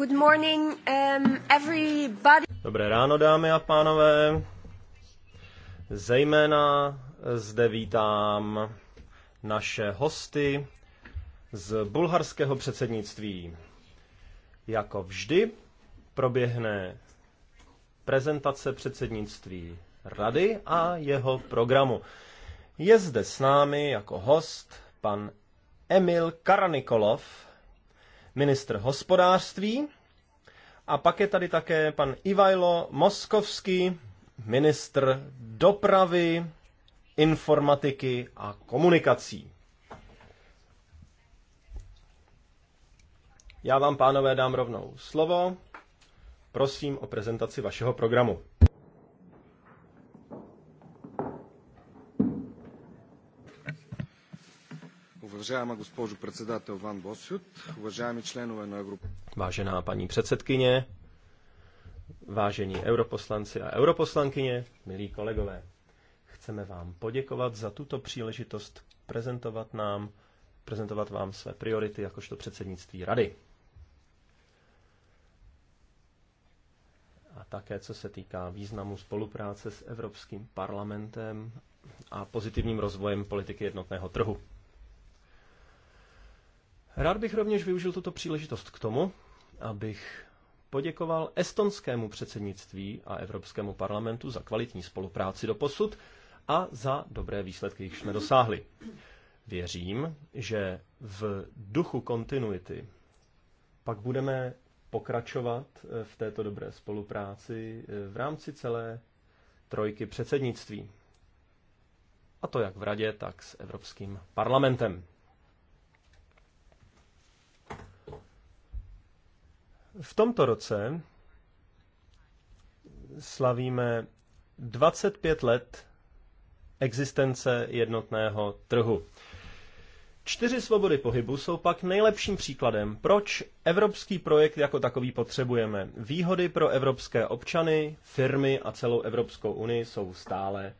Good morning, um, everybody. Dobré ráno, dámy a pánové. Zejména zde vítám naše hosty z bulharského předsednictví. Jako vždy proběhne prezentace předsednictví rady a jeho programu. Je zde s námi jako host pan Emil Karanikolov, ministr hospodářství a pak je tady také pan Ivajlo Moskovský, ministr dopravy, informatiky a komunikací. Já vám, pánové, dám rovnou slovo. Prosím o prezentaci vašeho programu. Уважаема госпожо председател Ван Босют, уважаеми členové na Evrop... Vážená paní předsedkyně, vážení europoslanci a europoslankyně, milí kolegové, chceme vám poděkovat za tuto příležitost prezentovat nám, prezentovat vám své priority jakožto předsednictví rady. A také co se týká významu spolupráce s Evropským parlamentem a pozitivním rozvojem politiky jednotného trhu. Rád bych rovněž využil tuto příležitost k tomu, abych poděkoval estonskému předsednictví a Evropskému parlamentu za kvalitní spolupráci do posud a za dobré výsledky, jich jsme dosáhli. Věřím, že v duchu kontinuity pak budeme pokračovat eh, v této dobré spolupráci eh, v rámci celé trojky předsednictví. A to jak v Radě, tak s Evropským parlamentem. V tomto roce slavíme 25 let existence jednotného trhu. Čtyři svobody pohybu jsou pak nejlepším příkladem, proč evropský projekt jako takový potřebujeme. Výhody pro evropské občany, firmy a celou Evropskou unii jsou stále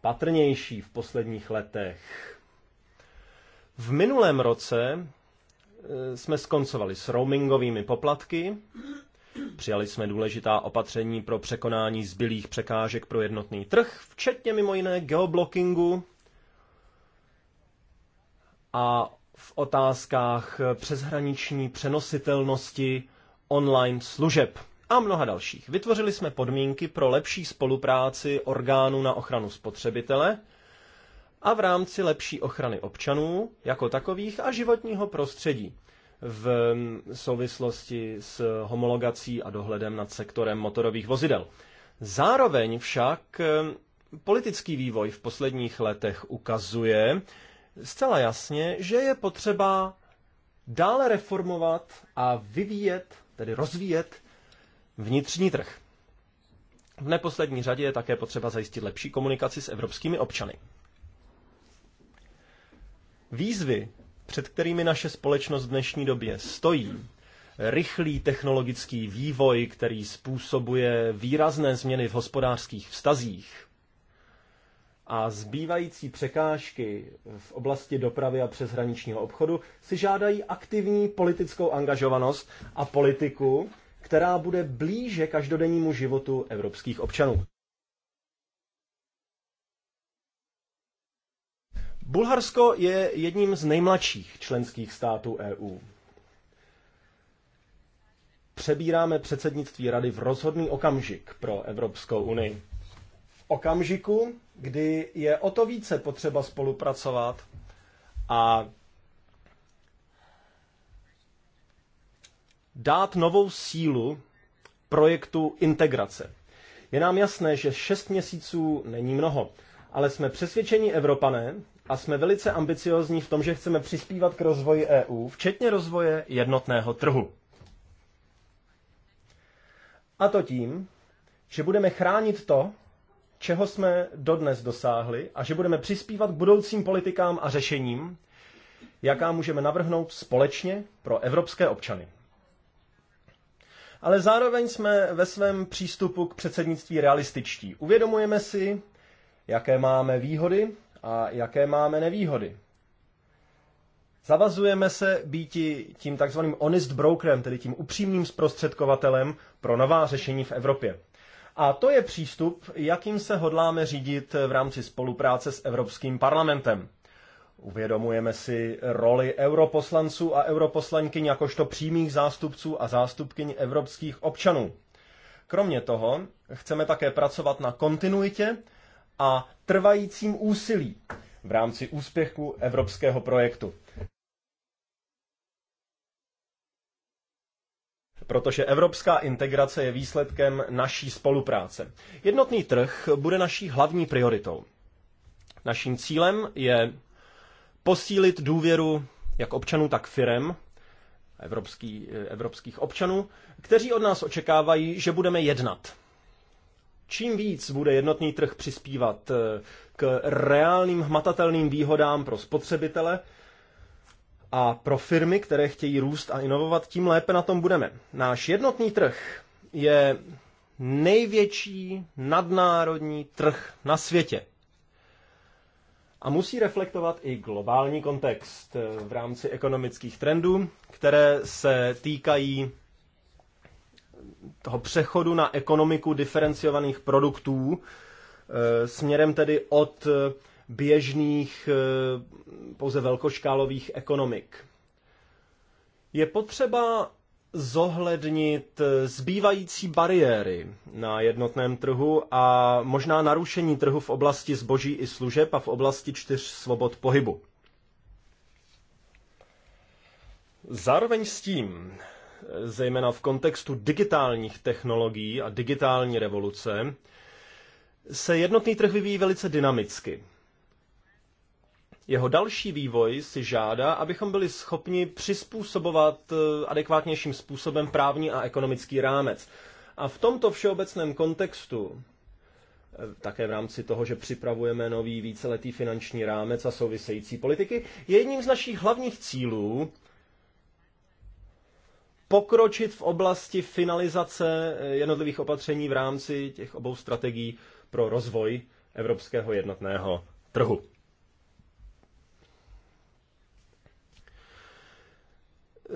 patrnější v posledních letech. V minulém roce Eh, jsme skoncovali s roamingovými poplatky, přijali jsme důležitá opatření pro překonání zbylých překážek pro jednotný trh, včetně mimo jiné geoblockingu a v otázkách přeshraniční přenositelnosti online služeb a mnoha dalších. Vytvořili jsme podmínky pro lepší spolupráci orgánů na ochranu spotřebitele, a v rámci lepší ochrany občanů jako takových a životního prostředí v souvislosti s homologací a dohledem nad sektorem motorových vozidel. Zároveň však politický vývoj v posledních letech ukazuje zcela jasně, že je potřeba dále reformovat a vyvíjet, tedy rozvíjet vnitřní trh. V neposlední řadě je také potřeba zajistit lepší komunikaci s evropskými občany. Výzvy, před kterými naše společnost v dnešní době stojí, rychlý technologický vývoj, který způsobuje výrazné změny v hospodářských vztazích a zbývající překážky v oblasti dopravy a přeshraničního obchodu si žádají aktivní politickou angažovanost a politiku, která bude blíže každodennímu životu evropských občanů. Bulharsko je jedním z nejmladších členských států EU. Přebíráme předsednictví Rady v rozhodný okamžik pro Evropskou unii. V okamžiku, kdy je o to více potřeba spolupracovat a dát novou sílu projektu integrace. Je nám jasné, že šest měsíců není mnoho, ale jsme přesvědčeni Evropané, a jsme velice ambiciozní v tom, že chceme přispívat k rozvoji EU, včetně rozvoje jednotného trhu. A to tím, že budeme chránit to, čeho jsme dodnes dosáhli a že budeme přispívat k budoucím politikám a řešením, jaká můžeme navrhnout společně pro evropské občany. Ale zároveň jsme ve svém přístupu k předsednictví realističtí. Uvědomujeme si, jaké máme výhody a jaké máme nevýhody. Zavazujeme se být tím takzvaným honest brokerem, tedy tím upřímným zprostředkovatelem pro nová řešení v Evropě. A to je přístup, jakým se hodláme řídit v rámci spolupráce s Evropským parlamentem. Uvědomujeme si roli europoslanců a europoslankyň jakožto přímých zástupců a zástupkyň evropských občanů. Kromě toho chceme také pracovat na kontinuitě a trvajícím úsilí v rámci úspěchu evropského projektu. protože evropská integrace je výsledkem naší spolupráce. Jednotný trh bude naší hlavní prioritou. Naším cílem je posílit důvěru jak občanů, tak firem, evropský, eh, evropských občanů, kteří od nás očekávají, že budeme jednat. Čím víc bude jednotný trh přispívat eh, k reálným hmatatelným výhodám pro spotřebitele a pro firmy, které chtějí růst a inovovat, tím lépe na tom budeme. Náš jednotný trh je největší nadnárodní trh na světě. A musí reflektovat i globální kontext eh, v rámci ekonomických trendů, které se týkají toho přechodu na ekonomiku diferenciovaných produktů, e, směrem tedy od e, běžných e, pouze velkoškálových ekonomik. Je potřeba zohlednit zbývající bariéry na jednotném trhu a možná narušení trhu v oblasti zboží i služeb a v oblasti čtyř svobod pohybu. Zároveň s tím zejména v kontextu digitálních technologií a digitální revoluce, se jednotný trh vyvíjí velice dynamicky. Jeho další vývoj si žádá, abychom byli schopni přizpůsobovat eh, adekvátnějším způsobem právní a ekonomický rámec. A v tomto všeobecném kontextu, eh, také v rámci toho, že připravujeme nový víceletý finanční rámec a související politiky, je jedním z našich hlavních cílů pokročit v oblasti finalizace eh, jednotlivých opatření v rámci těch obou strategií pro rozvoj evropského jednotného trhu.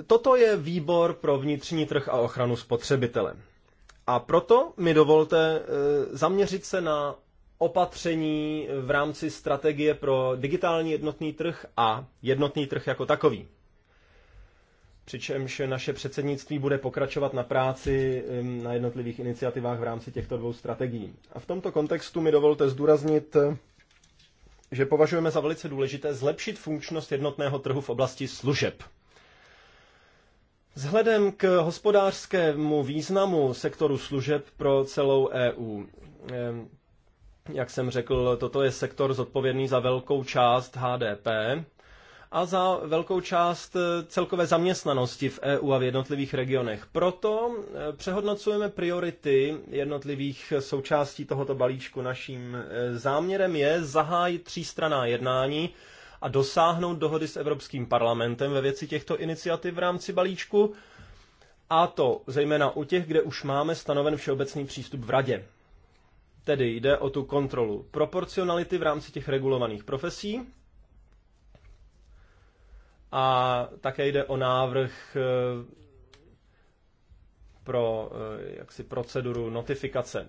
Toto je výbor pro vnitřní trh a ochranu spotřebitele. A proto mi dovolte eh, zaměřit se na opatření v rámci strategie pro digitální jednotný trh a jednotný trh jako takový přičemž naše předsednictví bude pokračovat na práci na jednotlivých iniciativách v rámci těchto dvou strategií. A v tomto kontextu mi dovolte zdůraznit, že považujeme za velice důležité zlepšit funkčnost jednotného trhu v oblasti služeb. Vzhledem k hospodářskému významu sektoru služeb pro celou EU, jak jsem řekl, toto je sektor zodpovědný za velkou část HDP a za velkou část e, celkové zaměstnanosti v EU a v jednotlivých regionech. Proto e, přehodnocujeme priority jednotlivých součástí tohoto balíčku. Naším e, záměrem je zahájit třístraná jednání a dosáhnout dohody s Evropským parlamentem ve věci těchto iniciativ v rámci balíčku, a to zejména u těch, kde už máme stanoven všeobecný přístup v radě. Tedy jde o tu kontrolu proporcionality v rámci těch regulovaných profesí, a také jde o návrh eh, pro eh, jaksi proceduru notifikace.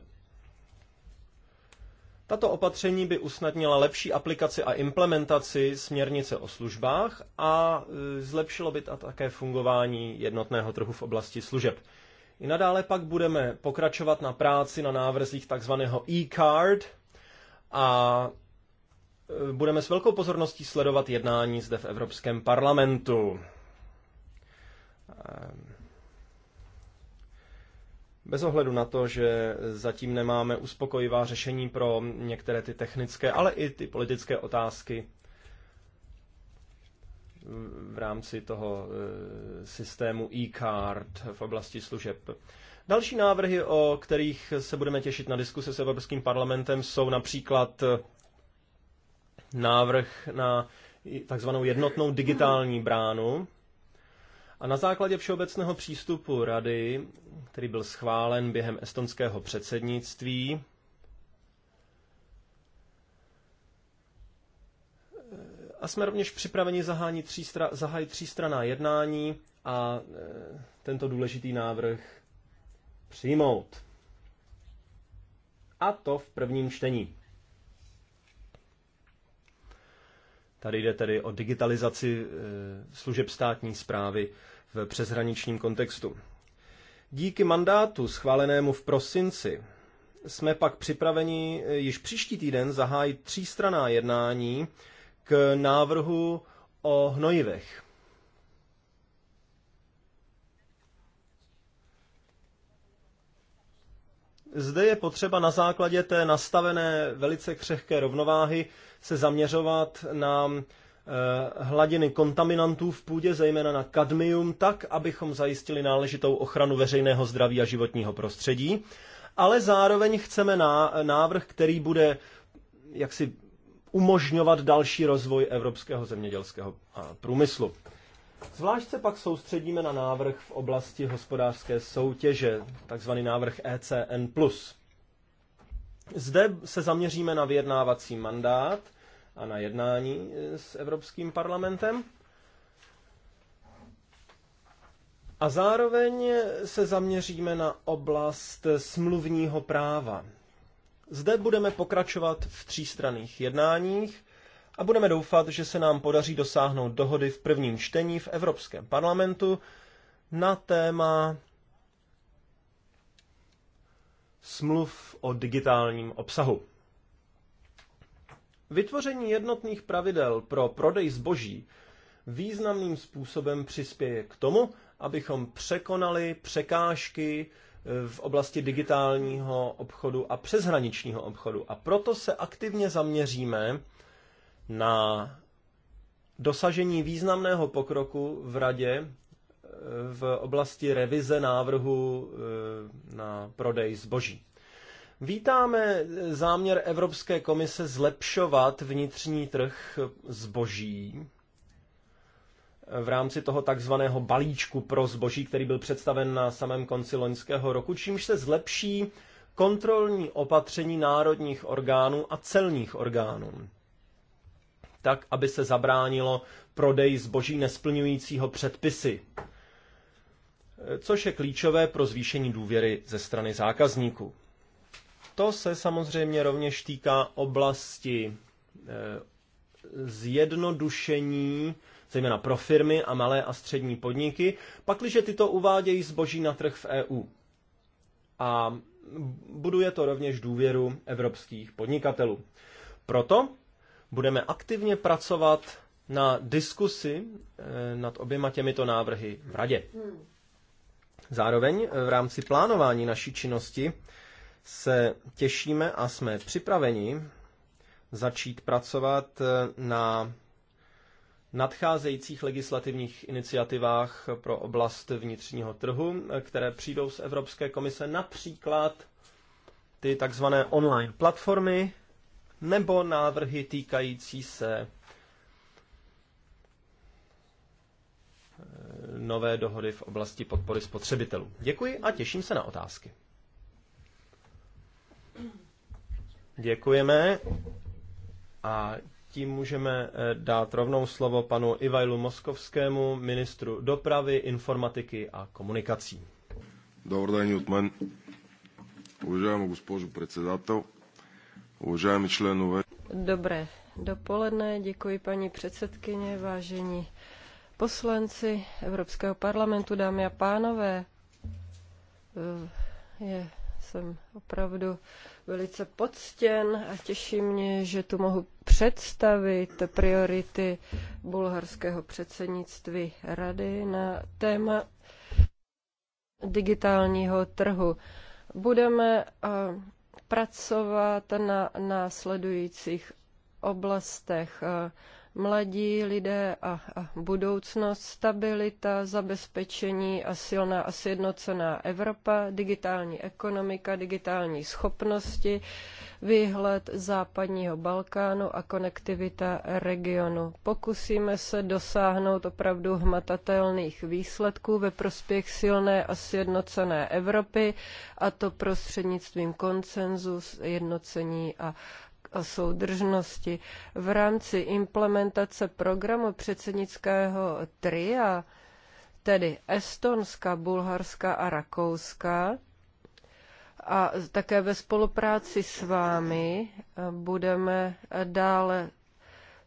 Tato opatření by usnadnila lepší aplikaci a implementaci směrnice o službách a eh, zlepšilo by a také fungování jednotného trhu v oblasti služeb. I nadále pak budeme pokračovat na práci na návrzích tzv. e-card a budeme s velkou pozorností sledovat jednání zde v Evropském parlamentu. Ehm. Bez ohledu na to, že zatím nemáme uspokojivá řešení pro některé ty technické, ale i ty politické otázky v rámci toho eh, systému e-card v oblasti služeb. Další návrhy, o kterých se budeme těšit na diskuse s Evropským parlamentem, jsou například eh, návrh na takzvanou jednotnou digitální bránu. A na základě všeobecného přístupu rady, který byl schválen během estonského předsednictví, a jsme rovněž připraveni zahájit, třístra, zahájit třístraná jednání a e, tento důležitý návrh přijmout. A to v prvním čtení. Tady jde tedy o digitalizaci eh, služeb státní zprávy v přeshraničním kontextu. Díky mandátu schválenému v prosinci jsme pak připraveni eh, již příští týden zahájit třístraná jednání k návrhu o hnojivech. Zde je potřeba na základě té nastavené velice křehké rovnováhy se zaměřovat na eh, hladiny kontaminantů v půdě, zejména na kadmium, tak, abychom zajistili náležitou ochranu veřejného zdraví a životního prostředí. Ale zároveň chceme návrh, který bude jaksi umožňovat další rozvoj evropského zemědělského eh, průmyslu. Zvlášť se pak soustředíme na návrh v oblasti hospodářské soutěže, takzvaný návrh ECN+. Zde se zaměříme na vyjednávací mandát a na jednání e, s Evropským parlamentem. A zároveň se zaměříme na oblast smluvního práva. Zde budeme pokračovat v třístranných jednáních, a budeme doufat, že se nám podaří dosáhnout dohody v prvním čtení v Evropském parlamentu na téma smluv o digitálním obsahu. Vytvoření jednotných pravidel pro prodej zboží významným způsobem přispěje k tomu, abychom překonali překážky eh, v oblasti digitálního obchodu a přeshraničního obchodu. A proto se aktivně zaměříme na dosažení významného pokroku v radě eh, v oblasti revize návrhu eh, na prodej zboží. Vítáme eh, záměr Evropské komise zlepšovat vnitřní trh zboží v rámci toho takzvaného balíčku pro zboží, který byl představen na samém konci loňského roku, čímž se zlepší kontrolní opatření národních orgánů a celních orgánů tak aby se zabránilo prodeji zboží nesplňujícího předpisy, což je klíčové pro zvýšení důvěry ze strany zákazníků. To se samozřejmě rovněž týká oblasti eh, zjednodušení, zejména pro firmy a malé a střední podniky, pakliže tyto uvádějí zboží na trh v EU. A buduje to rovněž důvěru evropských podnikatelů. Proto Budeme aktivně pracovat na diskusi eh, nad oběma těmito návrhy v Radě. Zároveň eh, v rámci plánování naší činnosti se těšíme a jsme připraveni začít pracovat eh, na nadcházejících legislativních iniciativách pro oblast vnitřního trhu, které přijdou z Evropské komise, například ty takzvané online platformy, nebo návrhy týkající se eh, nové dohody v oblasti podpory spotřebitelů. Děkuji a těším se na otázky. Děkujeme a tím můžeme eh, dát rovnou slovo panu Ivajlu Moskovskému, ministru dopravy, informatiky a komunikací. Dobrý den, Jutman. Уважаема госпожо председател, Уважаеми членове. Dobré dopoledne, děkuji paní předsedkyně, vážení poslanci Evropského parlamentu, dámy a pánové. Eh, je, jsem opravdu velice poctěn a těší mě, že tu mohu představit priority bulharského předsednictví rady na téma digitálního trhu. Budeme pracovat na následujících oblastech mladí lidé a, a budoucnost, stabilita, zabezpečení a silná a sjednocená Evropa, digitální ekonomika, digitální schopnosti, výhled západního Balkánu a konektivita regionu. Pokusíme se dosáhnout opravdu hmatatelných výsledků ve prospěch silné a sjednocené Evropy, a to prostřednictvím koncenzus, jednocení a o soudržnosti. V rámci implementace programu předsednického tria, tedy Estonska, Bulharska a Rakouska, a také ve spolupráci s vámi eh, budeme dále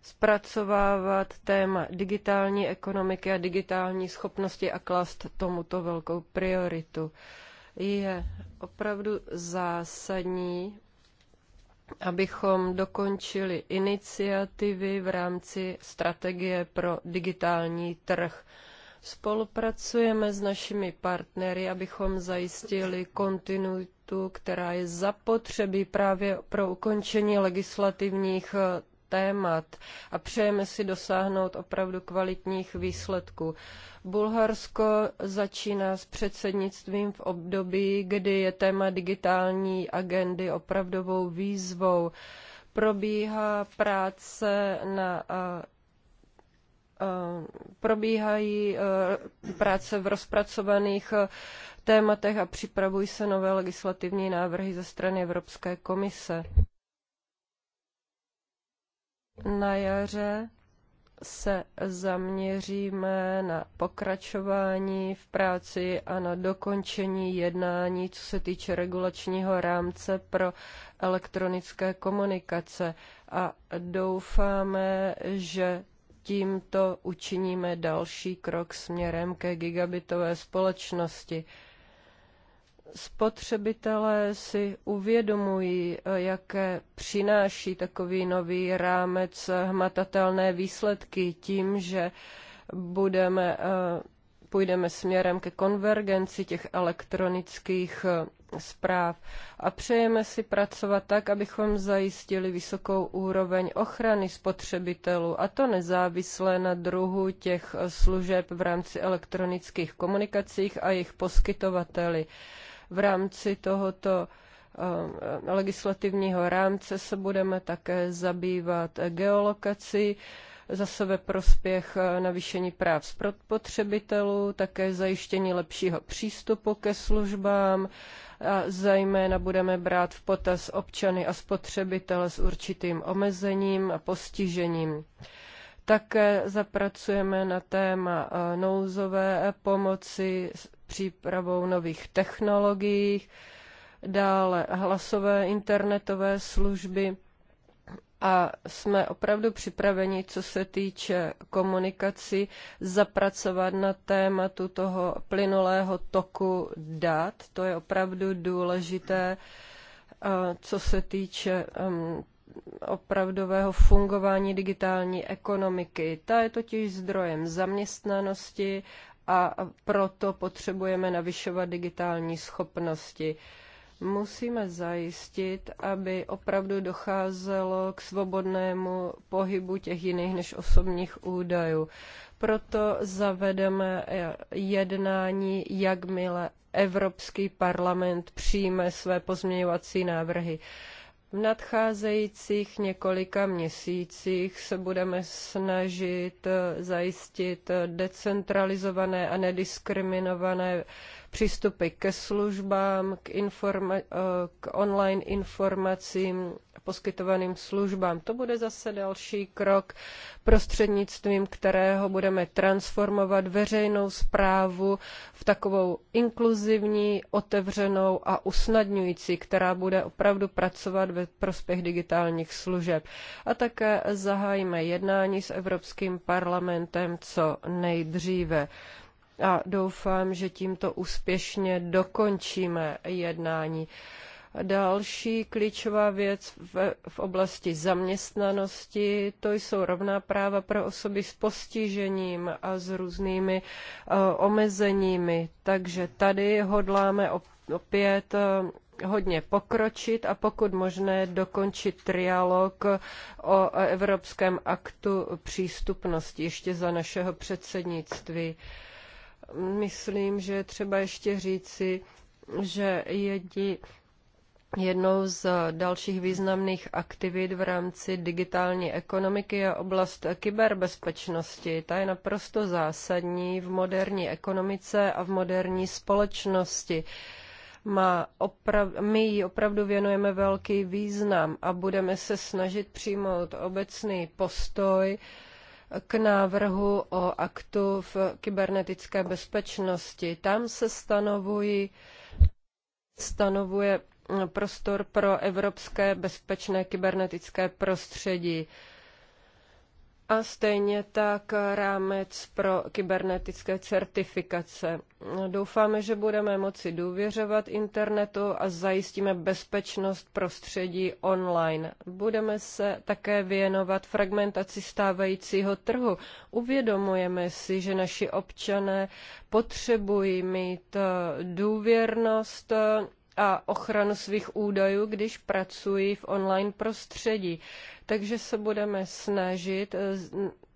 zpracovávat téma digitální ekonomiky a digitální schopnosti a klást tomuto velkou prioritu. Je opravdu zásadní, abychom dokončili iniciativy v rámci strategie pro digitální trh. Spolupracujeme s našimi partnery, abychom zajistili kontinuitu, která je zapotřebí právě pro ukončení legislativních témat a přejeme si dosáhnout opravdu kvalitních výsledků. Bulharsko začíná s předsednictvím v období, kdy je téma digitální agendy opravdovou výzvou. Probíhá práce na probíhají práce v rozpracovaných tématech a připravují se nové legislativní návrhy ze strany Evropské komise. Na jaře se zaměříme na pokračování v práci a na dokončení jednání, co se týče regulačního rámce pro elektronické komunikace. A doufáme, že tímto učiníme další krok směrem ke gigabitové společnosti spotřebitelé si uvědomují, jaké přináší takový nový rámec hmatatelné výsledky tím, že budeme, eh, půjdeme směrem ke konvergenci těch elektronických eh, zpráv a přejeme si pracovat tak, abychom zajistili vysokou úroveň ochrany spotřebitelů a to nezávisle na druhu těch eh, služeb v rámci elektronických komunikacích a jejich poskytovateli v rámci tohoto eh, legislativního rámce se budeme také zabývat geolokací, za sebe prospěch eh, navýšení práv spotřebitelů, také zajištění lepšího přístupu ke službám, a zejména budeme brát v potaz občany a spotřebitele s určitým omezením a postižením. Také zapracujeme na téma eh, nouzové pomoci přípravou nových technologií, dále hlasové internetové služby a jsme opravdu připraveni, co se týče komunikaci, zapracovat na tématu toho plynulého toku dat. To je opravdu důležité, co se týče um, opravdového fungování digitální ekonomiky. Ta je totiž zdrojem zaměstnanosti a proto potřebujeme navyšovat digitální schopnosti. Musíme zajistit, aby opravdu docházelo k svobodnému pohybu těch jiných než osobních údajů. Proto zavedeme eh, jednání, jakmile Evropský parlament přijme své pozměňovací návrhy. V nadcházejících několika měsících se budeme snažit eh, zajistit eh, decentralizované a nediskriminované přístupy ke službám, k, informa- eh, k online informacím, poskytovaným službám. To bude zase další krok, prostřednictvím kterého budeme transformovat veřejnou zprávu v takovou inkluzivní, otevřenou a usnadňující, která bude opravdu pracovat ve prospěch digitálních služeb. A také zahájíme jednání s Evropským parlamentem co nejdříve a doufám, že tímto úspěšně dokončíme jednání. Další klíčová věc v, v oblasti zaměstnanosti, to jsou rovná práva pro osoby s postižením a s různými uh, omezeními. Takže tady hodláme opět uh, hodně pokročit a pokud možné dokončit trialog o Evropském aktu přístupnosti ještě za našeho předsednictví. Uh, myslím, že je třeba ještě říci, že jedi jednou z dalších významných aktivit v rámci digitální ekonomiky je oblast kyberbezpečnosti. Ta je naprosto zásadní v moderní ekonomice a v moderní společnosti má oprav- my ji opravdu věnujeme velký význam a budeme se snažit přijmout obecný postoj, uh, k návrhu o aktu v kybernetické bezpečnosti. Tam se stanovují, stanovuje prostor pro evropské bezpečné kybernetické prostředí a stejně tak rámec pro kybernetické certifikace. Doufáme, že budeme moci důvěřovat internetu a zajistíme bezpečnost prostředí online. Budeme se také věnovat fragmentaci stávajícího trhu. Uvědomujeme si, že naši občané potřebují mít důvěrnost a ochranu svých údajů, když pracují v online prostředí. Takže se budeme snažit eh,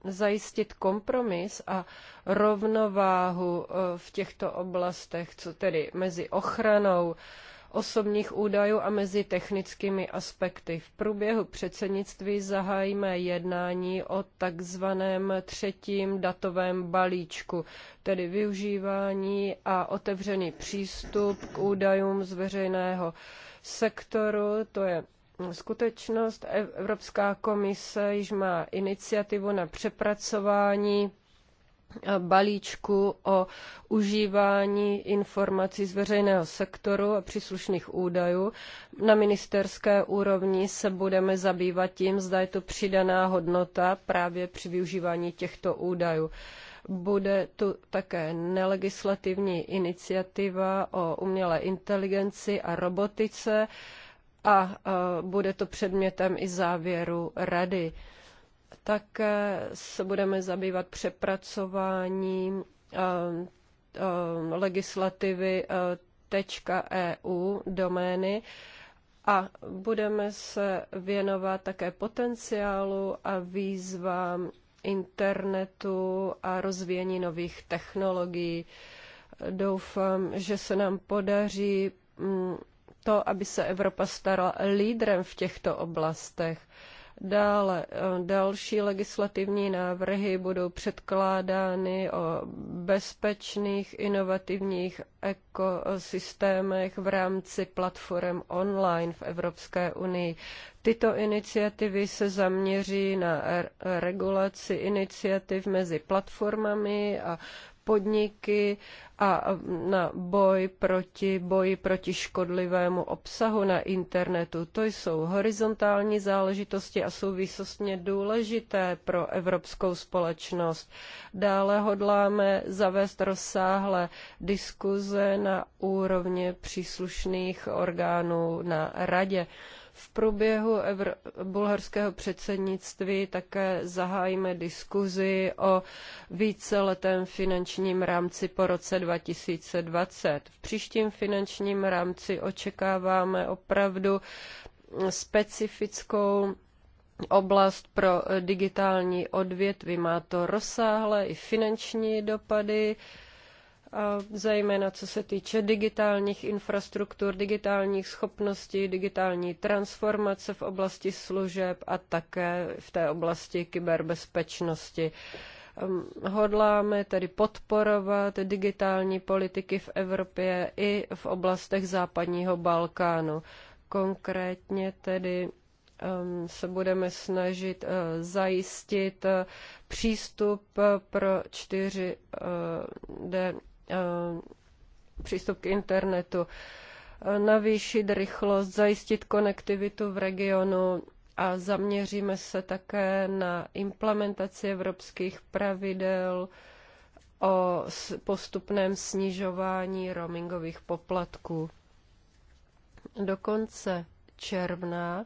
zajistit kompromis a rovnováhu eh, v těchto oblastech, co tedy mezi ochranou osobních údajů a mezi technickými aspekty. V průběhu předsednictví zahájíme jednání o takzvaném třetím datovém balíčku, tedy využívání a otevřený přístup k údajům z veřejného sektoru, to je skutečnost. Evropská komise již má iniciativu na přepracování balíčku o užívání informací z veřejného sektoru a příslušných údajů. Na ministerské úrovni se budeme zabývat tím, zda je to přidaná hodnota právě při využívání těchto údajů. Bude tu také nelegislativní iniciativa o umělé inteligenci a robotice a bude to předmětem i závěru rady. Také eh, se budeme zabývat přepracováním eh, eh, legislativy .eu e domény a budeme se věnovat také potenciálu a výzvám internetu a rozvíjení nových technologií. Doufám, že se nám podaří mm, to, aby se Evropa stala lídrem v těchto oblastech. Dále eh, další legislativní návrhy budou předkládány o bezpečných inovativních ekosystémech v rámci platform online v Evropské unii. Tyto iniciativy se zaměří na regulaci iniciativ mezi platformami a podniky a na boj proti, boji proti škodlivému obsahu na internetu. To jsou horizontální záležitosti a jsou výsostně důležité pro evropskou společnost. Dále hodláme zavést rozsáhlé diskuze na úrovni příslušných orgánů na radě. V průběhu evr- bulharského předsednictví také zahájíme diskuzi o víceletém finančním rámci po roce 2020. V příštím finančním rámci očekáváme opravdu specifickou oblast pro digitální odvětví. Má to rozsáhlé i finanční dopady, zejména co se týče digitálních infrastruktur, digitálních schopností, digitální transformace v oblasti služeb a také v té oblasti kyberbezpečnosti. Ehm, hodláme tedy podporovat digitální politiky v Evropě i v oblastech západního Balkánu. Konkrétně tedy ehm, se budeme snažit eh, zajistit eh, přístup eh, pro 4D Eh, přístup k internetu, eh, navýšit rychlost, zajistit konektivitu v regionu a zaměříme se také na implementaci evropských pravidel o postupném snižování roamingových poplatků. Do konce června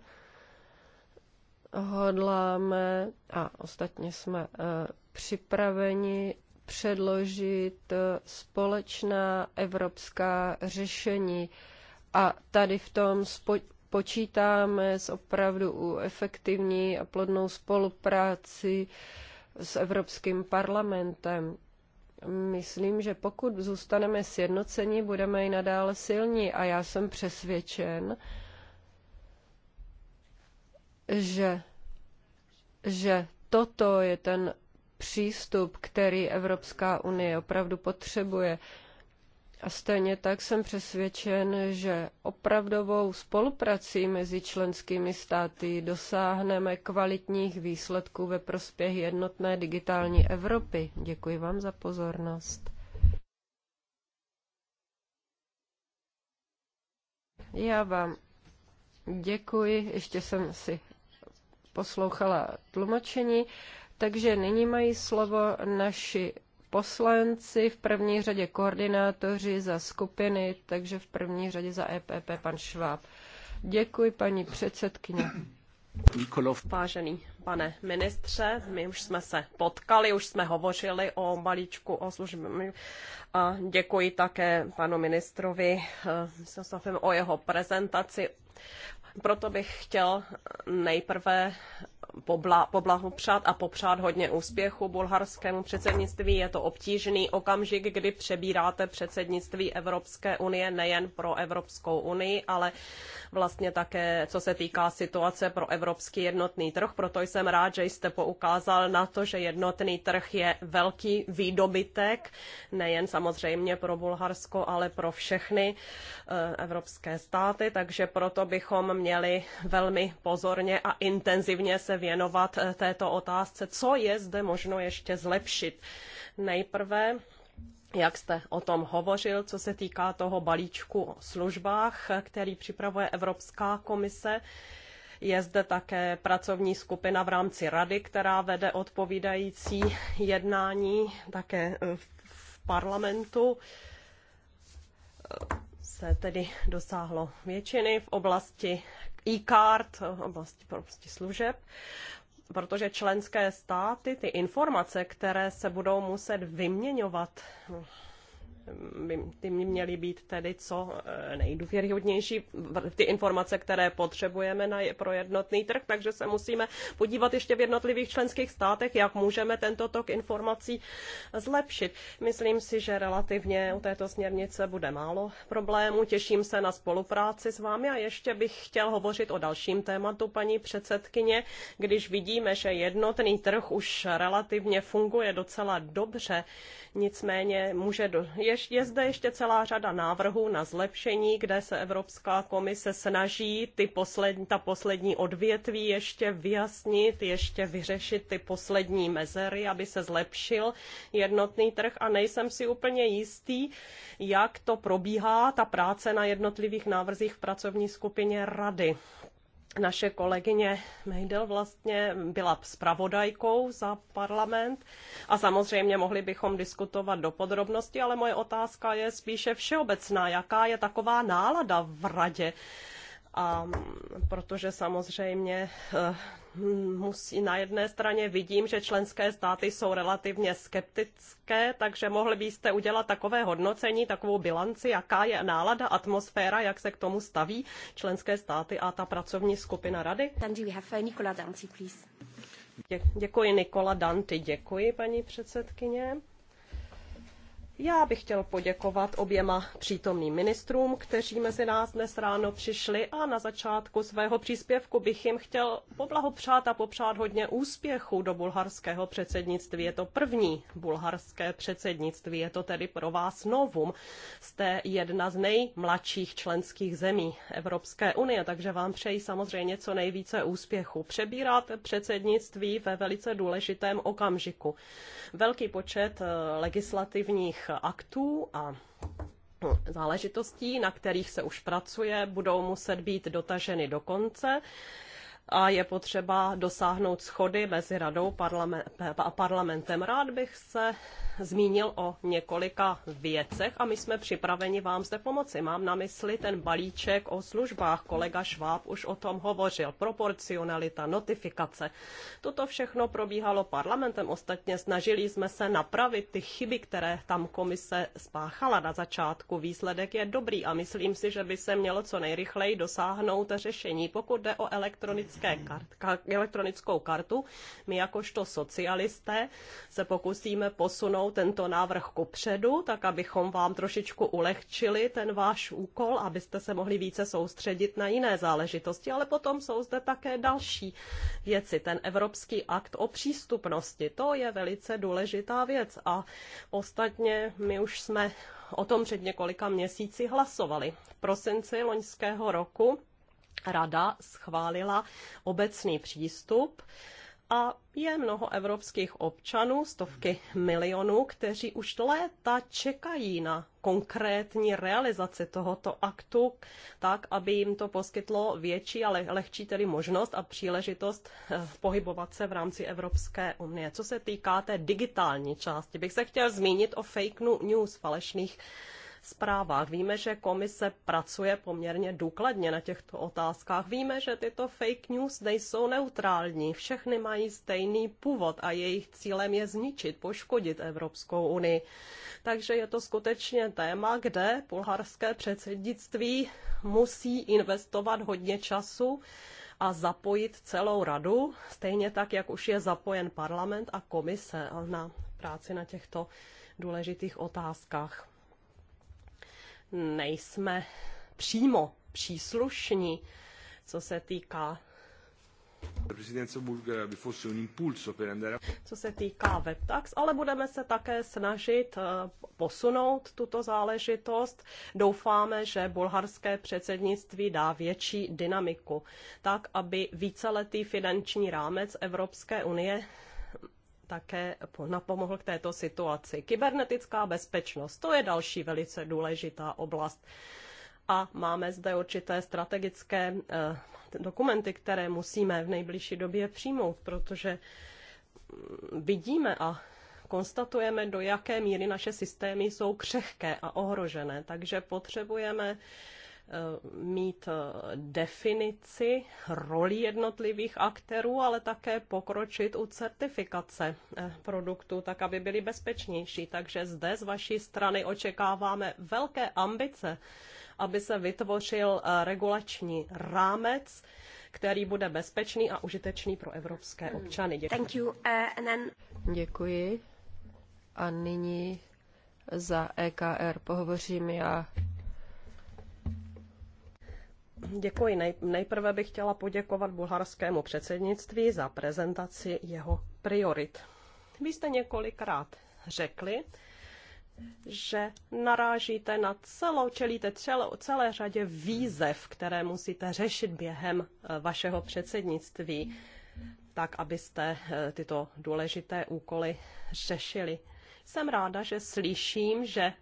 hodláme, a ostatně jsme eh, připraveni předložit eh, společná evropská řešení. A tady v tom počítáme s opravdu efektivní a plodnou spolupráci s Evropským parlamentem. Myslím, že pokud zůstaneme sjednocení, budeme i nadále silní a já jsem přesvědčen, že, že toto je ten přístup, který Evropská unie opravdu potřebuje. A stejně tak jsem přesvědčen, že opravdovou spoluprací mezi členskými státy dosáhneme kvalitních výsledků ve prospěch jednotné digitální Evropy. Děkuji vám za pozornost. Já vám děkuji, ještě jsem si poslouchala tlumočení. Takže nyní mají slovo naši poslanci, v první řadě koordinátoři za skupiny, takže v první řadě za EPP pan Šváb. Děkuji, paní předsedkyně. Nikolov. Vážený pane ministře, my už jsme se potkali, už jsme hovořili o balíčku o službě a děkuji také panu ministrovi eh, o jeho prezentaci proto bych chtěl nejprve poblahopřát a popřát hodně úspěchu bulharskému předsednictví. Je to obtížný okamžik, kdy přebíráte předsednictví Evropské unie nejen pro Evropskou unii, ale vlastně také, co se týká situace pro evropský jednotný trh. Proto jsem rád, že jste poukázal na to, že jednotný trh je velký výdobytek, nejen samozřejmě pro Bulharsko, ale pro všechny eh, evropské státy, takže proto bychom měli velmi pozorně a intenzivně se věnovat eh, této otázce, co je zde možno ještě zlepšit. Nejprve jak jste o tom hovořil, co se týká toho balíčku o službách, eh, který připravuje Evropská komise. Je zde také pracovní skupina v rámci rady, která vede odpovídající jednání také eh, v parlamentu se tedy dosáhlo většiny v oblasti e-card, oblasti prostě služeb, protože členské státy ty informace, které se budou muset vyměňovat, no, by ty měly být tedy co eh, nejdůvěryhodnější, ty informace, které potřebujeme na, pro jednotný trh, takže se musíme podívat ještě v jednotlivých členských státech, jak můžeme tento tok informací zlepšit. Myslím si, že relativně u této směrnice bude málo problémů. Těším se na spolupráci s vámi a ještě bych chtěl hovořit o dalším tématu, paní předsedkyně. Když vidíme, že jednotný trh už relativně funguje docela dobře, nicméně může do, je je zde ještě celá řada návrhů na zlepšení, kde se Evropská komise snaží ty poslední, ta poslední odvětví ještě vyjasnit, ještě vyřešit ty poslední mezery, aby se zlepšil jednotný trh a nejsem si úplně jistý, jak to probíhá, ta práce na jednotlivých návrzích v pracovní skupině rady naše kolegyně Mejdel vlastně byla zpravodajkou za parlament a samozřejmě mohli bychom diskutovat do podrobností, ale moje otázka je spíše všeobecná. Jaká je taková nálada v radě? A mm, protože samozřejmě eh, hm, musí na jedné straně vidím, že členské státy jsou relativně skeptické, takže mohli byste udělat takové hodnocení, takovou bilanci, jaká je nálada, atmosféra, jak se k tomu staví členské státy a ta pracovní skupina rady. Uh, Nikola Děkuji Nikola Danti, děkuji paní předsedkyně. Já bych chtěl poděkovat oběma přítomným ministrům, kteří mezi nás dnes ráno přišli a na začátku svého příspěvku bych jim chtěl poblahopřát a popřát hodně úspěchu do bulharského předsednictví. Je to první bulharské předsednictví, je to tedy pro vás novum. Jste jedna z nejmladších členských zemí Evropské unie, takže vám přeji samozřejmě co nejvíce úspěchu. Přebírat předsednictví ve velice důležitém okamžiku. Velký počet eh, legislativních aktů a no, záležitostí, na kterých se už pracuje, budou muset být dotaženy do konce a je potřeba dosáhnout schody mezi radou a parlamentem. Rád bych se zmínil o několika věcech a my jsme připraveni vám zde pomoci. Mám na mysli ten balíček o službách. Kolega Šváb už o tom hovořil. Proporcionalita, notifikace. Toto všechno probíhalo parlamentem. Ostatně snažili jsme se napravit ty chyby, které tam komise spáchala na začátku. Výsledek je dobrý a myslím si, že by se mělo co nejrychleji dosáhnout řešení. Pokud jde o elektronické elektronické kart, ka, elektronickou kartu. My jakožto socialisté se pokusíme posunout tento návrh ku předu, tak abychom vám trošičku ulehčili ten váš úkol, abyste se mohli více soustředit na jiné záležitosti, ale potom jsou zde také další věci. Ten Evropský akt o přístupnosti, to je velice důležitá věc a ostatně my už jsme o tom před několika měsíci hlasovali. V prosinci loňského roku Rada schválila obecný přístup a je mnoho evropských občanů, stovky milionů, kteří už léta čekají na konkrétní realizaci tohoto aktu, tak, aby jim to poskytlo větší a lehčí tedy možnost a příležitost eh, pohybovat se v rámci Evropské unie. Co se týká té digitální části, bych se chtěl zmínit o fake news, falešných zprávách. Víme, že komise pracuje poměrně důkladně na těchto otázkách. Víme, že tyto fake news nejsou neutrální. Všechny mají stejný původ a jejich cílem je zničit, poškodit Evropskou unii. Takže je to skutečně téma, kde bulharské předsednictví musí investovat hodně času a zapojit celou radu, stejně tak, jak už je zapojen parlament a komise na práci na těchto důležitých otázkách nejsme přímo příslušní, co se týká co se týká WebTax, ale budeme se také snažit eh, posunout tuto záležitost. Doufáme, že bulharské předsednictví dá větší dynamiku, tak aby víceletý finanční rámec Evropské unie také napomohl k této situaci. Kybernetická bezpečnost, to je další velice důležitá oblast. A máme zde určité strategické eh, dokumenty, které musíme v nejbližší době přijmout, protože mm, vidíme a konstatujeme, do jaké míry naše systémy jsou křehké a ohrožené. Takže potřebujeme Eh, mít eh, definici roli jednotlivých aktérů, ale také pokročit u certifikace eh, produktů, tak aby byly bezpečnější. Takže zde z vaší strany očekáváme velké ambice, aby se vytvořil regulační rámec, který bude bezpečný a užitečný pro evropské hmm. občany. Děkuji. Thank you. Uh, and then... Děkuji. A nyní za EKR pohovořím já. Děkuji. Nejprve bych chtěla poděkovat bulharskému předsednictví za prezentaci jeho priorit. Vy jste několikrát řekli, že narážíte na celou, čelíte celou, celé řadě výzev, které musíte řešit během eh, vašeho předsednictví, tak abyste eh, tyto důležité úkoly řešili. Jsem ráda, že slyším, že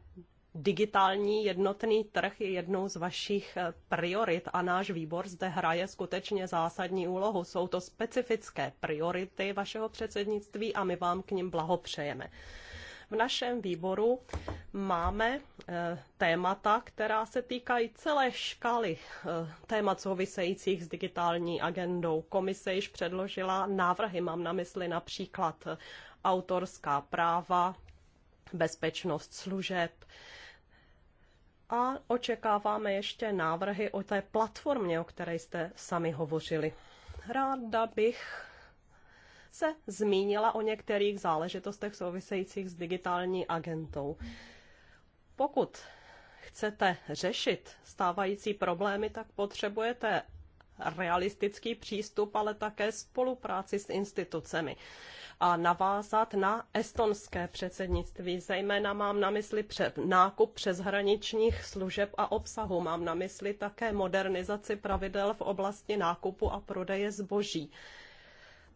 digitální jednotný trh je jednou z vašich eh, priorit a náš výbor zde hraje skutečně zásadní úlohu. Jsou to specifické priority vašeho předsednictví a my vám k nim blahopřejeme. V našem výboru máme eh, témata, která se týkají celé škály eh, témat souvisejících s digitální agendou. Komise již předložila návrhy, mám na mysli například autorská práva, bezpečnost služeb, a očekáváme ještě návrhy o té platformě, o které jste sami hovořili. Ráda bych se zmínila o některých záležitostech souvisejících s digitální agentou. Pokud chcete řešit stávající problémy, tak potřebujete realistický přístup, ale také spolupráci s institucemi a navázat na estonské předsednictví. Zejména mám na mysli před nákup přeshraničních služeb a obsahu. Mám na mysli také modernizaci pravidel v oblasti nákupu a prodeje zboží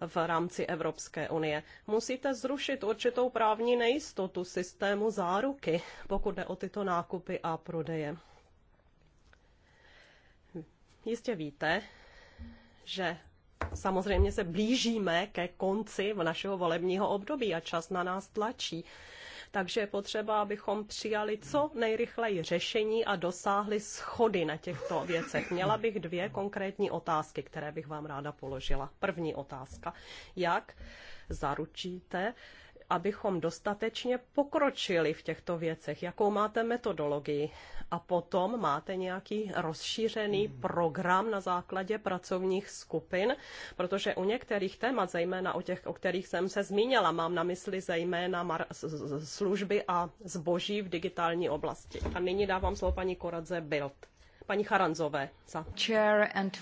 v rámci Evropské unie. Musíte zrušit určitou právní nejistotu systému záruky, pokud jde o tyto nákupy a prodeje. Jistě víte, že samozřejmě se blížíme ke konci našeho volebního období a čas na nás tlačí. Takže je potřeba, abychom přijali co nejrychleji řešení a dosáhli schody na těchto věcech. Měla bych dvě konkrétní otázky, které bych vám ráda položila. První otázka. Jak zaručíte, abychom dostatečně pokročili v těchto věcech? Jakou máte metodologii? A potom máte nějaký rozšířený hmm. program na základě pracovních skupin? Protože u některých témat, zejména o těch, o kterých jsem se zmínila, mám na mysli zejména služby a zboží v digitální oblasti. A nyní dávám slovo paní Koradze Bild. Paní Charanzové. Za. Chair and...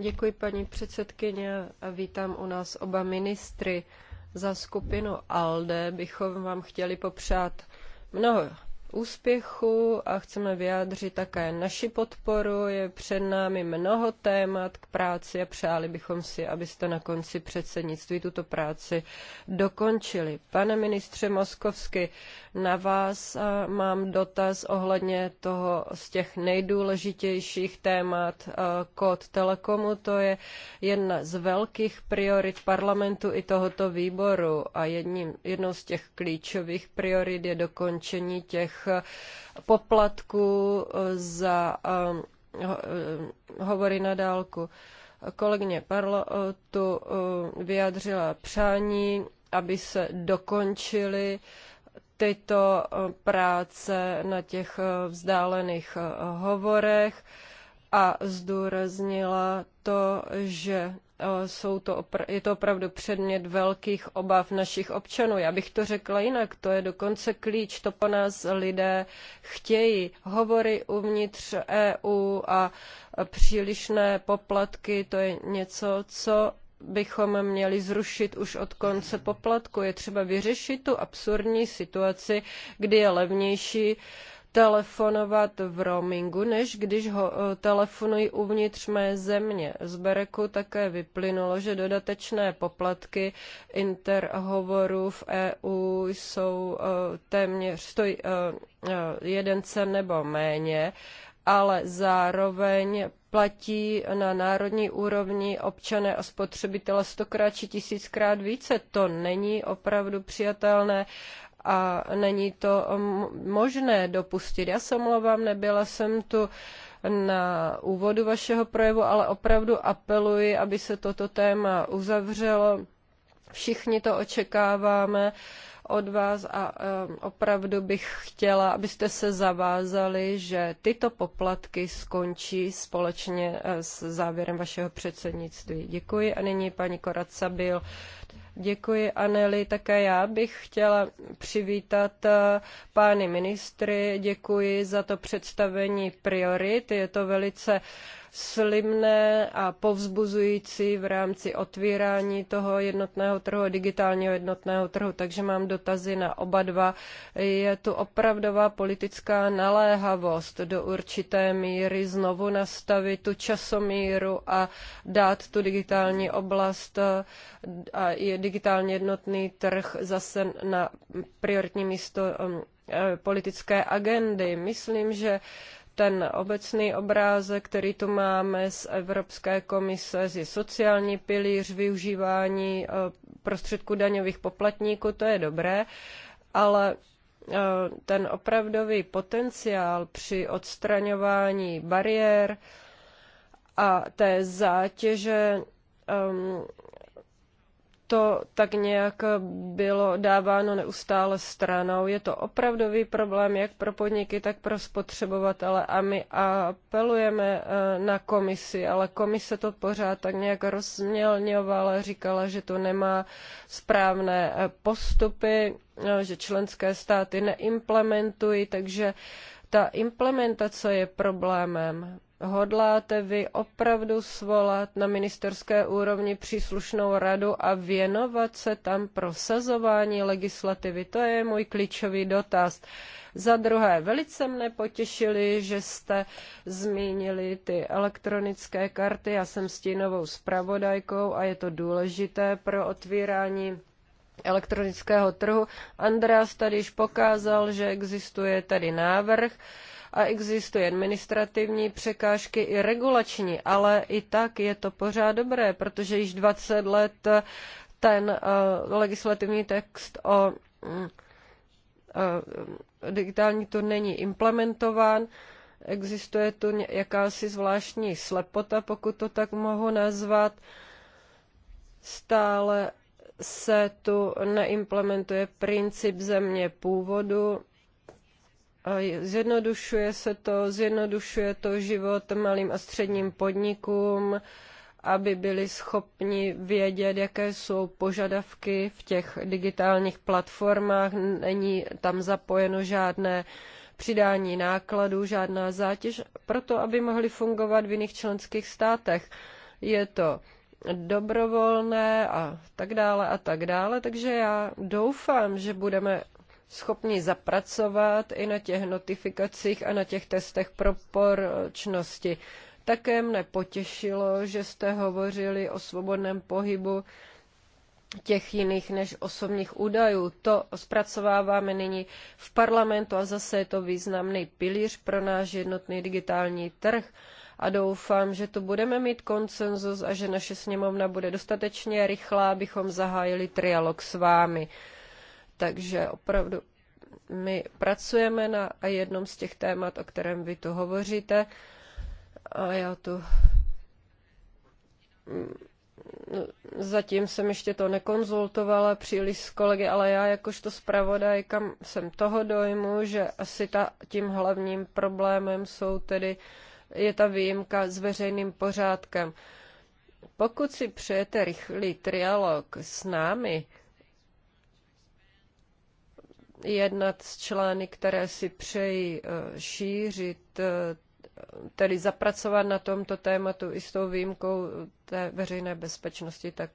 Děkuji, paní předsedkyně, vítám u nás oba ministry. Za skupinu ALDE bychom vám chtěli popřát mnoho úspěchu a chceme vyjádřit také naši podporu. Je před námi mnoho témat k práci a přáli bychom si, abyste na konci předsednictví tuto práci dokončili. Pane ministře Moskovsky, na vás mám dotaz ohledně toho z těch nejdůležitějších témat kód telekomu. To je jedna z velkých priorit parlamentu i tohoto výboru a jedním, jednou z těch klíčových priorit je dokončení těch Eh, poplatků eh, za eh, hovory na dálku. Kolegyně Parlo tu vyjádřila přání, aby se dokončily tyto práce na těch vzdálených hovorech a zdůraznila to, že Eh, jsou to je to opravdu předmět velkých obav našich občanů. Já bych to řekla jinak, to je dokonce klíč, to po nás lidé chtějí. Hovory uvnitř EU a přílišné poplatky, to je něco, co bychom měli zrušit už od konce poplatku. Je třeba vyřešit tu absurdní situaci, kdy je levnější uh, telefonovat v roamingu, než když ho e, telefonují uvnitř mé země. Z Bereku také vyplynulo, že dodatečné poplatky interhovorů v EU jsou e, téměř stojí, e, jeden cen nebo méně ale zároveň platí na národní úrovni občané a spotřebitele stokrát či tisíckrát více. To není opravdu přijatelné a není to možné dopustit. Já se omlouvám, nebyla jsem tu na úvodu vašeho projevu, ale opravdu apeluji, aby se toto téma uzavřelo. Všichni to očekáváme od vás a e, opravdu bych chtěla, abyste se zavázali, že tyto poplatky skončí společně e, s závěrem vašeho předsednictví. Děkuji a nyní paní Koraca byl. Děkuji, Aneli. Také já bych chtěla přivítat eh, pány ministry. Děkuji za to představení priorit. Je to velice slimné a povzbuzující v rámci otvírání toho jednotného trhu, digitálního jednotného trhu. Takže mám dotazy na oba dva. Je tu opravdová politická naléhavost do určité míry znovu nastavit tu časomíru a dát tu digitální oblast eh, a je digitálně jednotný trh zase na prioritní místo eh, politické agendy. Myslím, že ten obecný obrázek, který tu máme z Evropské komise, je sociální pilíř, využívání e, prostředků daňových poplatníků, to je dobré, ale e, ten opravdový potenciál při odstraňování bariér a té zátěže e, to tak nějak bylo dáváno neustále stranou. Je to opravdový problém jak pro podniky, tak pro spotřebovatele a my apelujeme eh, na komisi, ale komise to pořád tak nějak rozmělňovala, říkala, že to nemá správné eh, postupy, eh, že členské státy neimplementují, takže ta implementace je problémem hodláte vy opravdu svolat na ministerské úrovni příslušnou radu a věnovat se tam prosazování legislativy? To je můj klíčový dotaz. Za druhé, velice mne potěšili, že jste zmínili ty elektronické karty. Já jsem stínovou zpravodajkou a je to důležité pro otvírání elektronického trhu. Andreas tady již pokázal, že existuje tady návrh a existují administrativní překážky i regulační, ale i tak je to pořád dobré, protože již 20 let ten eh, legislativní text o mm, eh, digitální tu není implementován. Existuje tu jakási zvláštní slepota, pokud to tak mohu nazvat. Stále se tu neimplementuje princip země původu Zjednodušuje se to, zjednodušuje to život malým a středním podnikům, aby byli schopni vědět, jaké jsou požadavky v těch digitálních platformách. Není tam zapojeno žádné přidání nákladů, žádná zátěž, proto aby mohli fungovat v jiných členských státech. Je to dobrovolné a tak dále a tak dále, takže já doufám, že budeme schopni zapracovat i na těch notifikacích a na těch testech proporčnosti. Také mne potěšilo, že jste hovořili o svobodném pohybu těch jiných než osobních údajů. To zpracováváme nyní v parlamentu a zase je to významný pilíř pro náš jednotný digitální trh a doufám, že tu budeme mít konsenzus a že naše sněmovna bude dostatečně rychlá, abychom zahájili trialog s vámi. Takže opravdu my pracujeme na jednom z těch témat, o kterém vy tu hovoříte. A já tu mm, zatím jsem ještě to nekonzultovala příliš s kolegy, ale já jakožto zpravodajka jsem toho dojmu, že asi ta, tím hlavním problémem jsou tedy je ta výjimka s veřejným pořádkem. Pokud si přejete rychlý trialog s námi, jednat s členy, které si přejí eh, šířit, eh, tedy zapracovat na tomto tématu i s tou výjimkou eh, té veřejné bezpečnosti, tak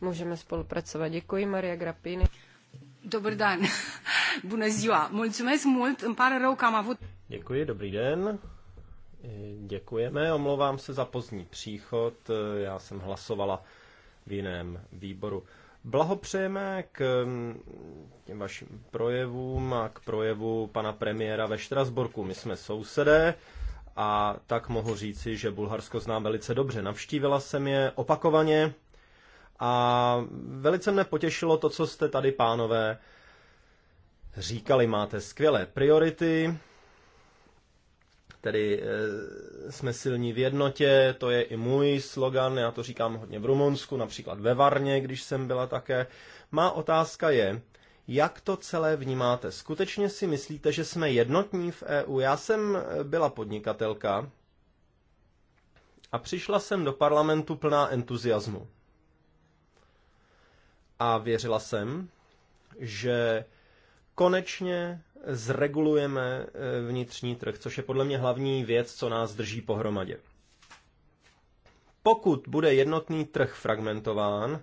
můžeme spolupracovat. Děkuji, Maria Grapini. Dobrý den. Bună ziua. Mulțumesc mult. Îmi pare rău că am avut... Děkuji, dobrý den. Děkujeme, omlouvám se za pozdní příchod. Já jsem hlasovala v jiném výboru. Blahopřejeme k mm, těm vašim projevům a k projevu pana premiéra ve Štrasborku. My jsme sousedé a tak mohu říci, že Bulharsko znám velice dobře. Navštívila jsem je opakovaně a velice mne potěšilo to, co jste tady, pánové, říkali. Máte skvělé priority, Tedy eh, jsme silní v jednotě, to je i můj slogan, já to říkám hodně v Rumunsku, například ve Varně, když jsem byla také. Má otázka je, jak to celé vnímáte? Skutečně si myslíte, že jsme jednotní v EU? Já jsem eh, byla podnikatelka a přišla jsem do parlamentu plná entuziasmu. A věřila jsem, že konečně zregulujeme eh, vnitřní trh, což je podle mě hlavní věc, co nás drží pohromadě. Pokud bude jednotný trh fragmentován,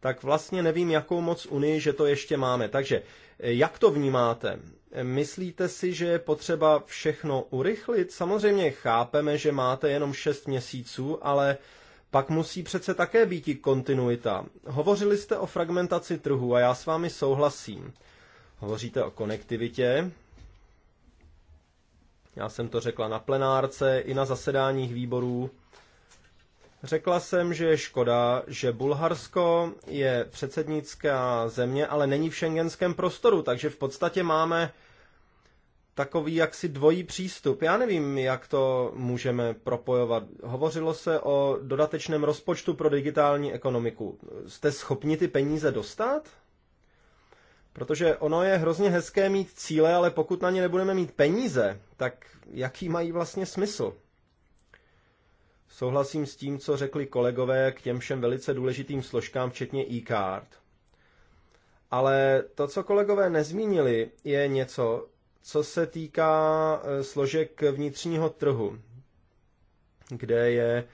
tak vlastně nevím, jakou moc Unii, že to ještě máme. Takže eh, jak to vnímáte? Myslíte si, že je potřeba všechno urychlit? Samozřejmě chápeme, že máte jenom 6 měsíců, ale pak musí přece také být i kontinuita. Hovořili jste o fragmentaci trhu a já s vámi souhlasím. Hovoříte o konektivitě. Já jsem to řekla na plenárce i na zasedáních výborů. Řekla jsem, že je škoda, že Bulharsko je předsednická země, ale není v šengenském prostoru, takže v podstatě máme takový jaksi dvojí přístup. Já nevím, jak to můžeme propojovat. Hovořilo se o dodatečném rozpočtu pro digitální ekonomiku. Jste schopni ty peníze dostat? Protože ono je hrozně hezké mít cíle, ale pokud na ně nebudeme mít peníze, tak jaký mají vlastně smysl? Souhlasím s tím, co řekli kolegové k těm všem velice důležitým složkám, včetně e-card. Ale to, co kolegové nezmínili, je něco, co se týká e, složek vnitřního trhu, kde je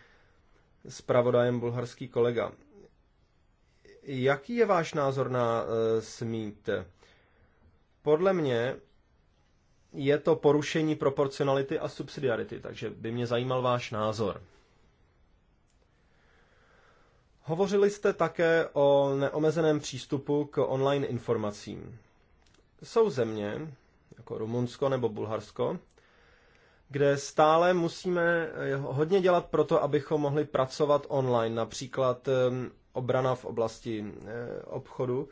zpravodajem bulharský kolega. Jaký je váš názor na eh, smít? Podle mě je to porušení proporcionality a subsidiarity, takže by mě zajímal váš názor. Hovořili jste také o neomezeném přístupu k online informacím. Jsou země, jako Rumunsko nebo Bulharsko, kde stále musíme eh, hodně dělat pro to, abychom mohli pracovat online. Například ehm, obrana v oblasti eh, obchodu.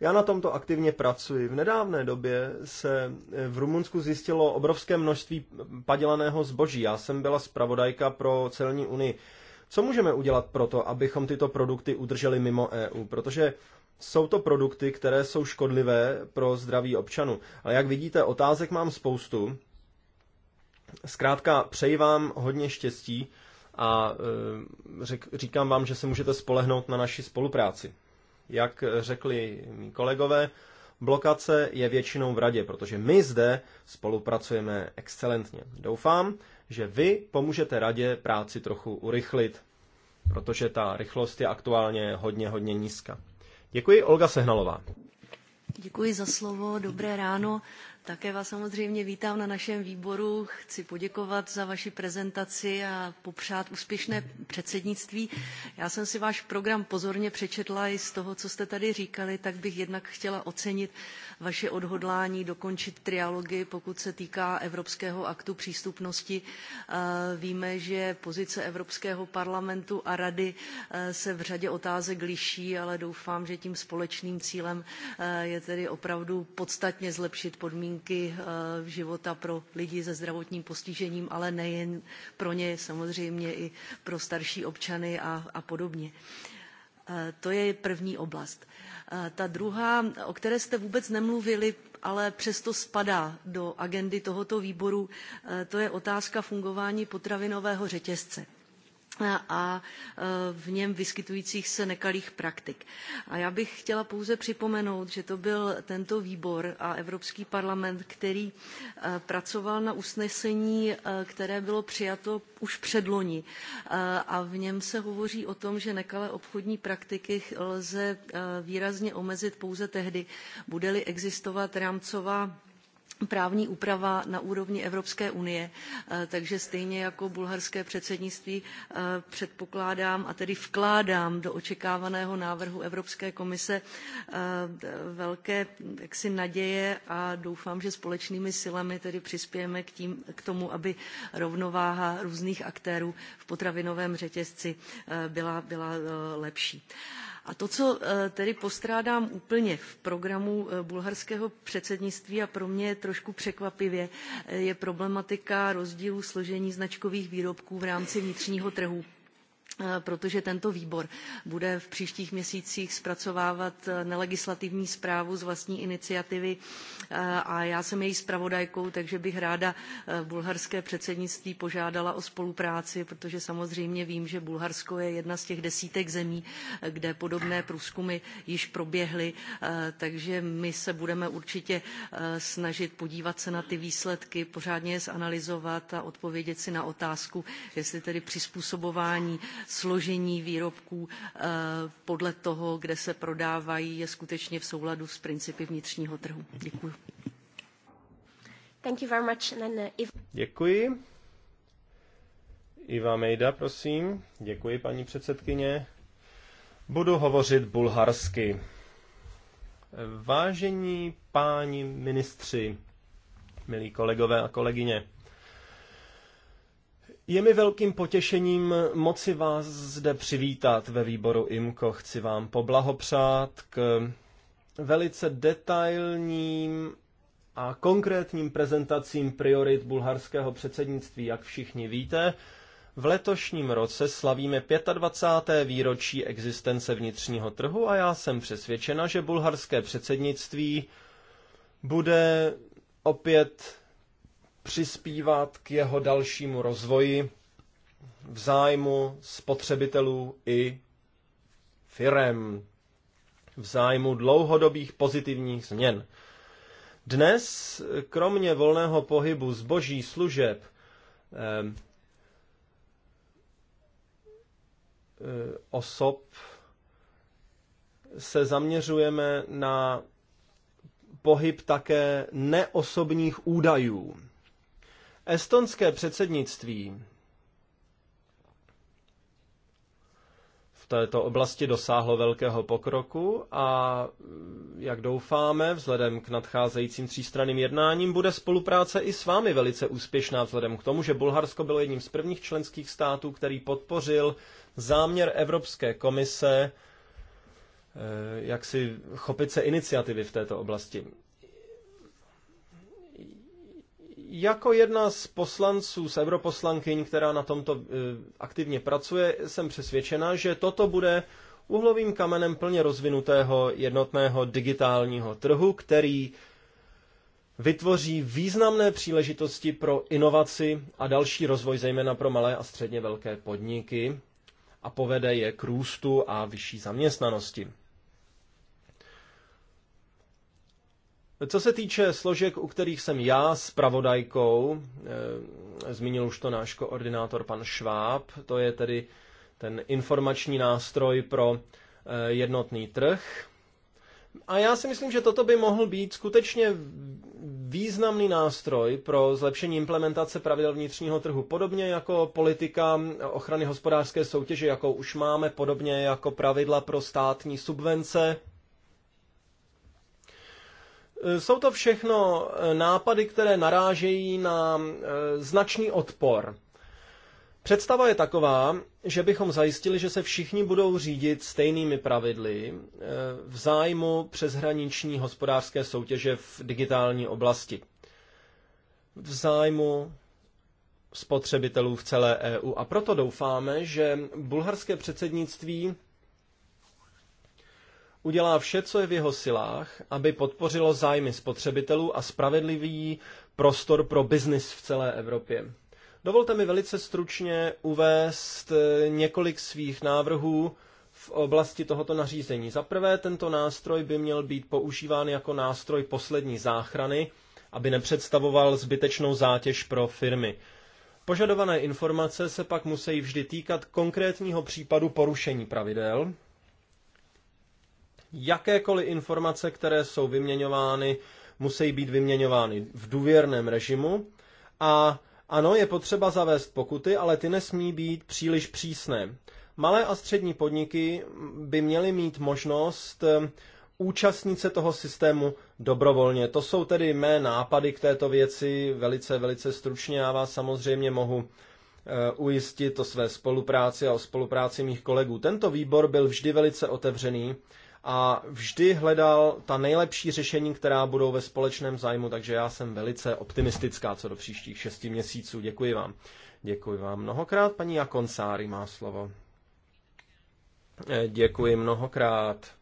Já na tomto aktivně pracuji. V nedávné době se eh, v Rumunsku zjistilo obrovské množství padělaného zboží. Já jsem byla zpravodajka pro celní unii. Co můžeme udělat pro to, abychom tyto produkty udrželi mimo EU? Protože jsou to produkty, které jsou škodlivé pro zdraví občanů. Ale jak vidíte, otázek mám spoustu. Zkrátka, přeji vám hodně štěstí a eh, řek, říkám vám, že se můžete spolehnout na naši spolupráci. Jak eh, řekli mý kolegové, blokace je většinou v radě, protože my zde spolupracujeme excelentně. Doufám, že vy pomůžete radě práci trochu urychlit, protože ta rychlost je aktuálně hodně, hodně nízká. Děkuji, Olga Sehnalová. Děkuji za slovo, dobré ráno. Také vás samozřejmě vítám na našem výboru. Chci poděkovat za vaši prezentaci a popřát úspěšné předsednictví. Já jsem si váš program pozorně přečetla i z toho, co jste tady říkali, tak bych jednak chtěla ocenit vaše odhodlání dokončit trialogy, pokud se týká Evropského aktu přístupnosti. Eh, víme, že pozice Evropského parlamentu a rady eh, se v řadě otázek liší, ale doufám, že tím společným cílem eh, je tedy opravdu podstatně zlepšit podmínky podmínky eh, života pro lidi se zdravotním postižením, ale nejen pro ně, samozřejmě i pro starší občany a, a podobně. Eh, to je první oblast. Eh, ta druhá, o které jste vůbec nemluvili, ale přesto spadá do agendy tohoto výboru, to je otázka fungování potravinového řetězce a e, v něm vyskytujících se nekalých praktik. A já bych chtěla pouze připomenout, že to byl tento výbor a Evropský parlament, který e, pracoval na usnesení, e, které bylo přijato už předloni. A v něm se hovoří o tom, že nekalé obchodní praktiky lze výrazně omezit pouze tehdy, bude-li existovat rámcová právní úprava na úrovni Evropské unie, eh, takže stejně jako bulharské předsednictví eh, předpokládám a tedy vkládám do očekávaného návrhu Evropské komise eh, velké jaksi, naděje a doufám, že společnými silami tedy přispějeme k, tím, k tomu, aby rovnováha různých aktérů v potravinovém řetězci byla, byla lepší. A to, co eh, tedy postrádám úplně v programu eh, bulharského předsednictví a pro mě je trošku překvapivě, eh, je problematika rozdílu složení značkových výrobků v rámci vnitřního trhu Eh, protože tento výbor bude v příštích měsících zpracovávat eh, nelegislativní zprávu z vlastní iniciativy eh, a já jsem její zpravodajkou, takže bych ráda bulharské předsednictví požádala o spolupráci, protože samozřejmě vím, že Bulharsko je jedna z těch desítek zemí, kde podobné průzkumy již proběhly, takže my se budeme určitě snažit podívat se na ty výsledky, pořádně je zanalizovat a odpovědět si na otázku, jestli tedy přizpůsobování složení výrobků eh, podle toho, kde se prodávají, je skutečně v souladu s principy vnitřního trhu. Děkuji. Thank you very much. Then, uh, if... Děkuji. Iva Mejda, prosím. Děkuji, paní předsedkyně. Budu hovořit bulharsky. Vážení páni ministři, milí kolegové a kolegyně, je mi velkým potěšením moci vás zde přivítat ve výboru IMKO. Chci vám poblahopřát k velice detailním a konkrétním prezentacím priorit bulharského předsednictví. Jak všichni víte, v letošním roce slavíme 25. výročí existence vnitřního trhu a já jsem přesvědčena, že bulharské předsednictví bude opět přispívat k jeho dalšímu rozvoji v zájmu spotřebitelů i firem, v zájmu dlouhodobých pozitivních změn. Dnes, kromě volného pohybu zboží služeb, eh, eh, osob se zaměřujeme na pohyb také neosobních údajů. Estonské předsednictví v této oblasti dosáhlo velkého pokroku a, mm, jak doufáme, vzhledem k nadcházejícím třístranným jednáním bude spolupráce i s vámi velice úspěšná vzhledem k tomu, že Bulharsko bylo jedním z prvních členských států, který podpořil záměr Evropské komise eh, jak si chopit se iniciativy v této oblasti. Jako jedna z poslanců, z europoslankyň, která na tomto eh, aktivně pracuje, jsem přesvědčena, že toto bude uhlovým kamenem plně rozvinutého jednotného digitálního trhu, který vytvoří významné příležitosti pro inovaci a další rozvoj, zejména pro malé a středně velké podniky, a povede je k růstu a vyšší zaměstnanosti. Co se týče složek, u kterých jsem já s pravodajkou, eh, zmínil už to náš koordinátor pan Šváb, to je tedy ten informační nástroj pro eh, jednotný trh. A já si myslím, že toto by mohl být skutečně významný nástroj pro zlepšení implementace pravidel vnitřního trhu, podobně jako politika ochrany hospodářské soutěže, jakou už máme, podobně jako pravidla pro státní subvence Eh, jsou to všechno eh, nápady, které narážejí na eh, značný odpor. Představa je taková, že bychom zajistili, že se všichni budou řídit stejnými pravidly v zájmu přeshraniční hospodářské soutěže v digitální oblasti. V zájmu spotřebitelů v celé EU. A proto doufáme, že bulharské předsednictví udělá vše, co je v jeho silách, aby podpořilo zájmy spotřebitelů a spravedlivý prostor pro biznis v celé Evropě. Dovolte mi velice stručně uvést eh, několik svých návrhů v oblasti tohoto nařízení. Za prvé, tento nástroj by měl být používán jako nástroj poslední záchrany, aby nepředstavoval zbytečnou zátěž pro firmy. Požadované informace se pak musí vždy týkat konkrétního případu porušení pravidel, Jakékoliv informace, které jsou vyměňovány, musí být vyměňovány v důvěrném režimu a ano, je potřeba zavést pokuty, ale ty nesmí být příliš přísné. Malé a střední podniky by měly mít možnost eh, účastnit se toho systému dobrovolně. To jsou tedy mé nápady k této věci velice, velice stručně. Já vás samozřejmě mohu eh, ujistit o své spolupráci a o spolupráci mých kolegů. Tento výbor byl vždy velice otevřený a vždy hledal ta nejlepší řešení, která budou ve společném zájmu, takže já jsem velice optimistická co do příštích šesti měsíců. Děkuji vám. Děkuji vám mnohokrát. Paní Jakonsári má slovo. Eh, děkuji mnohokrát.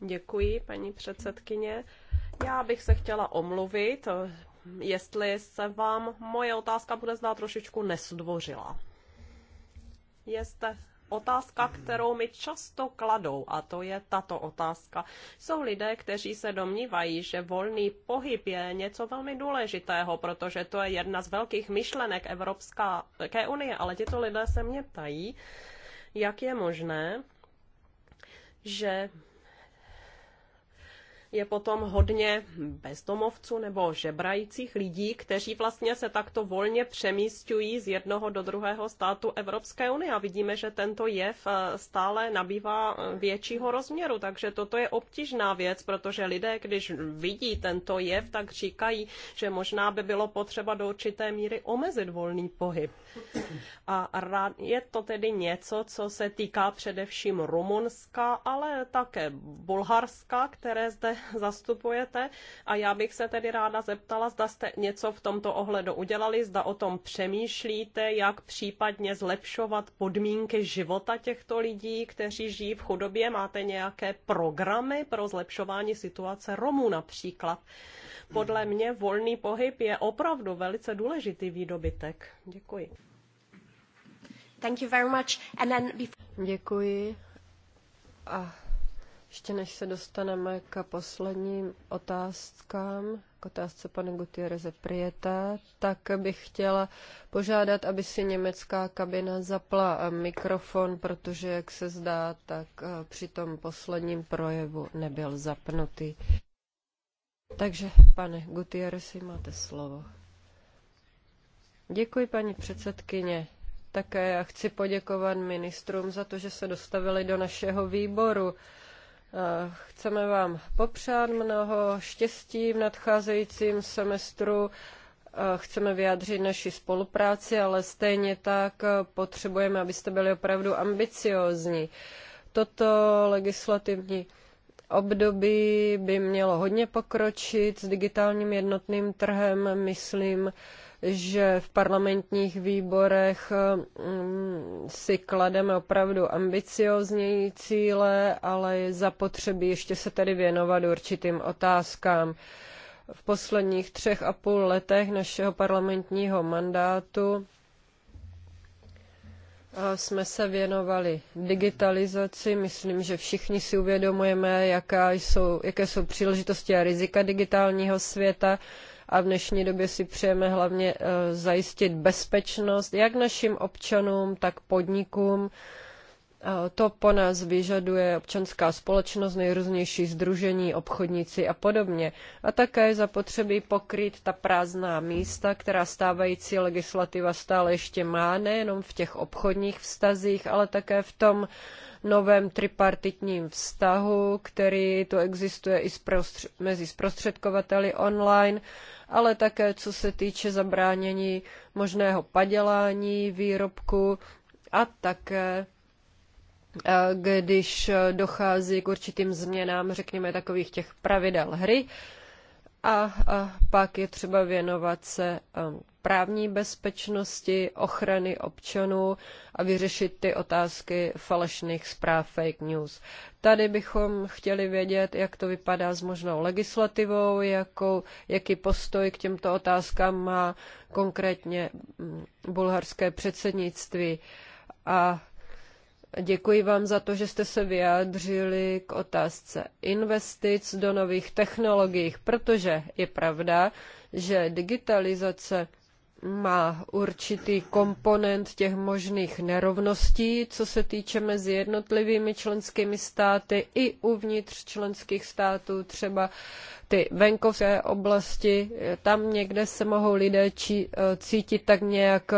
Děkuji, paní předsedkyně. Já bych se chtěla omluvit, eh, jestli se vám moje otázka bude zdát trošičku nesdvořila. Jste? otázka, kterou mi často kladou, a to je tato otázka. Jsou lidé, kteří se domnívají, že volný pohyb je něco velmi důležitého, protože to je jedna z velkých myšlenek Evropské unie, ale tyto lidé se mě ptají, jak je možné, že je potom hodně bezdomovců nebo žebrajících lidí, kteří vlastně se takto volně přemístují z jednoho do druhého státu Evropské unie. A vidíme, že tento jev eh, stále nabývá eh, většího rozměru. Takže toto je obtížná věc, protože lidé, když vidí tento jev, tak říkají, že možná by bylo potřeba do určité míry omezit volný pohyb. A je to tedy něco, co se týká především Rumunska, ale také Bulharska, které zde zastupujete. A já bych se tedy ráda zeptala, zda jste něco v tomto ohledu udělali, zda o tom přemýšlíte, jak případně zlepšovat podmínky života těchto lidí, kteří žijí v chudobě. Máte nějaké programy pro zlepšování situace Romů například? Podle mě volný pohyb je opravdu velice důležitý výdobytek. Děkuji. Thank you very much. And then before... Děkuji. A ještě než se dostaneme k posledním otázkám, k otázce pane Gutierreze Prieta, tak bych chtěla požádat, aby si německá kabina zapla eh, mikrofon, protože, jak se zdá, tak eh, při tom posledním projevu nebyl zapnutý. Takže, pane Gutierrezi, máte slovo. Děkuji, paní předsedkyně. Také já chci poděkovat ministrům za to, že se dostavili do našeho výboru. Eh, chceme vám popřát mnoho štěstí v nadcházejícím semestru. Eh, chceme vyjádřit naši spolupráci, ale stejně tak eh, potřebujeme, abyste byli opravdu ambiciózní. Toto legislativní období by mělo hodně pokročit s digitálním jednotným trhem. Myslím, že v parlamentních výborech mm, si klademe opravdu ambicioznější cíle, ale je zapotřebí ještě se tady věnovat určitým otázkám. V posledních třech a půl letech našeho parlamentního mandátu jsme se věnovali digitalizaci. Myslím, že všichni si uvědomujeme, jaká jsou, jaké jsou příležitosti a rizika digitálního světa a v dnešní době si přejeme hlavně e, zajistit bezpečnost jak našim občanům, tak podnikům to po nás vyžaduje občanská společnost, nejrůznější združení, obchodníci a podobně. A také je zapotřebí pokryt ta prázdná místa, která stávající legislativa stále ještě má, nejenom v těch obchodních vztazích, ale také v tom novém tripartitním vztahu, který tu existuje i zprostř- mezi zprostředkovateli online, ale také co se týče zabránění možného padělání výrobku a také když dochází k určitým změnám, řekněme, takových těch pravidel hry. A, a pak je třeba věnovat se um, právní bezpečnosti, ochrany občanů a vyřešit ty otázky falešných zpráv fake news. Tady bychom chtěli vědět, jak to vypadá s možnou legislativou, jakou, jaký postoj k těmto otázkám má konkrétně mm, bulharské předsednictví a Děkuji vám za to, že jste se vyjádřili k otázce investic do nových technologií, protože je pravda, že digitalizace má určitý komponent těch možných nerovností, co se týče mezi jednotlivými členskými státy i uvnitř členských států, třeba ty venkovské oblasti, tam někde se mohou lidé či, eh, cítit tak nějak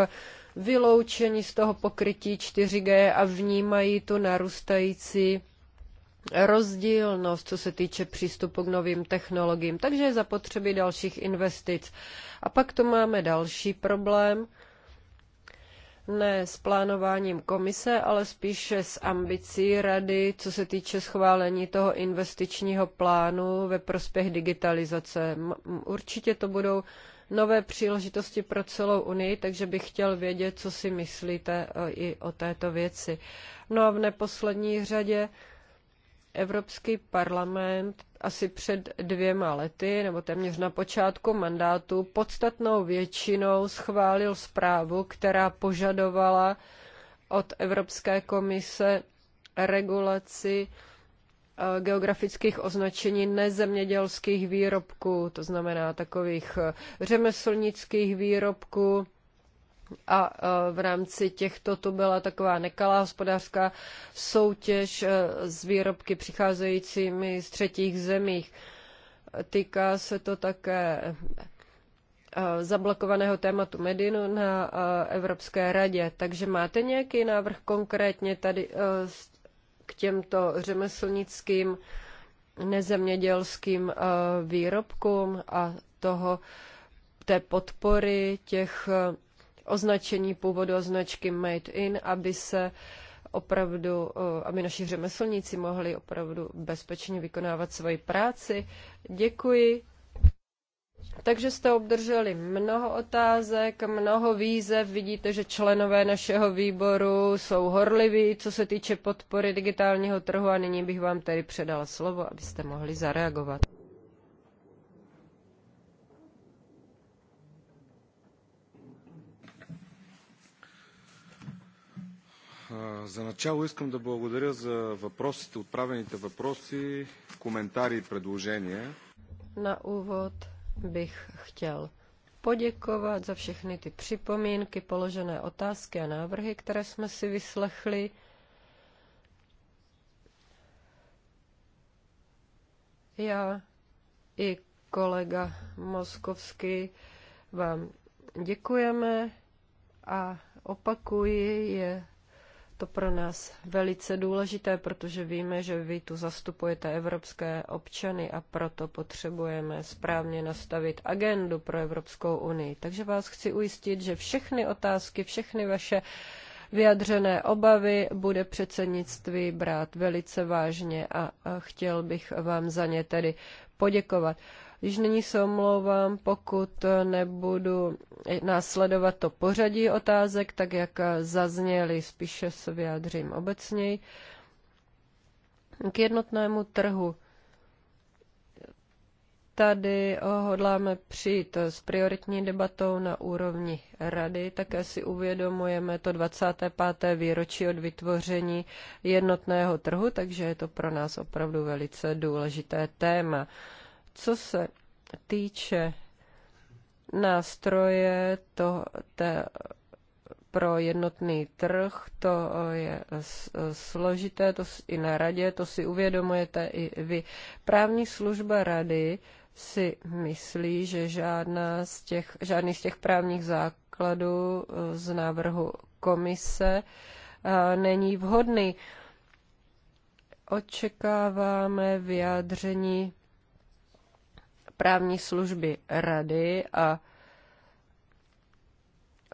vyloučeni z toho pokrytí 4G a vnímají tu narůstající rozdílnost, co se týče přístupu k novým technologiím. Takže je zapotřebí dalších investic. A pak tu máme další problém, ne s plánováním komise, ale spíše s ambicí rady, co se týče schválení toho investičního plánu ve prospěch digitalizace. Určitě to budou nové příležitosti pro celou Unii, takže bych chtěl vědět, co si myslíte e, i o této věci. No a v neposlední řadě Evropský parlament asi před dvěma lety, nebo téměř na počátku mandátu, podstatnou většinou schválil zprávu, která požadovala od Evropské komise regulaci Eh, geografických označení nezemědělských výrobků, to znamená takových eh, řemeslnických výrobků, a eh, v rámci těchto to byla taková nekalá hospodářská soutěž s výrobky přicházejícími z třetích zemích. Týká se to také zablokovaného tématu Medinu na Evropské radě. Takže máte nějaký návrh konkrétně tady k těmto řemeslnickým nezemědělským eh, výrobkům a toho, té podpory těch eh, označení původu a značky Made in, aby se opravdu, eh, aby naši řemeslníci mohli opravdu bezpečně vykonávat svoji práci. Děkuji takže jste obdrželi mnoho otázek, mnoho výzev. Vidíte, že členové našeho výboru jsou horliví, co se týče podpory digitálního trhu a nyní bych vám tedy předala slovo, abyste mohli zareagovat. За начало искам да благодаря за въпросите, отправените въпроси, коментари и предложения. На увод bych chtěl poděkovat za všechny ty připomínky, položené otázky a návrhy, které jsme si vyslechli. Já i kolega Moskovský vám děkujeme a opakuji, je to pro nás velice důležité, protože víme, že vy tu zastupujete evropské občany a proto potřebujeme správně nastavit agendu pro Evropskou unii. Takže vás chci ujistit, že všechny otázky, všechny vaše vyjadřené obavy bude předsednictví brát velice vážně a chtěl bych vám za ně tedy poděkovat. Již nyní se omlouvám, pokud nebudu následovat to pořadí otázek, tak jak zazněly, spíše se vyjádřím obecněji. K jednotnému trhu. Tady hodláme přijít s prioritní debatou na úrovni rady. Také si uvědomujeme to 25. výročí od vytvoření jednotného trhu, takže je to pro nás opravdu velice důležité téma. Co se týče nástroje to, té, pro jednotný trh, to je složité, to i na radě, to si uvědomujete i vy. Právní služba rady si myslí, že žádná z těch, žádný z těch právních základů eh, z návrhu komise eh, není vhodný. Očekáváme vyjádření právní služby rady a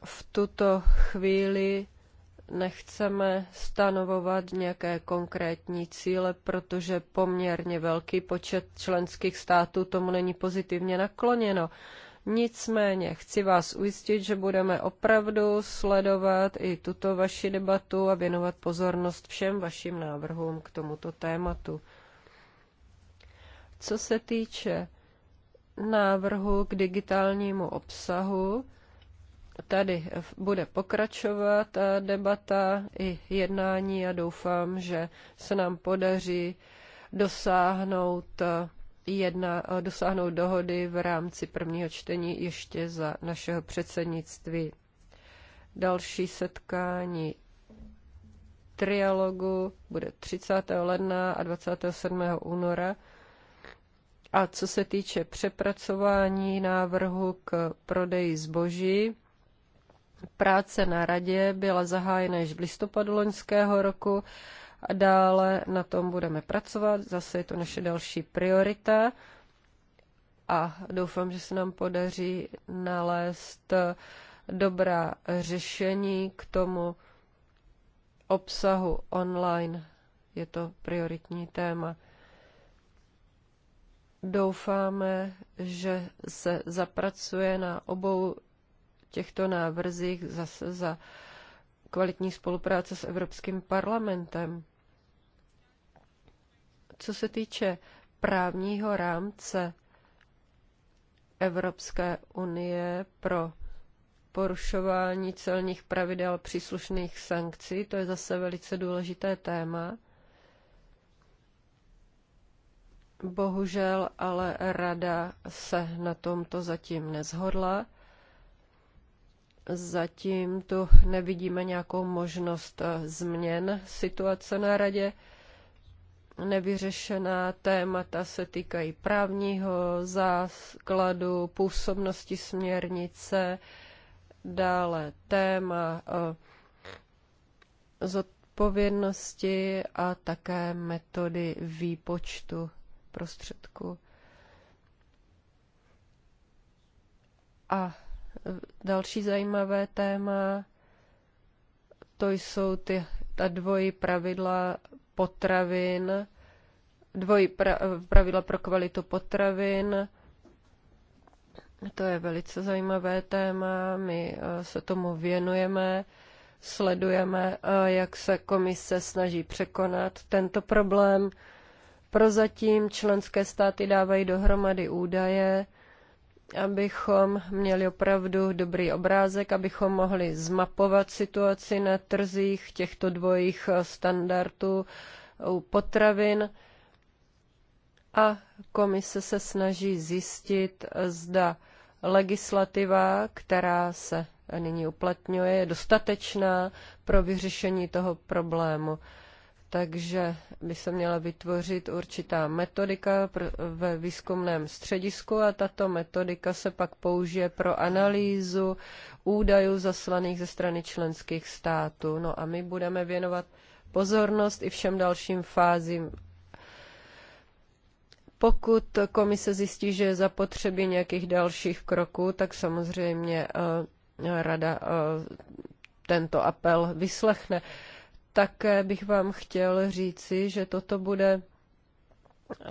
v tuto chvíli nechceme stanovovat nějaké konkrétní cíle, protože poměrně velký počet členských států tomu není pozitivně nakloněno. Nicméně chci vás ujistit, že budeme opravdu sledovat i tuto vaši debatu a věnovat pozornost všem vašim návrhům k tomuto tématu. Co se týče návrhu k digitálnímu obsahu. Tady bude pokračovat eh, debata i jednání a doufám, že se nám podaří dosáhnout, eh, jedna, eh, dosáhnout dohody v rámci prvního čtení ještě za našeho předsednictví. Další setkání trialogu bude 30. ledna a 27. února a co se týče přepracování návrhu k prodeji zboží, práce na radě byla zahájena již v listopadu loňského roku a dále na tom budeme pracovat. Zase je to naše další priorita a doufám, že se nám podaří nalézt dobrá řešení k tomu obsahu online. Je to prioritní téma. Doufáme, že se zapracuje na obou těchto návrzích zase za kvalitní spolupráce s Evropským parlamentem. Co se týče právního rámce Evropské unie pro porušování celních pravidel příslušných sankcí, to je zase velice důležité téma. Bohužel ale rada se na tomto zatím nezhodla. Zatím tu nevidíme nějakou možnost eh, změn situace na radě. Nevyřešená témata se týkají právního základu, působnosti směrnice, dále téma eh, zodpovědnosti a také metody výpočtu prostředku A e, další zajímavé téma, to jsou ty, ta dvojí pravidla potravin, dvojí pra, e, pravidla pro kvalitu potravin. To je velice zajímavé téma, my e, se tomu věnujeme, sledujeme, jak se komise snaží překonat tento problém. Prozatím členské státy dávají dohromady údaje, abychom měli opravdu dobrý obrázek, abychom mohli zmapovat situaci na trzích těchto dvojích standardů u potravin. A komise se snaží zjistit, zda legislativa, která se nyní uplatňuje, je dostatečná pro vyřešení toho problému. Takže by se měla vytvořit určitá metodika ve výzkumném středisku a tato metodika se pak použije pro analýzu údajů zaslaných ze strany členských států. No a my budeme věnovat pozornost i všem dalším fázím pokud komise zjistí, že je zapotřebí nějakých dalších kroků, tak samozřejmě eh, rada eh, tento apel vyslechne. Také bych vám chtěl říci, že toto bude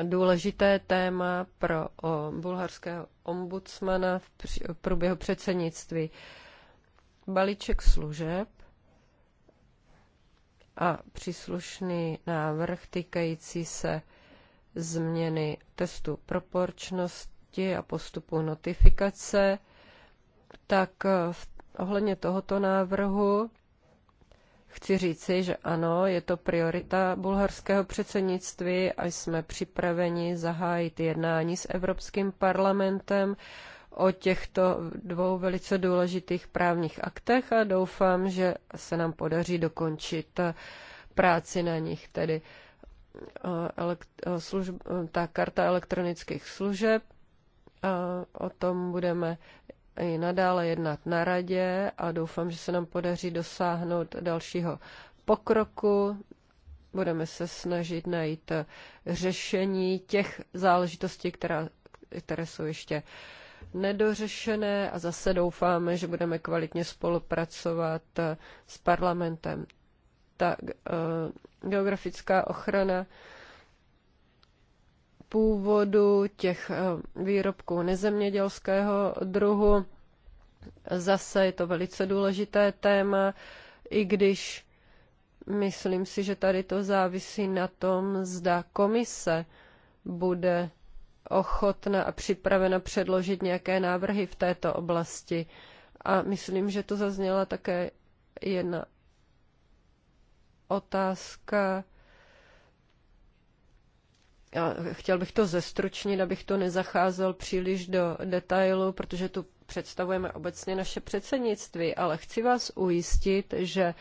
důležité téma pro bulharského ombudsmana v průběhu předsednictví. Balíček služeb a příslušný návrh týkající se změny testu proporčnosti a postupu notifikace, tak eh, ohledně tohoto návrhu Chci říci, že ano, je to priorita bulharského předsednictví a jsme připraveni zahájit jednání s Evropským parlamentem o těchto dvou velice důležitých právních aktech a doufám, že se nám podaří dokončit práci na nich, tedy eh, eh, služb, eh, ta karta elektronických služeb. O tom budeme i nadále jednat na radě a doufám, že se nám podaří dosáhnout dalšího pokroku. Budeme se snažit najít řešení těch záležitostí, která, které jsou ještě nedořešené a zase doufáme, že budeme kvalitně spolupracovat s parlamentem. Ta eh, geografická ochrana původu těch eh, výrobků nezemědělského druhu. Zase je to velice důležité téma, i když myslím si, že tady to závisí na tom, zda komise bude ochotna a připravena předložit nějaké návrhy v této oblasti. A myslím, že to zazněla také jedna otázka a chtěl bych to zestručnit, abych to nezacházel příliš do detailu, protože tu představujeme obecně naše předsednictví, ale chci vás ujistit, že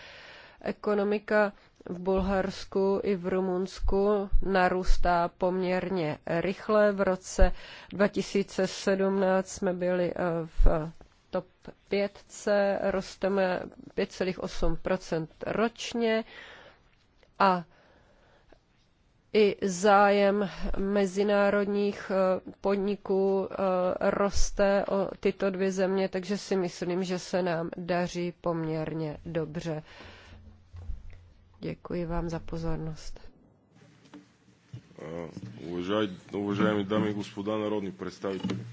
ekonomika v Bulharsku i v Rumunsku narůstá poměrně rychle. V roce 2017 jsme byli eh, v top 5, rosteme 5,8 ročně a i zájem mezinárodních eh, podniků eh, roste o tyto dvě země, takže si myslím, že se nám daří poměrně dobře. Děkuji vám za pozornost. Уважаеми дами и господа народни представители,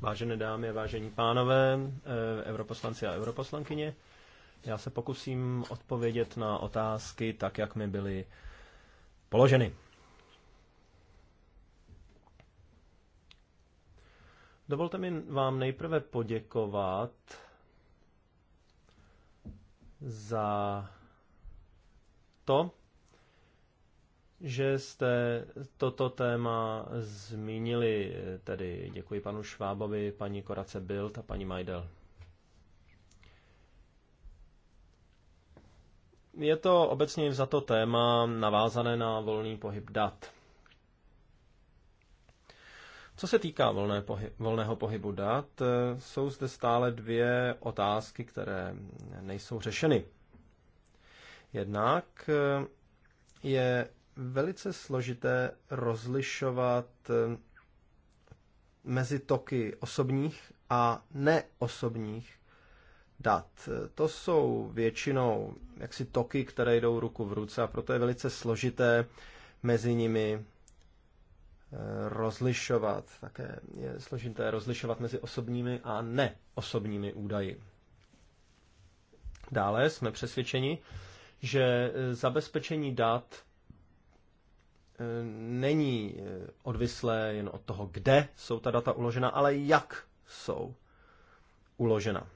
Vážené dámy, a vážení pánové, eh, europoslanci a europoslankyně, já se pokusím odpovědět na otázky tak, jak mi byly položeny. Dovolte mi vám nejprve poděkovat za to, že jste toto téma zmínili, tedy děkuji panu Švábovi, paní Korace Bild a paní Majdel. Je to obecně vzato téma navázané na volný pohyb dat. Co se týká volné pohy- volného pohybu dat, jsou zde stále dvě otázky, které nejsou řešeny. Jednak je velice složité rozlišovat mezi toky osobních a neosobních dat. To jsou většinou jaksi toky, které jdou ruku v ruce a proto je velice složité mezi nimi eh, rozlišovat. Také je složité rozlišovat mezi osobními a neosobními údaji. Dále jsme přesvědčeni, že eh, zabezpečení dat eh, není odvislé jen od toho, kde jsou ta data uložena, ale jak jsou uložena.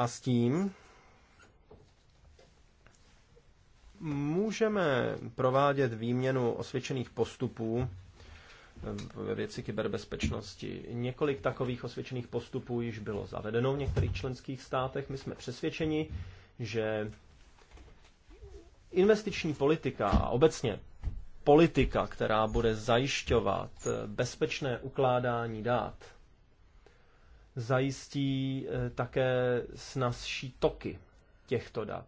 A s tím můžeme provádět výměnu osvědčených postupů eh, ve věci kyberbezpečnosti. Několik takových osvědčených postupů již bylo zavedeno v některých členských státech. My jsme přesvědčeni, že investiční politika a obecně politika, která bude zajišťovat eh, bezpečné ukládání dát, zajistí eh, také snazší toky těchto dat.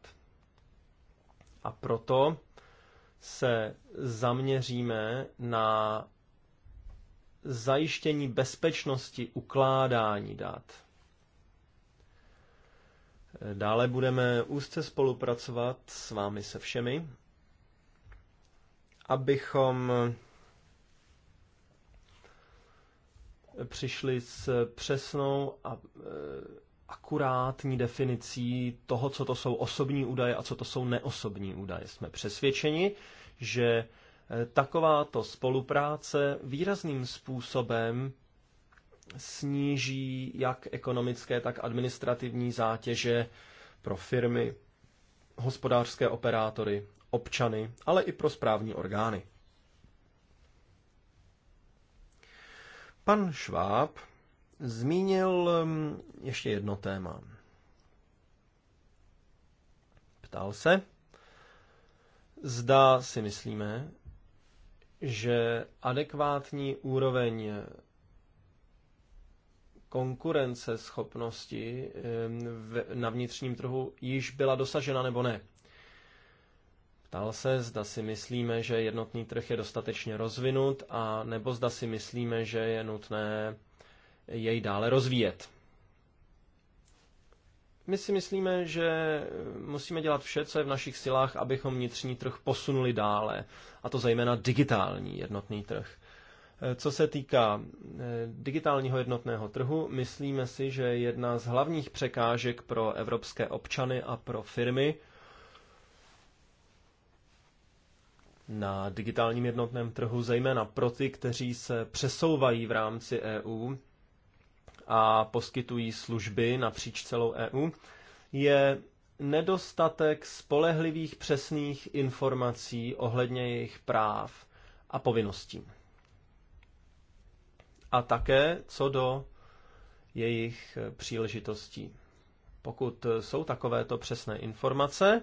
A proto se zaměříme na zajištění bezpečnosti ukládání dat. Dále budeme úzce spolupracovat s vámi se všemi, abychom přišli s přesnou a eh, akurátní definicí toho, co to jsou osobní údaje a co to jsou neosobní údaje. Jsme přesvědčeni, že eh, takováto spolupráce výrazným způsobem sníží jak ekonomické, tak administrativní zátěže pro firmy, hospodářské operátory, občany, ale i pro správní orgány. Pan Šváb zmínil um, ještě jedno téma. Ptal se, zda si myslíme, že adekvátní úroveň konkurenceschopnosti um, na vnitřním trhu již byla dosažena nebo ne. Ptal se, zda si myslíme, že jednotný trh je dostatečně rozvinut, a nebo zda si myslíme, že je nutné jej dále rozvíjet. My si myslíme, že musíme dělat vše, co je v našich silách, abychom vnitřní trh posunuli dále, a to zejména digitální jednotný trh. Co se týká eh, digitálního jednotného trhu, myslíme si, že jedna z hlavních překážek pro evropské občany a pro firmy na digitálním jednotném trhu, zejména pro ty, kteří se přesouvají v rámci EU a poskytují služby napříč celou EU, je nedostatek spolehlivých přesných informací ohledně jejich práv a povinností. A také co do jejich příležitostí. Pokud jsou takovéto přesné informace,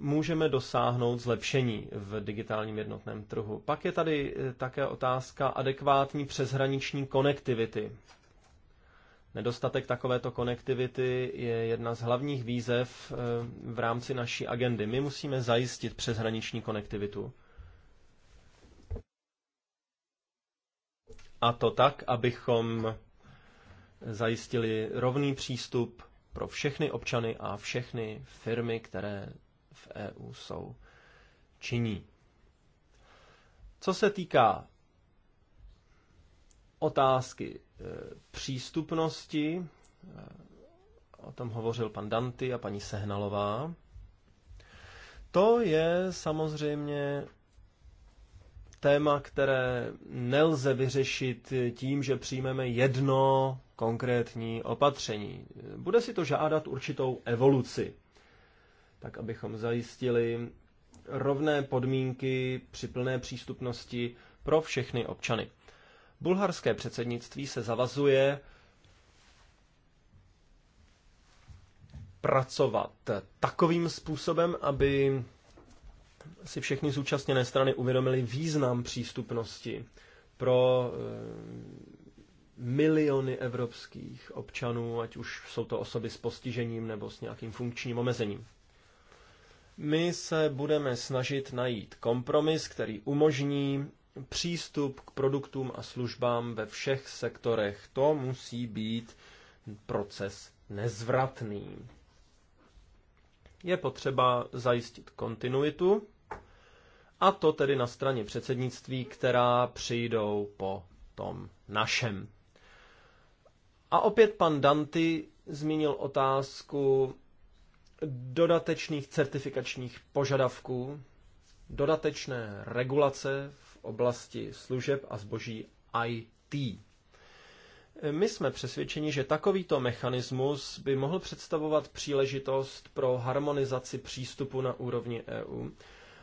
můžeme dosáhnout zlepšení v digitálním jednotném trhu. Pak je tady eh, také otázka adekvátní přeshraniční konektivity. Nedostatek takovéto konektivity je jedna z hlavních výzev eh, v rámci naší agendy. My musíme zajistit přeshraniční konektivitu. A to tak, abychom zajistili rovný přístup pro všechny občany a všechny firmy, které v EU jsou činí. Co se týká otázky e, přístupnosti, e, o tom hovořil pan Danty a paní Sehnalová, to je samozřejmě téma, které nelze vyřešit tím, že přijmeme jedno konkrétní opatření. Bude si to žádat určitou evoluci tak abychom zajistili rovné podmínky při plné přístupnosti pro všechny občany. Bulharské předsednictví se zavazuje pracovat takovým způsobem, aby si všechny zúčastněné strany uvědomili význam přístupnosti pro eh, miliony evropských občanů, ať už jsou to osoby s postižením nebo s nějakým funkčním omezením. My se budeme snažit najít kompromis, který umožní přístup k produktům a službám ve všech sektorech. To musí být proces nezvratný. Je potřeba zajistit kontinuitu, a to tedy na straně předsednictví, která přijdou po tom našem. A opět pan Danty zmínil otázku dodatečných certifikačních požadavků, dodatečné regulace v oblasti služeb a zboží IT. My jsme přesvědčeni, že takovýto mechanismus by mohl představovat příležitost pro harmonizaci přístupu na úrovni EU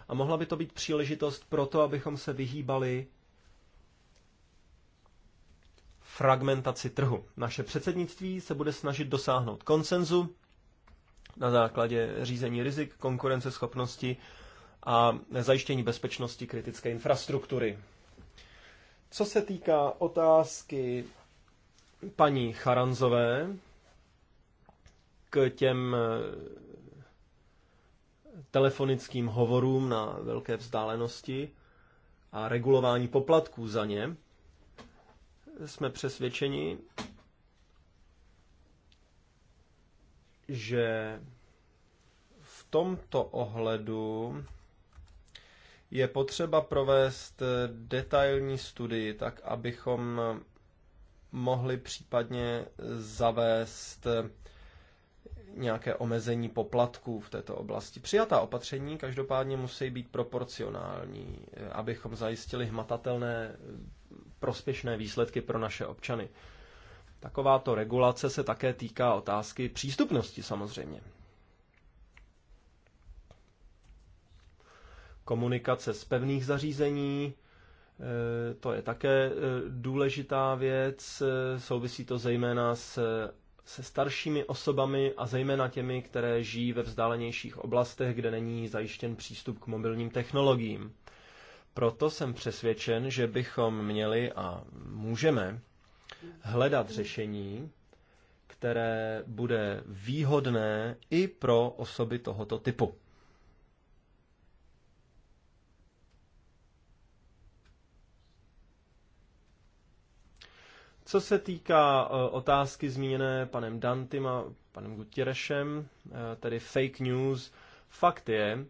a mohla by to být příležitost pro to, abychom se vyhýbali fragmentaci trhu. Naše předsednictví se bude snažit dosáhnout konsenzu na základě řízení rizik, konkurenceschopnosti a zajištění bezpečnosti kritické infrastruktury. Co se týká otázky paní Charanzové k těm eh, telefonickým hovorům na velké vzdálenosti a regulování poplatků za ně, jsme přesvědčeni, že v tomto ohledu je potřeba provést detailní studii, tak abychom mohli případně zavést nějaké omezení poplatků v této oblasti. Přijatá opatření každopádně musí být proporcionální, abychom zajistili hmatatelné prospěšné výsledky pro naše občany. Takováto regulace se také týká otázky přístupnosti samozřejmě. Komunikace z pevných zařízení, e, to je také e, důležitá věc, e, souvisí to zejména s se staršími osobami a zejména těmi, které žijí ve vzdálenějších oblastech, kde není zajištěn přístup k mobilním technologiím. Proto jsem přesvědčen, že bychom měli a můžeme hledat řešení, které bude výhodné i pro osoby tohoto typu. Co se týká e, otázky zmíněné panem Dantym a panem Gutierešem, e, tedy fake news, fakt je,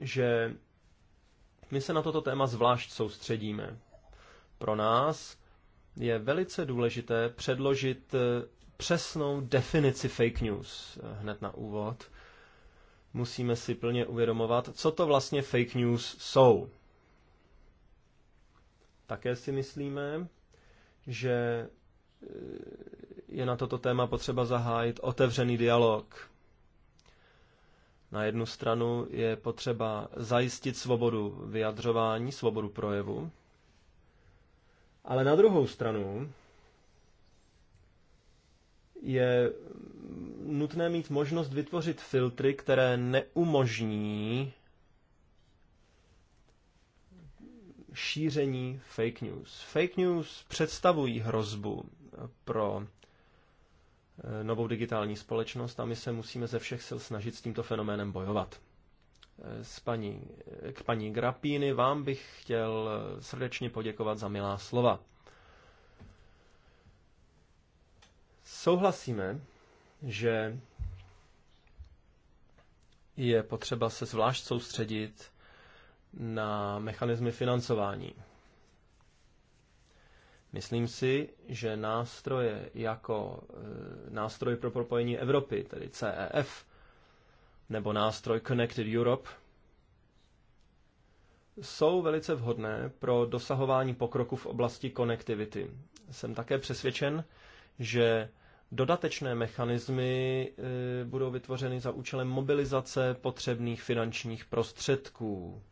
že my se na toto téma zvlášť soustředíme. Pro nás je velice důležité předložit eh, přesnou definici fake news eh, hned na úvod. Musíme si plně uvědomovat, co to vlastně fake news jsou. Také si myslíme, že eh, je na toto téma potřeba zahájit otevřený dialog. Na jednu stranu je potřeba zajistit svobodu vyjadřování, svobodu projevu, ale na druhou stranu je nutné mít možnost vytvořit filtry, které neumožní šíření fake news. Fake news představují hrozbu pro eh, novou digitální společnost a my se musíme ze všech sil snažit s tímto fenoménem bojovat s paní, k paní Grapíny. Vám bych chtěl srdečně poděkovat za milá slova. Souhlasíme, že je potřeba se zvlášť soustředit na mechanismy financování. Myslím si, že nástroje jako e, nástroj pro propojení Evropy, tedy CEF, nebo nástroj Connected Europe jsou velice vhodné pro dosahování pokroku v oblasti konektivity. Jsem také přesvědčen, že dodatečné mechanismy e, budou vytvořeny za účelem mobilizace potřebných finančních prostředků.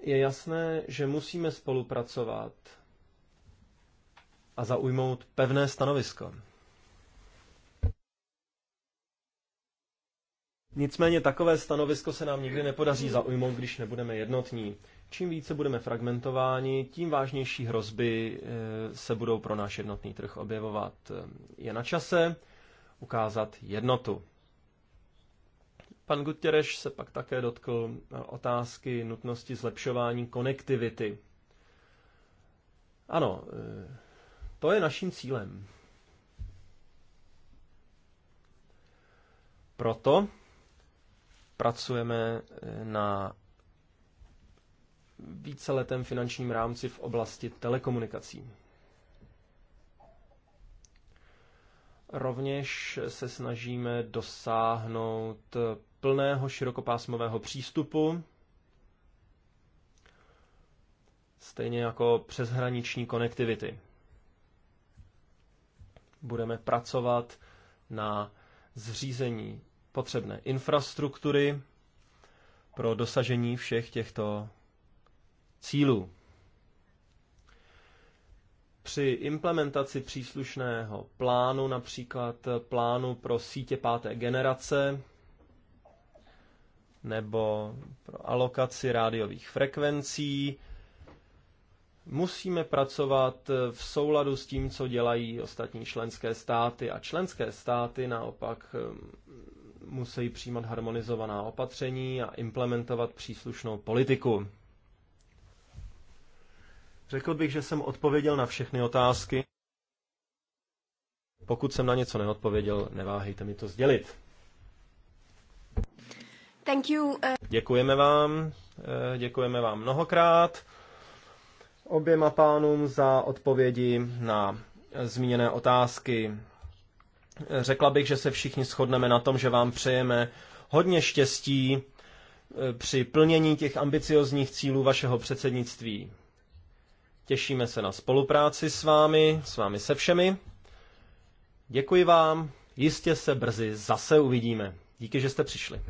Je jasné, že musíme spolupracovat a zaujmout pevné stanovisko. Nicméně takové stanovisko se nám nikdy nepodaří zaujmout, když nebudeme jednotní. Čím více budeme fragmentováni, tím vážnější hrozby eh, se budou pro náš jednotný trh objevovat. Je na čase ukázat jednotu. Pan Gutěreš se pak také dotkl otázky nutnosti zlepšování konektivity. Ano, eh, to je naším cílem. Proto pracujeme eh, na víceletém finančním rámci v oblasti telekomunikací. Rovněž se snažíme dosáhnout plného širokopásmového přístupu, stejně jako přeshraniční konektivity budeme pracovat na zřízení potřebné infrastruktury pro dosažení všech těchto cílů. Při implementaci příslušného plánu, například plánu pro sítě páté generace, nebo pro alokaci rádiových frekvencí, musíme pracovat v souladu s tím, co dělají ostatní členské státy a členské státy naopak um, musí přijímat harmonizovaná opatření a implementovat příslušnou politiku. Řekl bych, že jsem odpověděl na všechny otázky. Pokud jsem na něco neodpověděl, neváhejte mi to sdělit. Thank you. Uh, děkujeme vám, eh, děkujeme vám mnohokrát oběma pánům za odpovědi na zmíněné otázky. Řekla bych, že se všichni shodneme na tom, že vám přejeme hodně štěstí e, při plnění těch ambiciozních cílů vašeho předsednictví. Těšíme se na spolupráci s vámi, s vámi se všemi. Děkuji vám, jistě se brzy zase uvidíme. Díky, že jste přišli.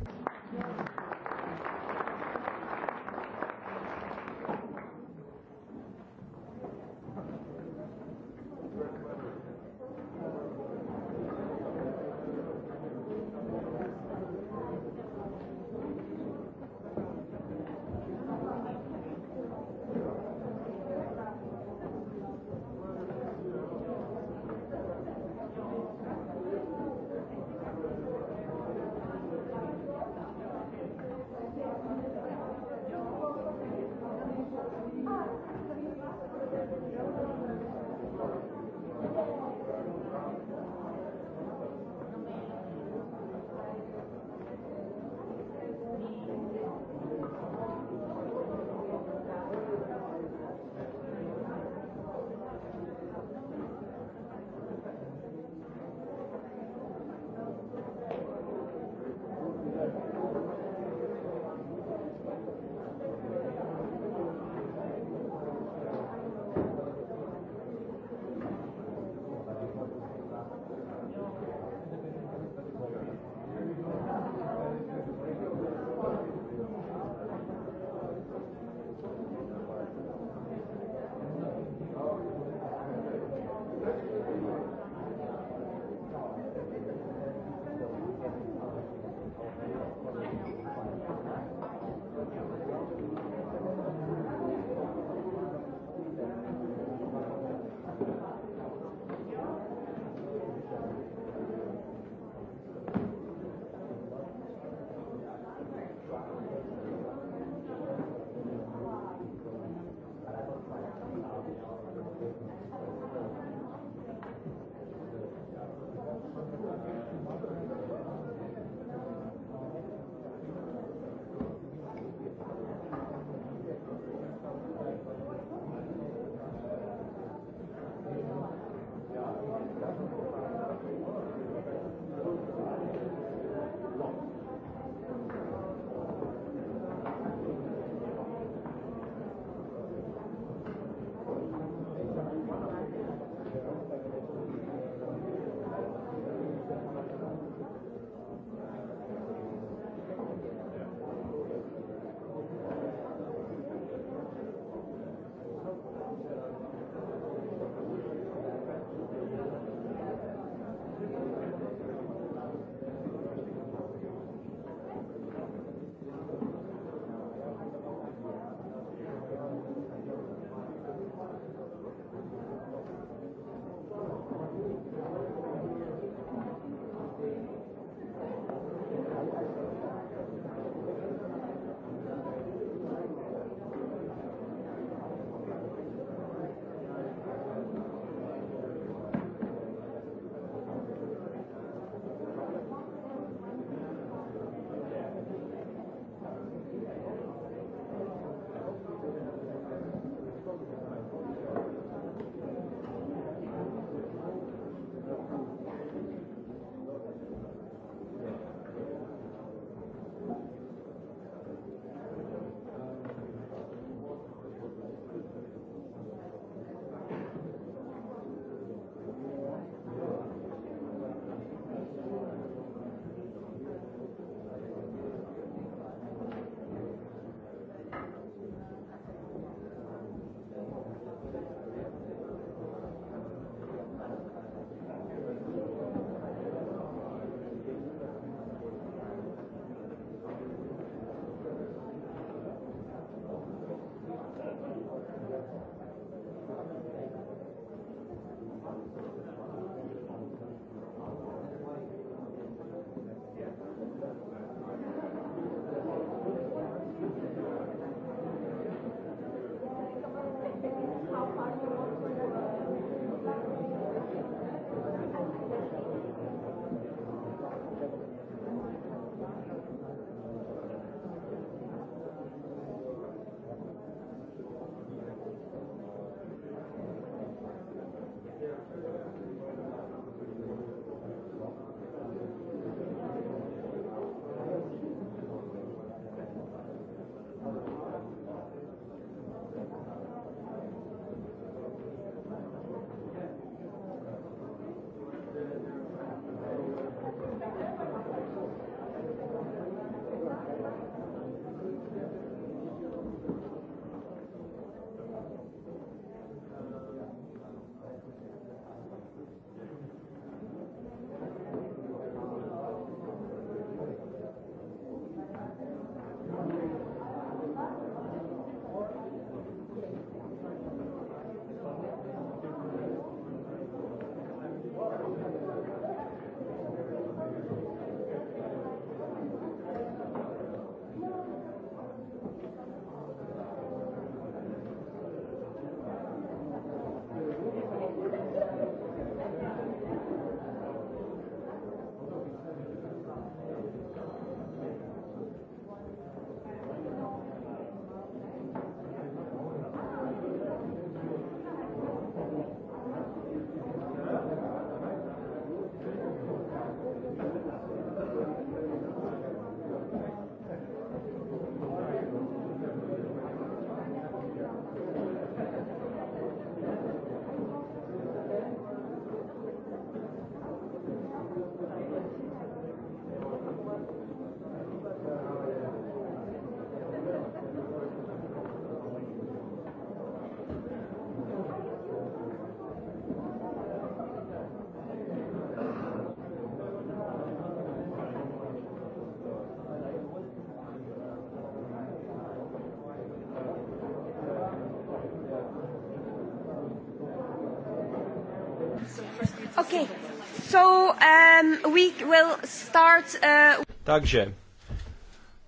Um, we will start, uh... Takže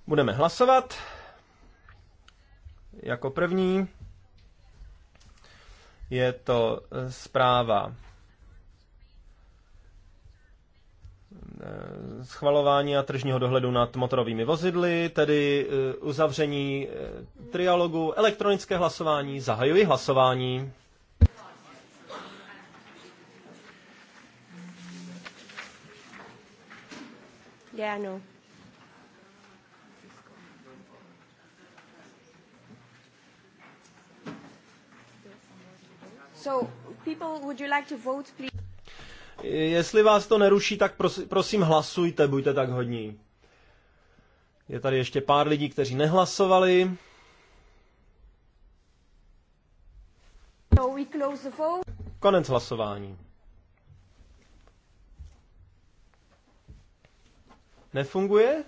budeme hlasovat. Jako první je to eh, zpráva eh, schvalování a tržního dohledu nad motorovými vozidly, tedy eh, uzavření trialogu, elektronické hlasování, zahajuji hlasování. Gargano. So, people, would you like to vote, please? Jestli vás to neruší, tak prosím, prosím hlasujte, buďte tak hodní. Je tady ještě pár lidí, kteří nehlasovali. Konec hlasování. Nefunguje?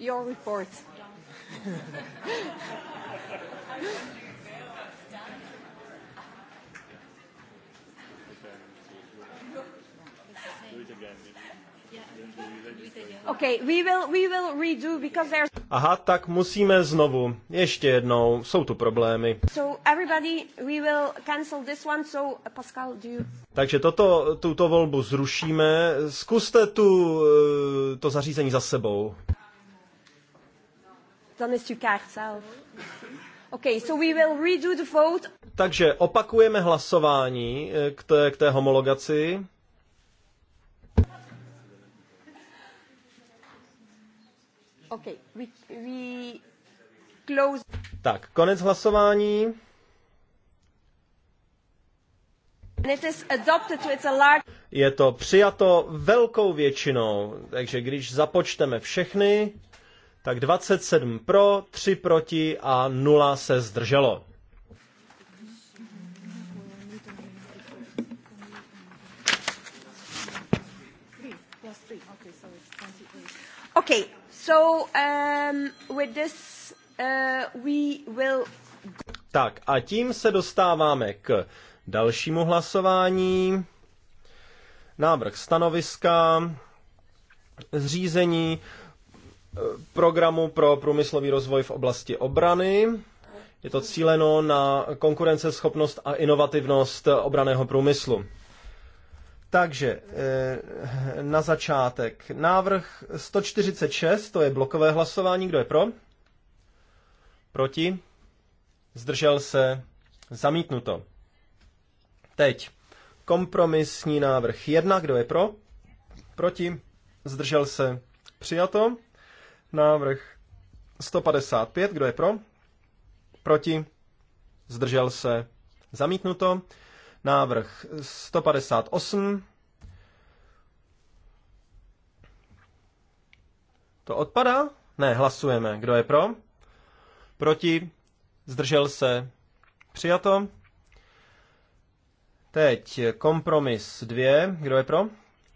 Your report. Okay, we will, we will redo because there's... Aha, tak musíme znovu. Ještě jednou, jsou tu problémy. So everybody, we will cancel this one, so Pascal, do you... Takže toto, tuto volbu zrušíme. Zkuste tu, eh, to zařízení za sebou. Dan is uw kaart Okay, so we will redo the vote. Takže opakujeme hlasování eh, k té, k té homologaci. Okay, we, we close. Tak, konec hlasování. Je to přijato velkou většinou, takže když započteme všechny, tak 27 pro, 3 proti a 0 se zdrželo. Okay, So, um, with this, uh, we will... Tak a tím se dostáváme k dalšímu hlasování. Návrh stanoviska, zřízení eh, programu pro průmyslový rozvoj v oblasti obrany. Je to cíleno na konkurenceschopnost a inovativnost eh, obraného průmyslu. Takže eh, na začátek návrh 146, to je blokové hlasování, kdo je pro? Proti? Zdržel se? Zamítnuto. Teď kompromisní návrh 1, kdo je pro? Proti? Zdržel se? Přijato. Návrh 155, kdo je pro? Proti? Zdržel se? Zamítnuto. Návrh 158. To odpadá? Ne, hlasujeme. Kdo je pro? Proti? Zdržel se? Přijato. Teď kompromis 2. Kdo je pro?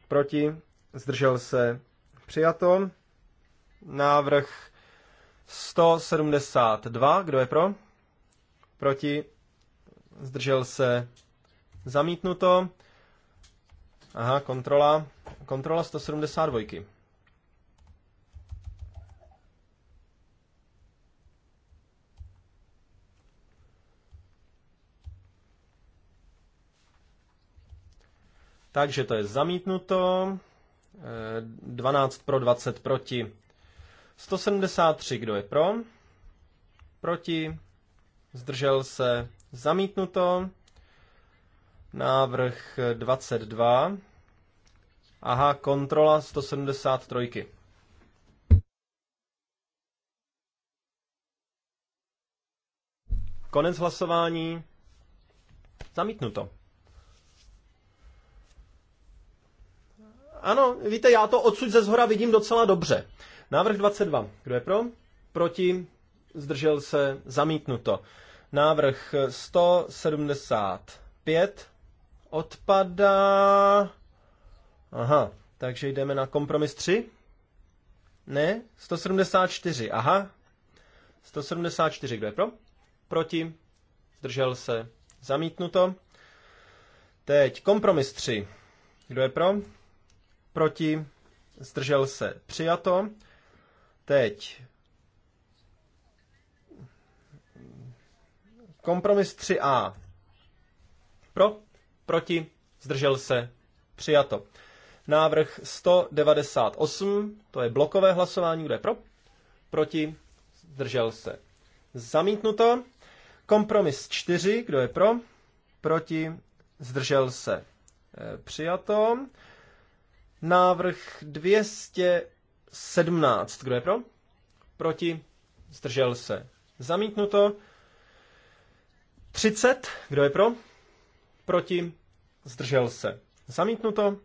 Proti? Zdržel se? Přijato. Návrh 172. Kdo je pro? Proti? Zdržel se? Zamítnuto. Aha, kontrola. Kontrola 172. Takže to je zamítnuto. 12 eh, pro, 20 proti. 173, kdo je pro? Proti. Zdržel se. Zamítnuto. Návrh 22. Aha, kontrola 173. Konec hlasování. Zamítnuto. Ano, víte, já to odsud ze zhora vidím docela dobře. Návrh 22. Kdo je pro? Proti? Zdržel se? Zamítnuto. Návrh 175 odpadá. Aha, takže jdeme na kompromis 3. Ne, 174, aha. 174, kdo je pro? Proti, zdržel se, zamítnuto. Teď kompromis 3. Kdo je pro? Proti, zdržel se, přijato. Teď kompromis 3a. Pro? Proti? Zdržel se? Přijato. Návrh 198, to je blokové hlasování, kdo je pro? Proti? Zdržel se? Zamítnuto. Kompromis 4, kdo je pro? Proti? Zdržel se? E, přijato. Návrh 217, kdo je pro? Proti? Zdržel se? Zamítnuto. 30, kdo je pro? proti, zdržel se. Zamítnuto.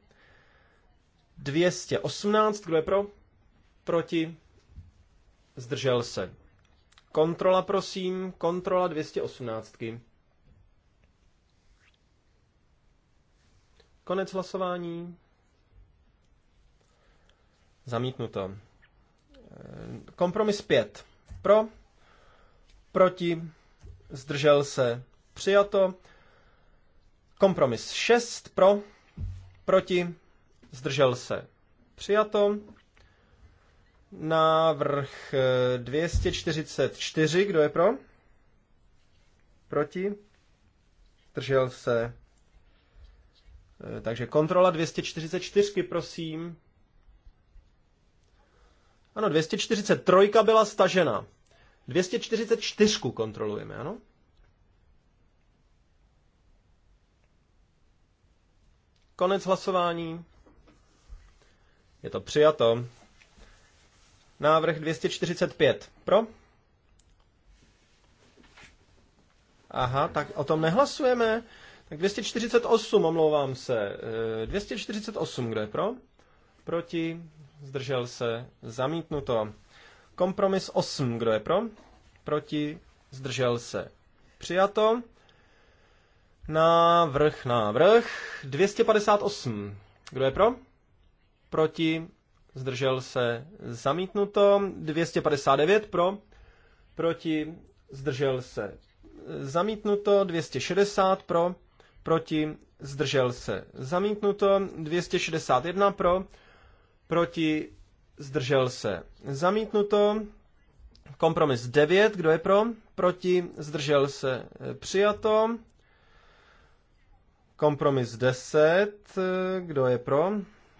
218, kdo je pro, proti, zdržel se. Kontrola, prosím, kontrola 218. Konec hlasování. Zamítnuto. Kompromis 5. Pro, proti, zdržel se, přijato. Kompromis 6 pro, proti, zdržel se. Přijato. Návrh 244, eh, kdo je pro? Proti? Zdržel se. Eh, takže kontrola 244, prosím. Ano, 243 byla stažena. 244 kontrolujeme, ano? Konec hlasování. Je to přijato. Návrh 245. Pro? Aha, tak o tom nehlasujeme. Tak 248, omlouvám se. 248, eh, kdo je pro? Proti? Zdržel se? Zamítnuto. Kompromis 8, kdo je pro? Proti? Zdržel se? Přijato na vrch, na vrch. 258. Kdo je pro? Proti. Zdržel se zamítnuto. 259 pro. Proti. Zdržel se zamítnuto. 260 pro. Proti. Zdržel se zamítnuto. 261 pro. Proti. Zdržel se zamítnuto. Kompromis 9. Kdo je pro? Proti. Zdržel se přijato. Kompromis 10, kdo je pro?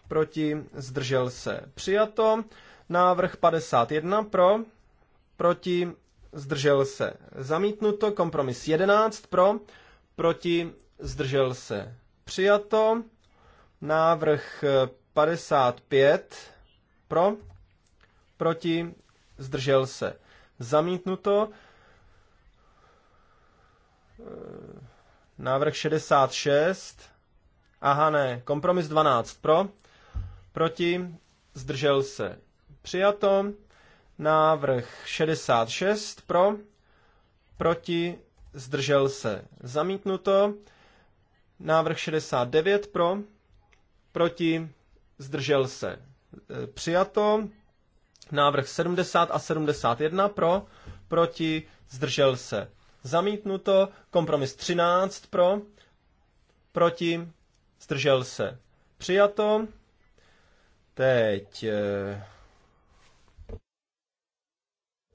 Proti, zdržel se, přijato. Návrh 51 pro, proti, zdržel se, zamítnuto. Kompromis 11 pro, proti, zdržel se, přijato. Návrh 55 pro, proti, zdržel se, zamítnuto. Návrh 66. Aha, ne. Kompromis 12 pro. Proti. Zdržel se. Přijato. Návrh 66 pro. Proti. Zdržel se. Zamítnuto. Návrh 69 pro. Proti. Zdržel se. E, přijato. Návrh 70 a 71 pro. Proti. Zdržel se zamítnuto, kompromis 13 pro, proti, zdržel se, přijato. Teď eh,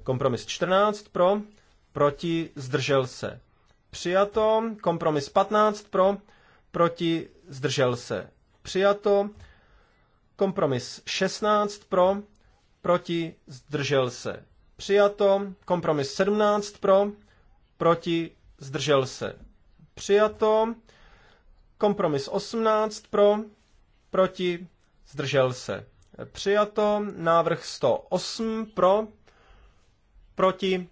kompromis 14 pro, proti, zdržel se, přijato. Kompromis 15 pro, proti, zdržel se, přijato. Kompromis 16 pro, proti, zdržel se, přijato. Kompromis 17 pro, proti, zdržel se. Přijato. Kompromis 18 pro, proti, zdržel se. Přijato. Návrh 108 pro, proti,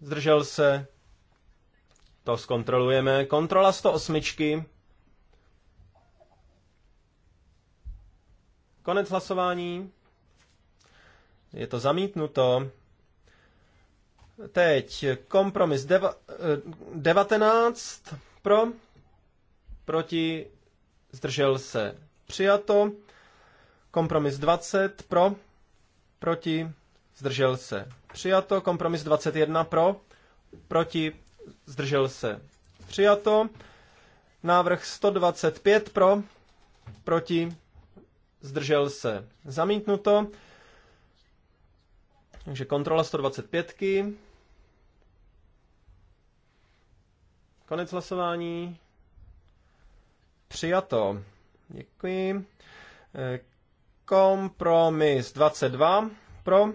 zdržel se. To zkontrolujeme. Kontrola 108. Konec hlasování. Je to zamítnuto. Teď kompromis deva, 19 eh, pro, proti, zdržel se přijato. Kompromis 20 pro, proti, zdržel se přijato. Kompromis 21 pro, proti, zdržel se přijato. Návrh 125 pro, proti, zdržel se zamítnuto. Takže kontrola 125. -ky. Konec hlasování. Přijato. Děkuji. Eh, kompromis 22 pro.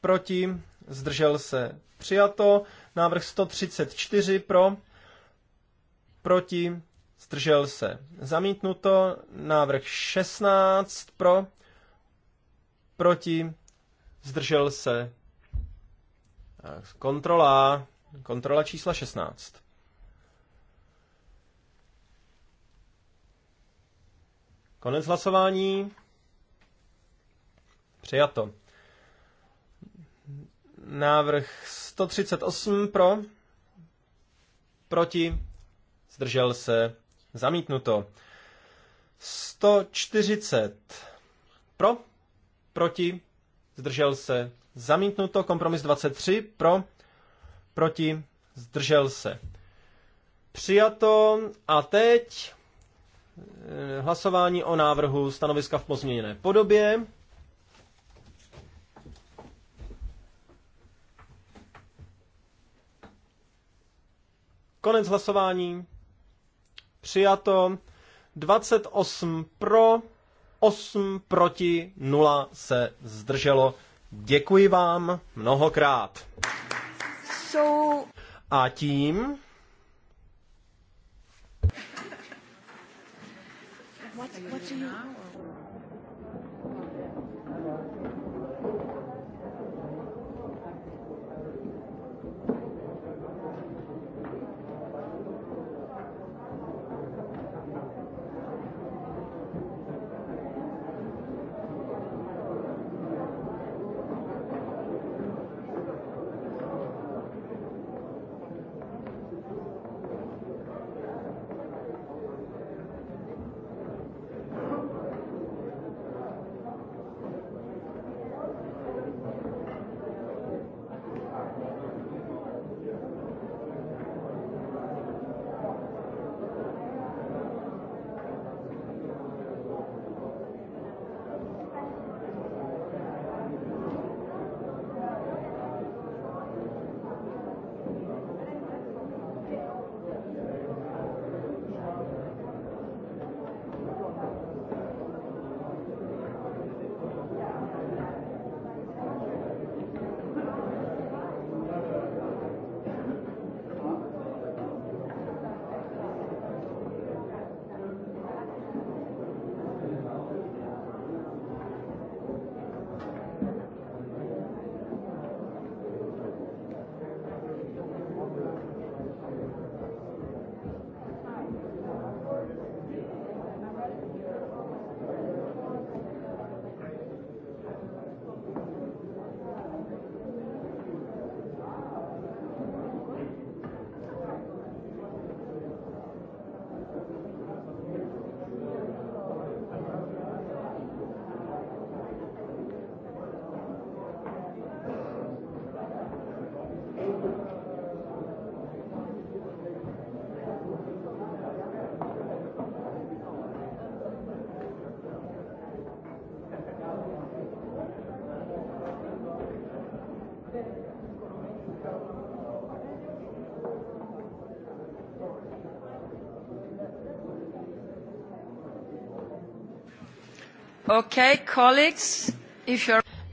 Proti. Zdržel se. Přijato. Návrh 134 pro. Proti. Zdržel se. Zamítnuto. Návrh 16 pro. Proti. Zdržel se. Kontrola. Kontrola čísla 16. Konec hlasování. Přijato. Návrh 138 pro, proti, zdržel se, zamítnuto. 140 pro, proti, zdržel se, zamítnuto. Kompromis 23 pro, proti, zdržel se. Přijato a teď eh, hlasování o návrhu stanoviska v pozměněné podobě. Konec hlasování. Přijato. 28 pro, 8 proti, 0 se zdrželo. Děkuji vám mnohokrát jsou... A tím... What, what do you...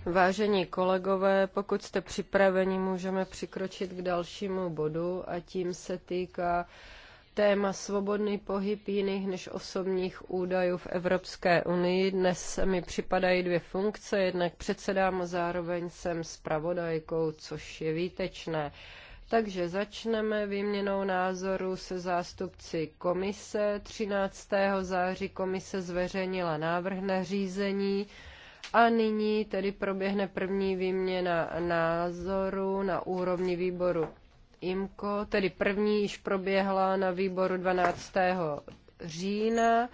Vážení kolegové, pokud jste připraveni, můžeme přikročit k dalšímu bodu a tím se týká téma svobodný pohyb jiných než osobních údajů v Evropské unii. Dnes mi připadají dvě funkce, jednak předsedám a zároveň jsem zpravodajkou, což je výtečné. Takže začneme výměnou názoru se zástupci komise. 13. září komise zveřejnila návrh na řízení a nyní tedy proběhne první výměna názoru na úrovni výboru IMCO, tedy první již proběhla na výboru 12. října.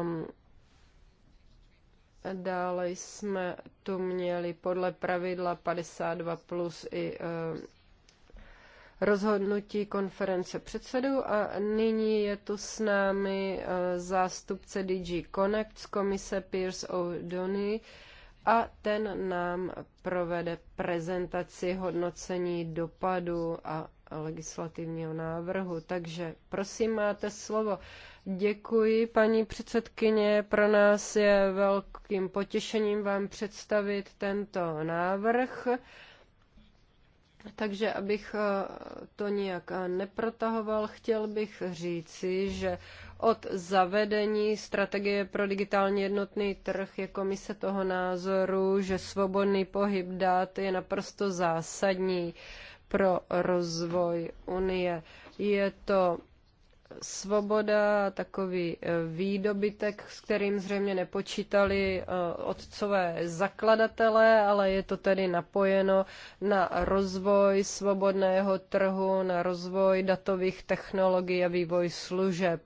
Um, Dále jsme tu měli podle pravidla 52 plus i eh, rozhodnutí konference předsedů a nyní je tu s námi eh, zástupce DG Connect z komise Pierce O'Donny a ten nám provede prezentaci hodnocení dopadu a legislativního návrhu. Takže prosím, máte slovo. Děkuji, paní předsedkyně. Pro nás je velkým potěšením vám představit tento návrh. Takže abych eh, to nijak neprotahoval, chtěl bych říci, že od zavedení strategie pro digitálně jednotný trh je komise toho názoru, že svobodný pohyb dat je naprosto zásadní pro rozvoj Unie. Je to svoboda, takový eh, výdobytek, s kterým zřejmě nepočítali eh, otcové zakladatelé, ale je to tedy napojeno na rozvoj svobodného trhu, na rozvoj datových technologií a vývoj služeb.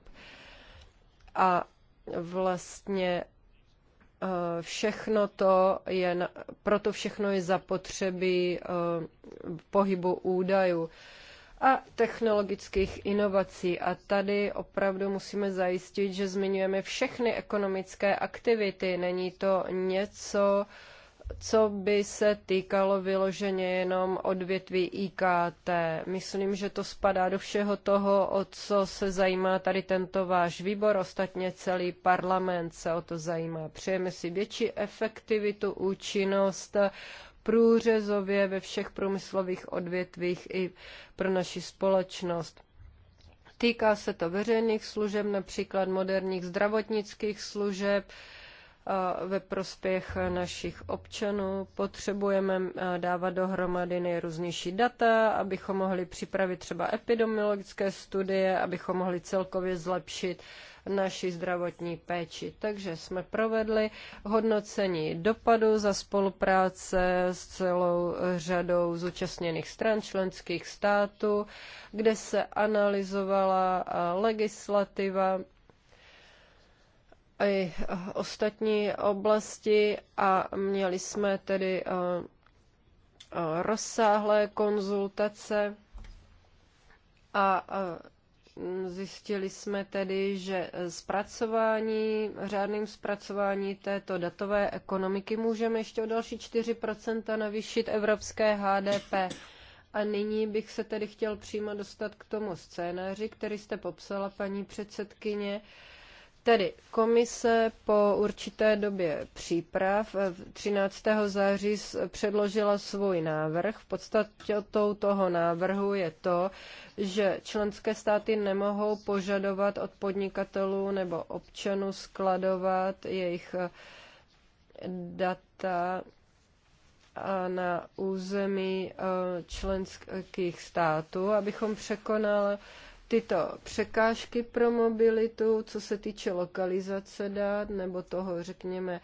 A vlastně eh, všechno to je, proto všechno je zapotřebí pohybu údajů a technologických inovací. A tady opravdu musíme zajistit, že zmiňujeme všechny ekonomické aktivity. Není to něco, co by se týkalo vyloženě jenom odvětví IKT. Myslím, že to spadá do všeho toho, o co se zajímá tady tento váš výbor, ostatně celý parlament se o to zajímá. Přejeme si větší efektivitu, účinnost, průřezově ve všech průmyslových odvětvích i pro naši společnost. Týká se to veřejných služeb, například moderních zdravotnických služeb, ve prospěch našich občanů. Potřebujeme dávat dohromady nejrůznější data, abychom mohli připravit třeba epidemiologické studie, abychom mohli celkově zlepšit naši zdravotní péči. Takže jsme provedli hodnocení dopadu za spolupráce s celou řadou zúčastněných stran členských států, kde se analyzovala legislativa i eh, ostatní oblasti a měli jsme tedy eh, eh, rozsáhlé konzultace a zjistili jsme tedy, že zpracování, řádným zpracování této datové ekonomiky můžeme ještě o další 4% navýšit evropské HDP. A nyní bych se tedy chtěl přímo dostat k tomu scénáři, který jste popsala, paní předsedkyně. Uh, Tedy komise po určité době příprav 13. Eh, září předložila svůj návrh. V podstatě toho návrhu je to, že členské státy nemohou požadovat od podnikatelů nebo občanů skladovat jejich eh, data eh, na území členských států, abychom překonali tyto překážky pro mobilitu, co se týče lokalizace dát nebo toho, řekněme,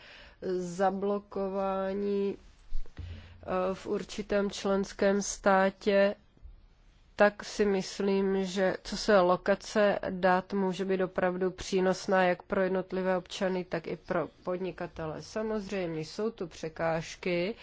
zablokování eh, v určitém členském státě, tak si myslím, že co se lokace dat může být opravdu přínosná jak pro jednotlivé občany, tak i pro podnikatele. Samozřejmě jsou tu překážky,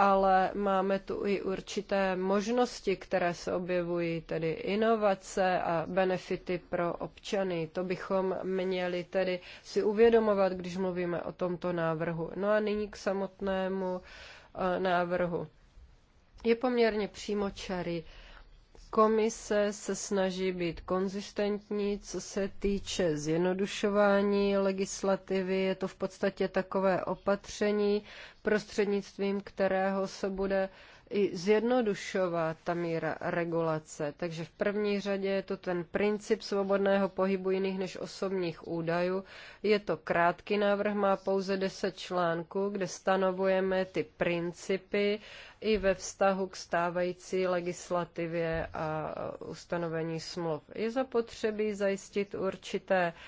ale máme tu i určité možnosti, které se objevují, tedy inovace a benefity pro občany. To bychom měli tedy si uvědomovat, když mluvíme o tomto návrhu. No a nyní k samotnému eh, návrhu. Je poměrně přímočarý Komise se snaží být konzistentní, co se týče zjednodušování legislativy. Je to v podstatě takové opatření, prostřednictvím kterého se bude uh, i zjednodušovat ta míra regulace. Takže v první řadě je to ten princip svobodného pohybu jiných než osobních údajů. Je to krátký návrh, má pouze 10 článků, kde stanovujeme ty principy i ve vztahu k stávající legislativě a ustanovení smluv. Je zapotřebí zajistit určité uh,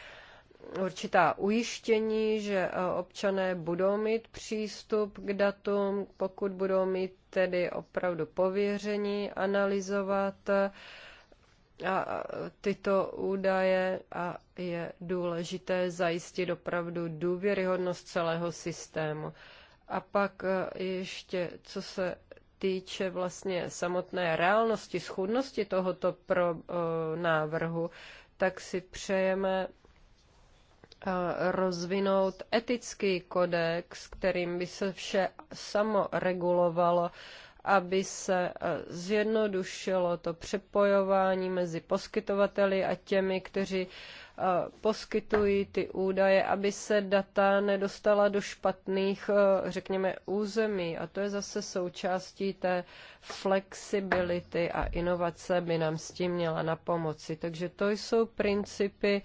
určitá ujištění, že eh, občané budou mít přístup k datům, pokud budou mít tedy opravdu pověření analyzovat eh, a tyto údaje a je důležité zajistit opravdu důvěryhodnost celého systému. A pak eh, ještě, co se týče vlastně samotné reálnosti, schudnosti tohoto pro, o, návrhu, tak si přejeme rozvinout etický kodex, kterým by se vše samo regulovalo aby se eh, zjednodušilo to přepojování mezi poskytovateli a těmi, kteří eh, poskytují ty údaje, aby se data nedostala do špatných, eh, řekněme, území. A to je zase součástí té flexibility a inovace by nám s tím měla na pomoci. Takže to jsou principy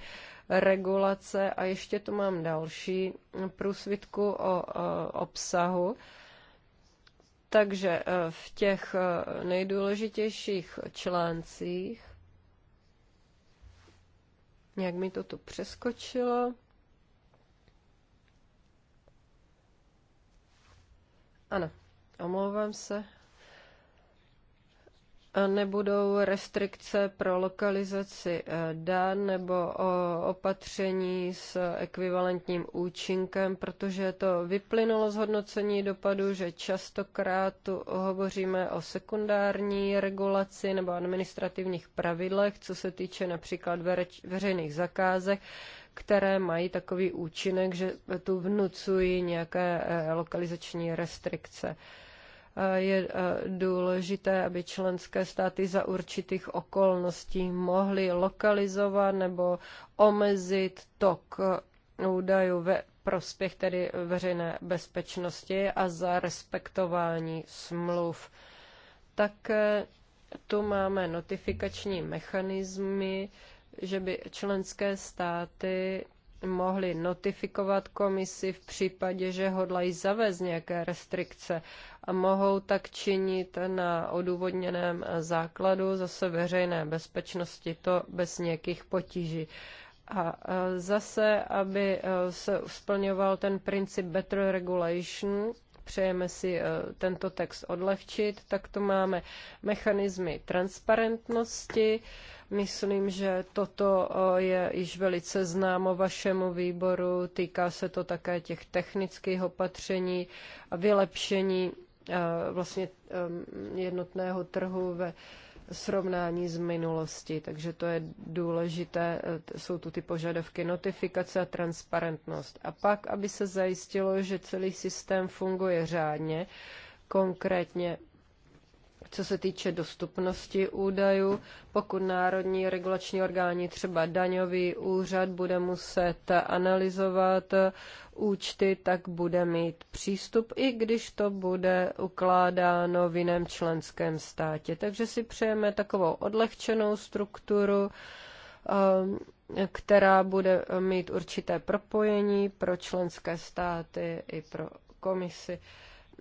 regulace a ještě tu mám další průsvitku o, o obsahu takže eh, v těch eh, nejdůležitějších článcích, nějak mi to tu přeskočilo, ano, omlouvám se, nebudou restrikce pro lokalizaci eh, dan nebo opatření s ekvivalentním účinkem, protože to vyplynulo z hodnocení dopadu, že častokrát tu hovoříme o sekundární regulaci nebo administrativních pravidlech, co se týče například veřejných zakázek, které mají takový účinek, že tu vnucují nějaké eh, lokalizační restrikce je eh, důležité, aby členské státy za určitých okolností mohly lokalizovat nebo omezit tok eh, údajů ve prospěch tedy veřejné bezpečnosti a za respektování smluv. Také tu máme notifikační mechanismy, že by členské státy mohli notifikovat komisi v případě, že hodlají zavést nějaké restrikce a mohou tak činit na odůvodněném základu zase veřejné bezpečnosti, to bez nějakých potíží. A zase, aby e, se splňoval ten princip better regulation, přejeme si e, tento text odlehčit, tak tu máme mechanismy transparentnosti, Myslím, že toto je již velice známo vašemu výboru. Týká se to také těch technických opatření a vylepšení e, vlastně e, jednotného trhu ve srovnání s minulostí. takže to je důležité, e, jsou tu ty požadavky notifikace a transparentnost. A pak, aby se zajistilo, že celý systém funguje řádně, konkrétně co se týče dostupnosti údajů, pokud národní regulační orgány, třeba daňový úřad, bude muset analyzovat účty, tak bude mít přístup, i když to bude ukládáno v jiném členském státě. Takže si přejeme takovou odlehčenou strukturu, ehm, která bude mít určité propojení pro členské státy i pro komisi.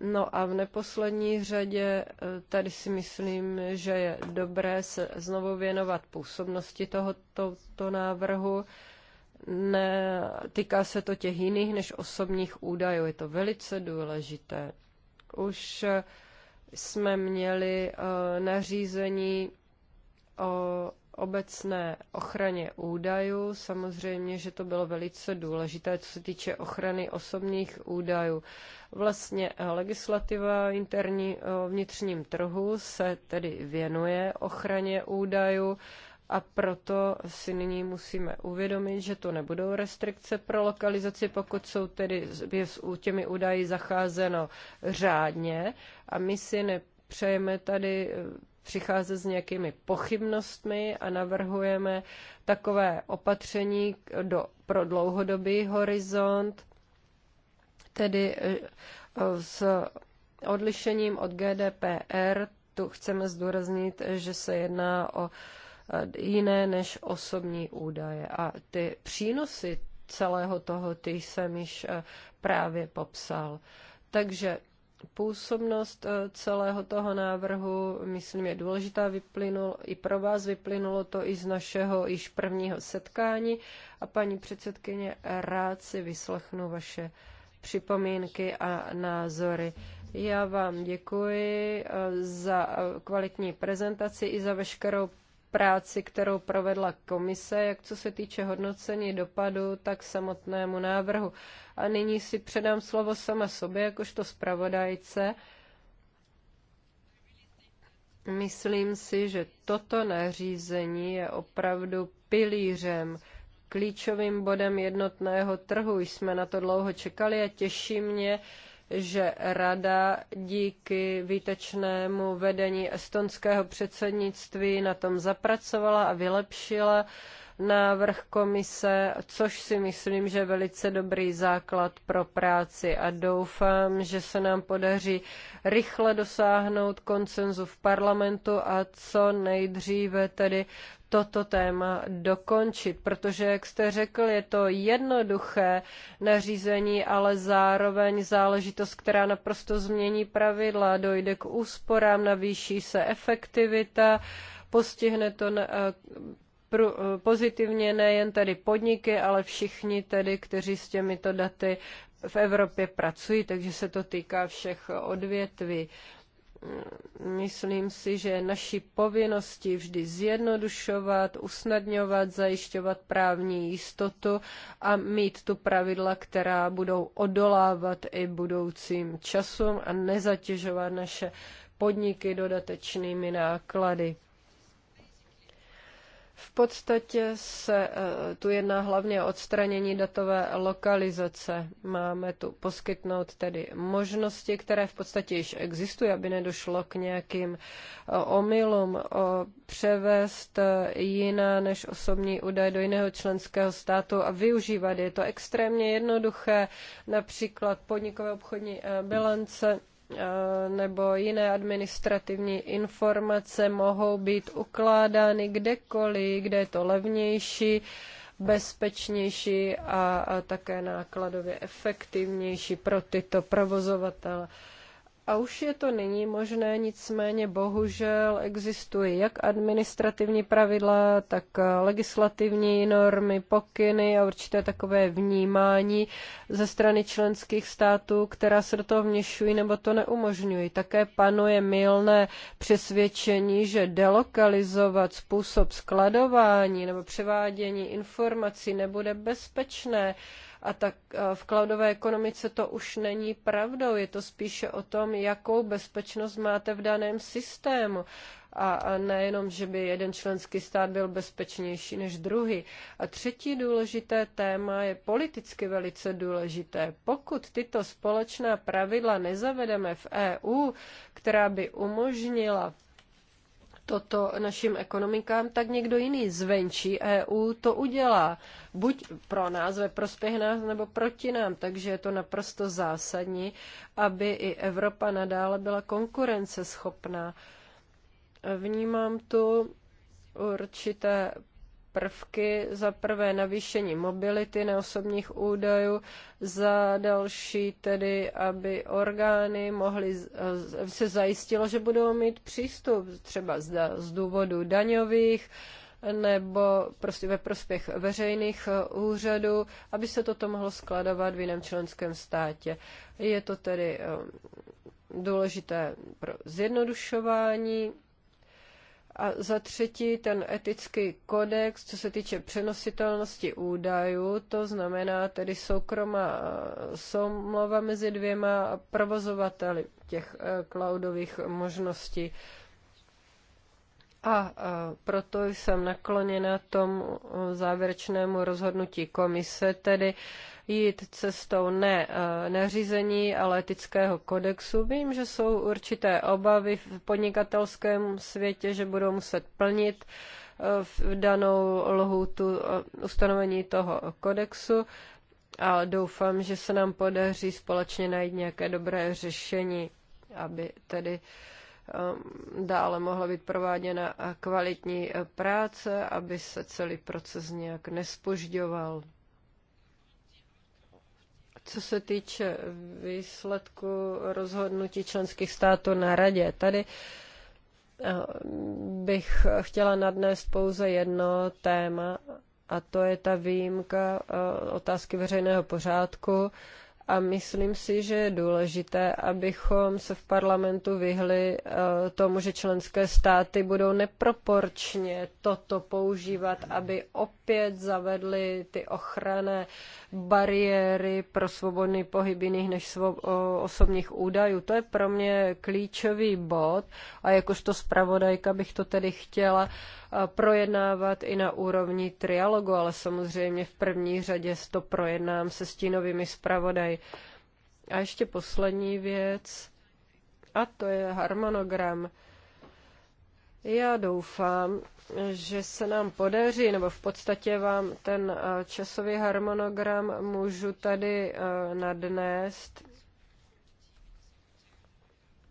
No a v neposlední řadě e, tady si myslím, že je dobré se znovu věnovat působnosti tohoto návrhu. Ne, týká se to těch jiných než osobních údajů. Je to velice důležité. Už e, jsme měli e, nařízení o obecné ochraně údajů. Samozřejmě, že to bylo velice důležité, co se týče ochrany osobních údajů. Vlastně legislativa interní vnitřním trhu se tedy věnuje ochraně údajů a proto si nyní musíme uvědomit, že to nebudou restrikce pro lokalizaci, pokud jsou tedy s těmi údaji zacházeno řádně a my si nepřejeme tady přicházet s nějakými pochybnostmi a navrhujeme takové opatření do, pro dlouhodobý horizont, tedy e, e, s odlišením od GDPR. Tu chceme zdůraznit, že se jedná o e, jiné než osobní údaje. A ty přínosy celého toho ty jsem již právě popsal. Takže Působnost eh, celého toho návrhu, myslím, je důležitá. Vyplynulo i pro vás, vyplynulo to i z našeho již prvního setkání. A paní předsedkyně, rád si vyslechnu vaše připomínky a názory. Já vám děkuji eh, za eh, kvalitní prezentaci i za veškerou práci, kterou provedla komise, jak co se týče hodnocení dopadu, tak samotnému návrhu. A nyní si předám slovo sama sobě, jakožto zpravodajce. Myslím si, že toto nařízení je opravdu pilířem, klíčovým bodem jednotného trhu. Jsme na to dlouho čekali a těší mě, že Rada díky výtečnému vedení estonského předsednictví na tom zapracovala a vylepšila návrh komise, což si myslím, že je velice dobrý základ pro práci a doufám, že se nám podaří rychle dosáhnout koncenzu v parlamentu a co nejdříve tedy toto téma dokončit, protože, jak jste řekl, je to jednoduché nařízení, ale zároveň záležitost, která naprosto změní pravidla, dojde k úsporám, navýší se efektivita, postihne to eh, Eh, pozitivně nejen tedy podniky, ale všichni tedy, kteří s těmito daty v Evropě pracují, takže se to týká všech odvětví. Mm, myslím si, že naší povinnosti vždy zjednodušovat, usnadňovat, zajišťovat právní jistotu a mít tu pravidla, která budou odolávat i budoucím časům a nezatěžovat naše podniky dodatečnými náklady. V podstatě se e, tu jedná hlavně o odstranění datové lokalizace. Máme tu poskytnout tedy možnosti, které v podstatě již existují, aby nedošlo k nějakým e, omylům, převést e, jiná než osobní údaje do jiného členského státu a využívat. Je to extrémně jednoduché, například podnikové obchodní bilance Eh, nebo jiné administrativní informace mohou být ukládány kdekoliv, kde je to levnější, bezpečnější a, a také nákladově efektivnější pro tyto provozovatele a už je to nyní možné, nicméně bohužel existují jak administrativní pravidla, tak legislativní normy, pokyny a určité takové vnímání ze strany členských států, která se do toho vněšují nebo to neumožňují. Také panuje milné přesvědčení, že delokalizovat způsob skladování nebo převádění informací nebude bezpečné a tak eh, v cloudové ekonomice to už není pravdou. Je to spíše o tom, jakou bezpečnost máte v daném systému. A nejenom, že by jeden členský stát byl bezpečnější než druhý. A třetí důležité téma je politicky velice důležité. Pokud tyto společná pravidla nezavedeme v EU, která by umožnila toto našim ekonomikám, tak někdo jiný zvenčí EU to udělá. Buď pro nás, ve prospěch nás, nebo proti nám. Takže je to naprosto zásadní, aby i Evropa nadále byla konkurenceschopná. Vnímám tu určité prvky. Za prvé navýšení mobility neosobních údajů, za další tedy, aby orgány mohly, eh, se zajistilo, že budou mít přístup třeba z, z důvodu daňových, nebo prostě ve prospěch veřejných eh, úřadů, aby se toto mohlo skladovat v jiném členském státě. Je to tedy eh, důležité pro zjednodušování a za třetí ten etický kodex, co se týče přenositelnosti údajů, to znamená tedy soukromá eh, soumlova mezi dvěma provozovateli těch eh, cloudových možností. A eh, proto jsem nakloněna tomu závěrečnému rozhodnutí komise, tedy jít cestou ne e, neřízení, ale etického kodexu. Vím, že jsou určité obavy v podnikatelském světě, že budou muset plnit e, v danou lhůtu e, ustanovení toho kodexu a doufám, že se nám podaří společně najít nějaké dobré řešení, aby tedy dále mohla být prováděna kvalitní práce, aby se celý proces nějak nespožďoval co se týče výsledku rozhodnutí členských států na radě, tady eh, bych chtěla nadnést pouze jedno téma, a to je ta výjimka eh, otázky veřejného pořádku, a myslím si, že je důležité, abychom se v parlamentu vyhli eh, tomu, že členské státy budou neproporčně toto používat, aby opět zavedly ty ochranné bariéry pro svobodný pohyb jiných než svob- osobních údajů. To je pro mě klíčový bod a jakožto zpravodajka bych to tedy chtěla Eh, projednávat i na úrovni trialogu, ale samozřejmě v první řadě to projednám se stínovými zpravodaj. A ještě poslední věc, a to je harmonogram. Já doufám, že se nám podaří, nebo v podstatě vám ten eh, časový harmonogram můžu tady eh, nadnést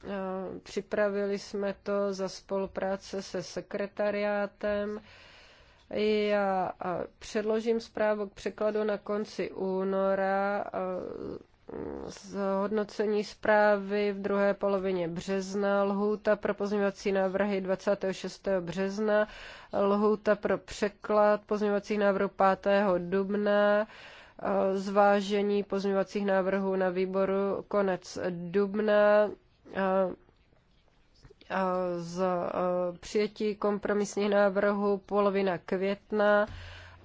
Eh, připravili jsme to za spolupráce se sekretariátem. Já předložím zprávu k překladu na konci února eh, zhodnocení zprávy v druhé polovině března, lhůta pro pozměňovací návrhy 26. března, lhůta pro překlad pozměňovacích návrhů 5. dubna, eh, zvážení pozměňovacích návrhů na výboru konec dubna, Eh, eh, z eh, přijetí kompromisních návrhů polovina května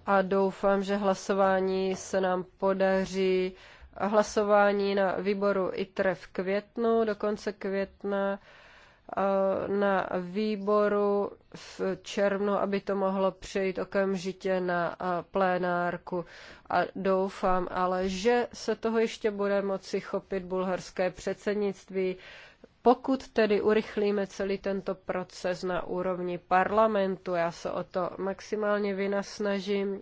a doufám, že hlasování se nám podaří hlasování na výboru ITRE v květnu, do konce května na výboru v červnu, aby to mohlo přejít okamžitě na plénárku. A doufám ale, že se toho ještě bude moci chopit bulharské předsednictví. Pokud tedy urychlíme celý tento proces na úrovni parlamentu, já se o to maximálně vynasnažím,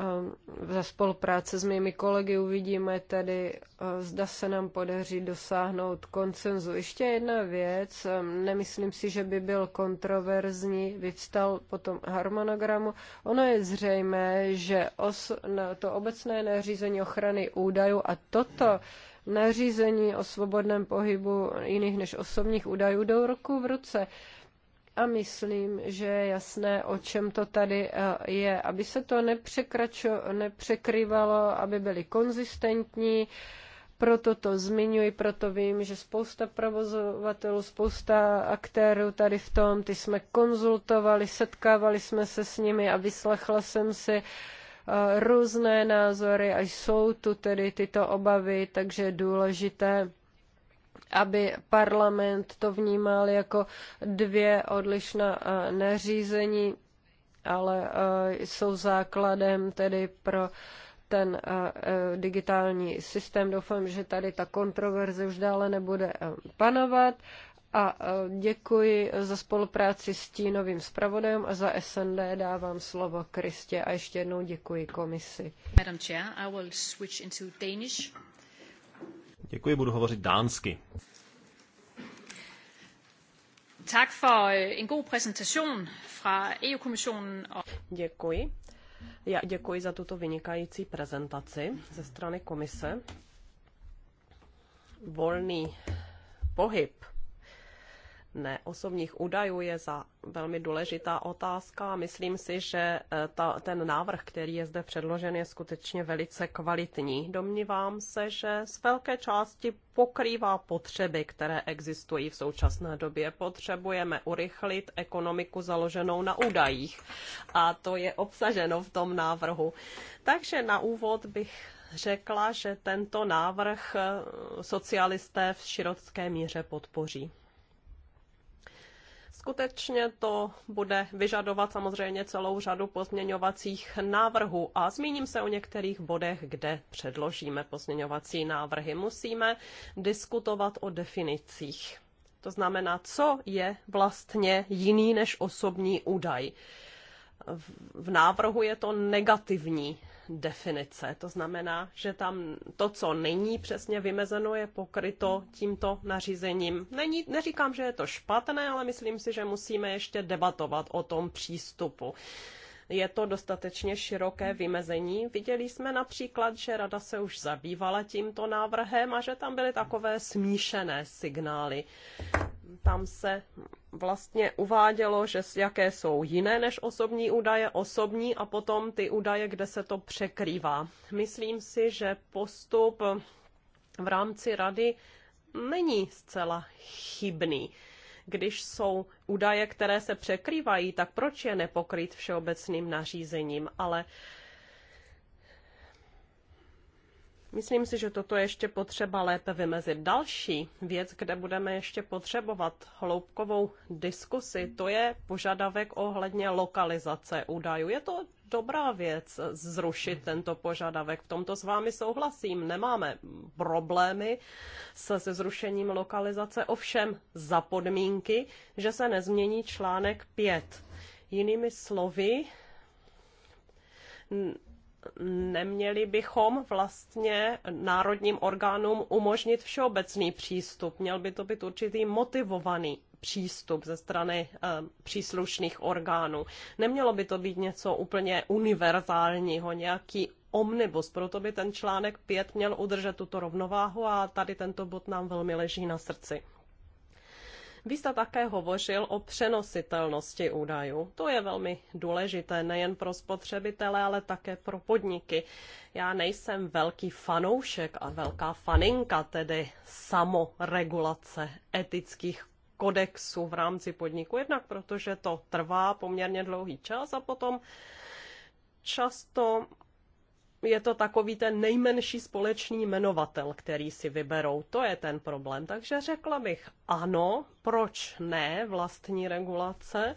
ehm, za spolupráce s mými kolegy uvidíme tedy, ehm, zda se nám podaří dosáhnout koncenzu. Ještě jedna věc, ehm, nemyslím si, že by byl kontroverzní, vyvstal potom harmonogramu. Ono je zřejmé, že os, na to obecné nařízení ochrany údajů a toto nařízení o svobodném pohybu jiných než osobních údajů jdou roku v roce. A myslím, že je jasné, o čem to tady eh, je, aby se to nepřekrývalo, aby byly konzistentní, proto to zmiňuji, proto vím, že spousta provozovatelů, spousta aktérů tady v tom, ty jsme konzultovali, setkávali jsme se s nimi a vyslechla jsem si uh, Eh, různé názory a jsou tu tedy tyto obavy, takže je důležité aby parlament to vnímal jako dvě odlišná eh, nařízení, ale eh, jsou základem tedy pro ten digitální systém. Doufám, že tady ta kontroverze už dále nebude panovat. A e, děkuji za spolupráci s Tínovým zpravodajem a za SND dávám slovo Kristě a ještě jednou děkuji komisi. Madam Chair, I will switch into Danish. Děkuji, budu hovořit dánsky. Tak for øh, en god præsentation fra EU-kommissionen. Děkuji. Já děkuji za tuto vynikající prezentaci ze strany komise. Volný pohyb ne osobních údajů je za velmi důležitá otázka. Myslím si, že eh, ta, ten návrh, který je zde předložen, je skutečně velice kvalitní. Domnívám se, že z velké části pokrývá potřeby, které existují v současné době. Potřebujeme urychlit ekonomiku založenou na údajích a to je obsaženo v tom návrhu. Takže na úvod bych řekla, že tento návrh eh, socialisté v široké míře podpoří. Skutečně to bude vyžadovat samozřejmě celou řadu pozměňovacích návrhů a zmíním se o některých bodech, kde předložíme pozměňovací návrhy. Musíme diskutovat o definicích. To znamená, co je vlastně jiný než osobní údaj. V návrhu je to negativní definice. To znamená, že tam to, co není přesně vymezeno, je pokryto tímto nařízením. Není, neříkám, že je to špatné, ale myslím si, že musíme ještě debatovat o tom přístupu. Uh, je to dostatečně široké vymezení. Viděli jsme například, že rada se už zabývala tímto návrhem a že tam byly takové smíšené signály. Tam se vlastně uvádělo, že jaké jsou jiné než osobní údaje, osobní a potom ty údaje, kde se to překrývá. Myslím si, že postup v rámci rady není zcela chybný. Když jsou údaje, které se překrývají, tak proč je nepokrýt všeobecným nařízením? Ale Myslím si, že toto je ještě potřeba lépe vymezit. Další věc, kde budeme ještě potřebovat hloubkovou diskusi, to je požadavek ohledně lokalizace údajů. Je to dobrá věc zrušit tento požadavek. V tomto s vámi souhlasím. Nemáme problémy se, se zrušením lokalizace, ovšem za podmínky, že se nezmění článek 5. Jinými slovy, neměli bychom vlastně národním orgánům umožnit všeobecný přístup. Měl by to být určitý motivovaný přístup ze strany e, příslušných orgánů. Nemělo by to být něco úplně univerzálního, nějaký omnibus. Proto by ten článek 5 měl udržet tuto rovnováhu a tady tento bod nám velmi leží na srdci. Vy jste také hovořil o přenositelnosti údajů. To je velmi důležité nejen pro spotřebitele, ale také pro podniky. Já nejsem velký fanoušek a velká faninka tedy samoregulace etických kodexu v rámci podniku. Jednak protože to trvá poměrně dlouhý čas a potom často je to takový ten nejmenší společný jmenovatel, který si vyberou. To je ten problém. Takže řekla bych ano, proč ne vlastní regulace,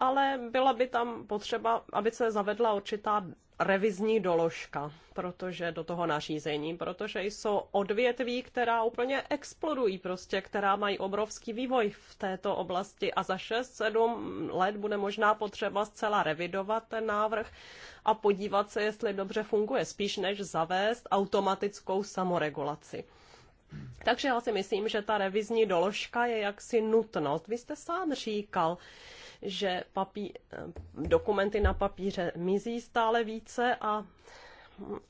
ale byla by tam potřeba, aby se zavedla určitá revizní doložka, protože do toho nařízení, protože jsou odvětví, která úplně explodují, prostě, která mají obrovský vývoj v této oblasti a za 6-7 let bude možná potřeba zcela revidovat ten návrh a podívat se, jestli dobře funguje, spíš než zavést automatickou samoregulaci. Takže já si myslím, že ta revizní doložka je jaksi nutnost. Vy jste sám říkal, že papí, eh, dokumenty na papíře mizí stále více a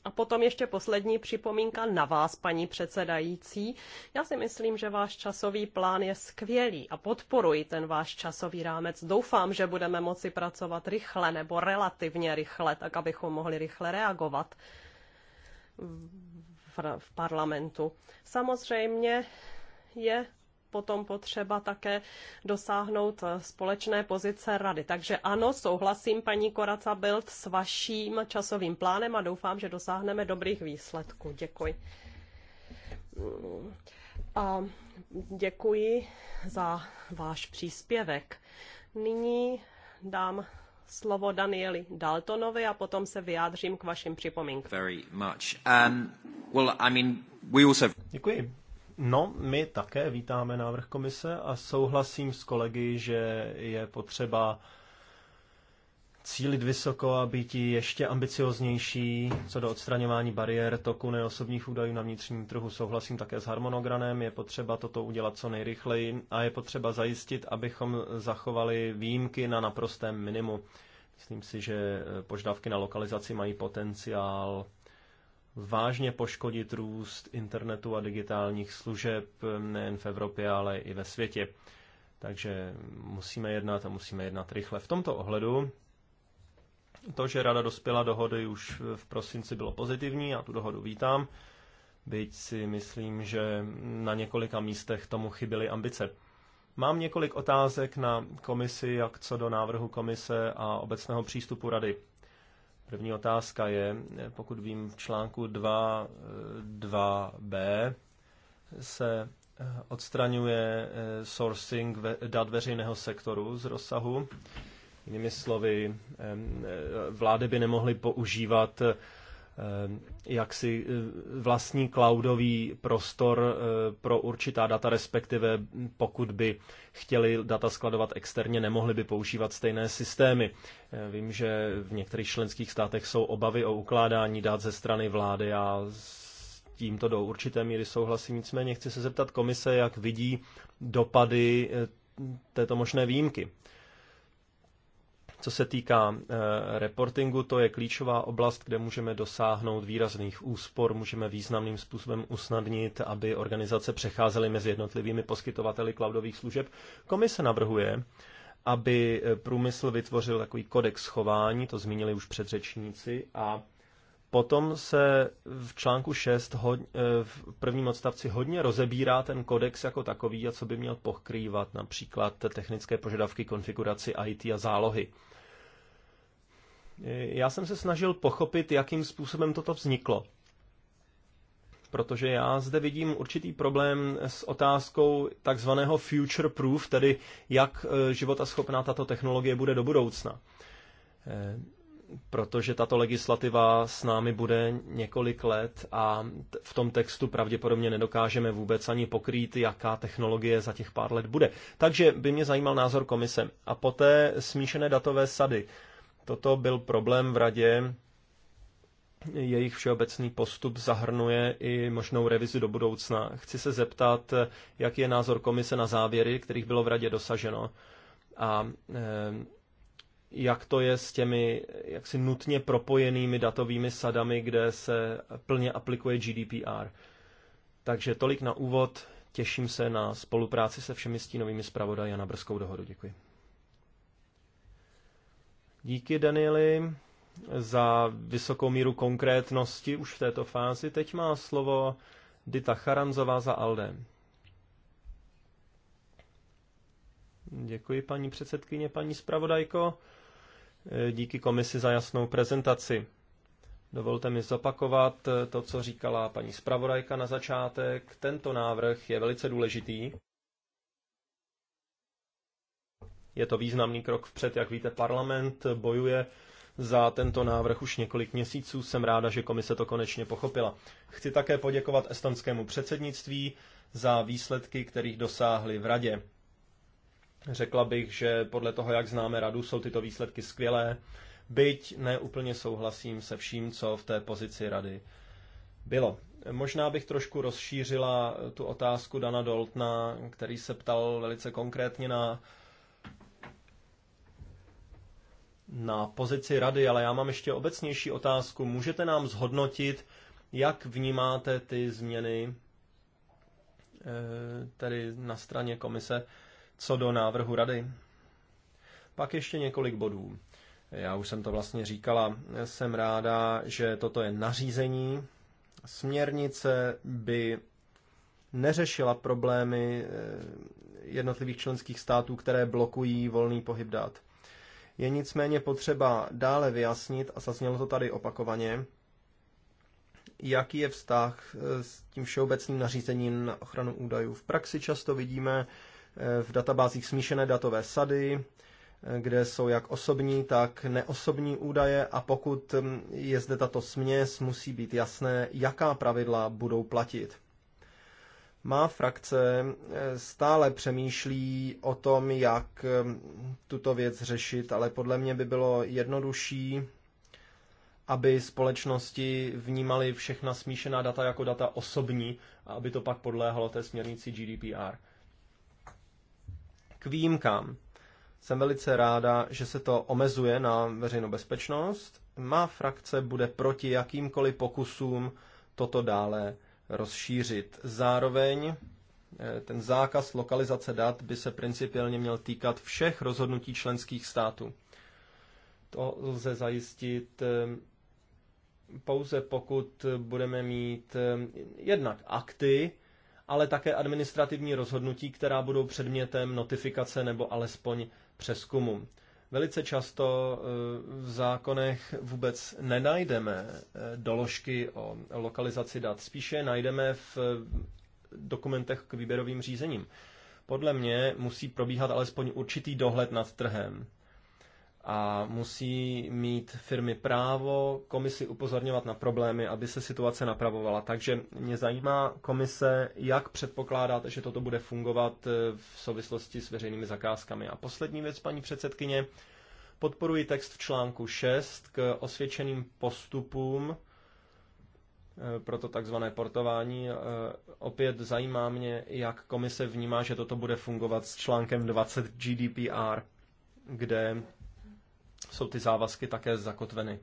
a potom ještě poslední připomínka na vás, paní předsedající. Já si myslím, že váš časový plán je skvělý a podporuji ten váš časový rámec. Doufám, že budeme moci pracovat rychle nebo relativně rychle, tak abychom mohli rychle reagovat v, v parlamentu. Samozřejmě je potom potřeba také dosáhnout společné pozice rady. Takže ano, souhlasím paní Koraca Bild s vaším časovým plánem a doufám, že dosáhneme dobrých výsledků. Děkuji. A děkuji za váš příspěvek. Nyní dám slovo Danieli Daltonovi a potom se vyjádřím k vašim připomínkám. Um, děkuji. No, my také vítáme návrh komise a souhlasím s kolegy, že je potřeba cílit vysoko a být ještě ambicioznější co do odstraňování bariér toku neosobních údajů na vnitřním trhu. Souhlasím také s harmonogramem, je potřeba toto udělat co nejrychleji a je potřeba zajistit, abychom zachovali výjimky na naprostém minimu. Myslím si, že požadavky na lokalizaci mají potenciál vážně poškodit růst internetu a digitálních služeb nejen v Evropě, ale i ve světě. Takže musíme jednat a musíme jednat rychle. V tomto ohledu to, že rada dospěla dohody už v prosinci, bylo pozitivní, já tu dohodu vítám, byť si myslím, že na několika místech tomu chyběly ambice. Mám několik otázek na komisi, jak co do návrhu komise a obecného přístupu rady. První otázka je, pokud vím, v článku 2, 2b se odstraňuje eh, sourcing dat veřejného sektoru z rozsahu. Jinými slovy, eh, vlády by nemohly používat Eh, jaksi eh, vlastní cloudový prostor eh, pro určitá data, respektive pokud by chtěli data skladovat externě, nemohli by používat stejné systémy. Vím, že v některých členských státech jsou obavy o ukládání dat ze strany vlády a s tímto do určité míry souhlasím. Nicméně chci se zeptat komise, jak vidí dopady této možné výjimky. Co se týká eh, reportingu, to je klíčová oblast, kde můžeme dosáhnout výrazných úspor, můžeme významným způsobem usnadnit, aby organizace přecházely mezi jednotlivými poskytovateli cloudových služeb. Komise navrhuje, aby eh, průmysl vytvořil takový kodex chování, to zmínili už předřečníci, a Potom se v článku 6 eh, v prvním odstavci hodně rozebírá ten kodex jako takový a co by měl pokrývat například technické požadavky, konfiguraci IT a zálohy. Eh, já jsem se snažil pochopit, jakým způsobem toto vzniklo. Protože já zde vidím určitý problém s otázkou takzvaného future proof, tedy jak eh, životaschopná tato technologie bude do budoucna protože tato legislativa s námi bude několik let a v tom textu pravděpodobně nedokážeme vůbec ani pokrýt, jaká technologie za těch pár let bude. Takže by mě zajímal názor komise. A poté smíšené datové sady. Toto byl problém v radě. Jejich všeobecný postup zahrnuje i možnou revizi do budoucna. Chci se zeptat, jaký je názor komise na závěry, kterých bylo v radě dosaženo. A e, jak to je s těmi jaksi nutně propojenými datovými sadami, kde se plně aplikuje GDPR. Takže tolik na úvod. Těším se na spolupráci se všemi stínovými zpravodaji a na brzkou dohodu. Děkuji. Díky, Danieli, za vysokou míru konkrétnosti už v této fázi. Teď má slovo Dita Charanzová za ALDE. Děkuji, paní předsedkyně, paní zpravodajko. Eh, díky komisi za jasnou prezentaci. Dovolte mi zopakovat eh, to, co říkala paní zpravodajka na začátek. Tento návrh je velice důležitý. Je to významný krok vpřed, jak víte, parlament bojuje za tento návrh už několik měsíců. Jsem ráda, že komise to konečně pochopila. Chci také poděkovat estonskému předsednictví za výsledky, kterých dosáhli v radě. Řekla bych, že podle toho, jak známe radu, jsou tyto výsledky skvělé, byť neúplně souhlasím se vším, co v té pozici rady bylo. Možná bych trošku rozšířila tu otázku Dana Doltna, který se ptal velice konkrétně na na pozici rady, ale já mám ještě obecnější otázku. Můžete nám zhodnotit, jak vnímáte ty změny eh, tedy na straně komise co do návrhu rady. Pak ještě několik bodů. Já už jsem to vlastně říkala, jsem ráda, že toto je nařízení. Směrnice by neřešila problémy eh, jednotlivých členských států, které blokují volný pohyb dat. Je nicméně potřeba dále vyjasnit, a zaznělo to tady opakovaně, jaký je vztah eh, s tím všeobecným nařízením na ochranu údajů. V praxi často vidíme, v databázích smíšené datové sady, kde jsou jak osobní, tak neosobní údaje a pokud mm, je zde tato směs, musí být jasné, jaká pravidla budou platit. Má frakce e, stále přemýšlí o tom, jak mm, tuto věc řešit, ale podle mě by bylo jednodušší, aby společnosti vnímaly všechna smíšená data jako data osobní a aby to pak podléhalo té směrnici GDPR k výjimkám. Jsem velice ráda, že se to omezuje na veřejnou bezpečnost. Má frakce bude proti jakýmkoliv pokusům toto dále rozšířit. Zároveň eh, ten zákaz lokalizace dat by se principiálně měl týkat všech rozhodnutí členských států. To lze zajistit eh, pouze pokud budeme mít eh, jednak akty, ale také administrativní rozhodnutí, která budou předmětem notifikace nebo alespoň přeskumu. Velice často eh, v zákonech vůbec nenajdeme eh, doložky o lokalizaci dat, spíše najdeme v eh, dokumentech k výběrovým řízením. Podle mě musí probíhat alespoň určitý dohled nad trhem a musí mít firmy právo komisi upozorňovat na problémy, aby se situace napravovala. Takže mě zajímá komise, jak předpokládáte, že toto bude fungovat eh, v souvislosti s veřejnými zakázkami. A poslední věc, paní předsedkyně, podporuji text v článku 6 k osvědčeným postupům eh, pro to takzvané portování. Eh, opět zajímá mě, jak komise vnímá, že toto bude fungovat s článkem 20 GDPR, kde jsou ty závazky také zakotveny.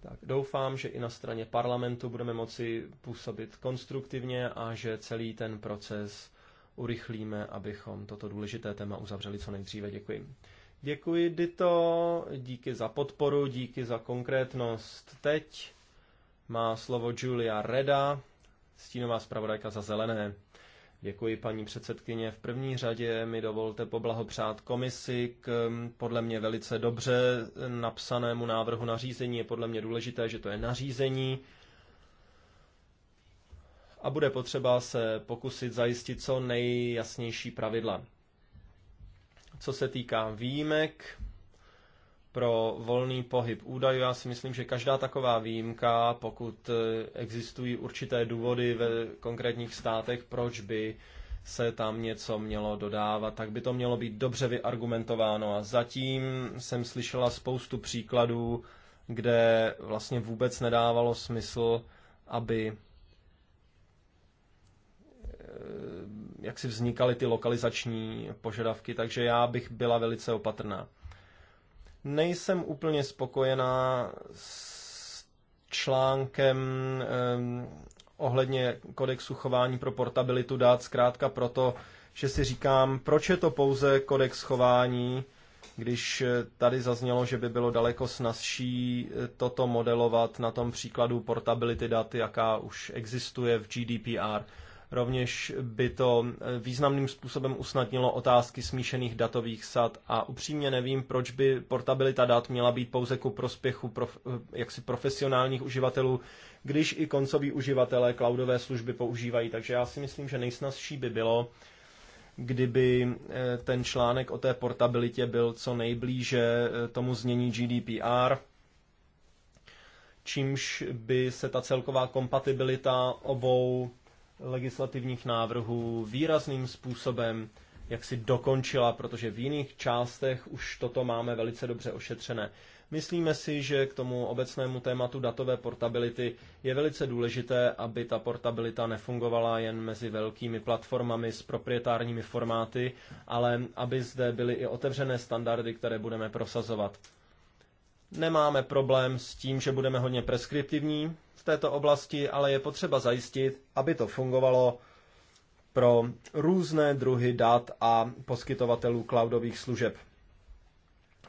Tak doufám, že i na straně parlamentu budeme moci působit konstruktivně a že celý ten proces urychlíme, abychom toto důležité téma uzavřeli co nejdříve. Děkuji. Děkuji, Dito, díky za podporu, díky za konkrétnost. Teď má slovo Julia Reda, stínová zpravodajka za zelené. Děkuji, paní předsedkyně. V první řadě mi dovolte poblahopřát komisi k hm, podle mě velice dobře napsanému návrhu nařízení. Je podle mě důležité, že to je nařízení a bude potřeba se pokusit zajistit co nejjasnější pravidla. Co se týká výjimek, pro volný pohyb údajů. Já si myslím, že každá taková výjimka, pokud eh, existují určité důvody ve konkrétních státech, proč by se tam něco mělo dodávat, tak by to mělo být dobře vyargumentováno. A zatím jsem slyšela spoustu příkladů, kde vlastně vůbec nedávalo smysl, aby eh, jak si vznikaly ty lokalizační požadavky, takže já bych byla velice opatrná. Nejsem úplně spokojená s článkem ohledně kodexu chování pro portabilitu dát, zkrátka proto, že si říkám, proč je to pouze kodex chování, když eh, tady zaznělo, že by bylo daleko snazší eh, toto modelovat na tom příkladu portability dat, jaká už existuje v GDPR. Rovněž by to eh, významným způsobem usnadnilo otázky smíšených datových sad a upřímně nevím, proč by portabilita dat měla být pouze ku prospěchu prof, eh, jaksi profesionálních uživatelů, když i koncoví uživatelé cloudové služby používají. Takže já si myslím, že nejsnazší by bylo, kdyby eh, ten článek o té portabilitě byl co nejblíže tomu znění GDPR, čímž by se ta celková kompatibilita obou legislativních návrhů výrazným způsobem jak si dokončila, protože v jiných částech už toto máme velice dobře ošetřené. Myslíme si, že k tomu obecnému tématu datové portability je velice důležité, aby ta portabilita nefungovala jen mezi velkými platformami s proprietárními formáty, ale aby zde byly i otevřené standardy, které budeme prosazovat. Nemáme problém s tím, že budeme hodně preskriptivní, v této oblasti, ale je potřeba zajistit, aby to fungovalo pro různé druhy dat a poskytovatelů cloudových služeb.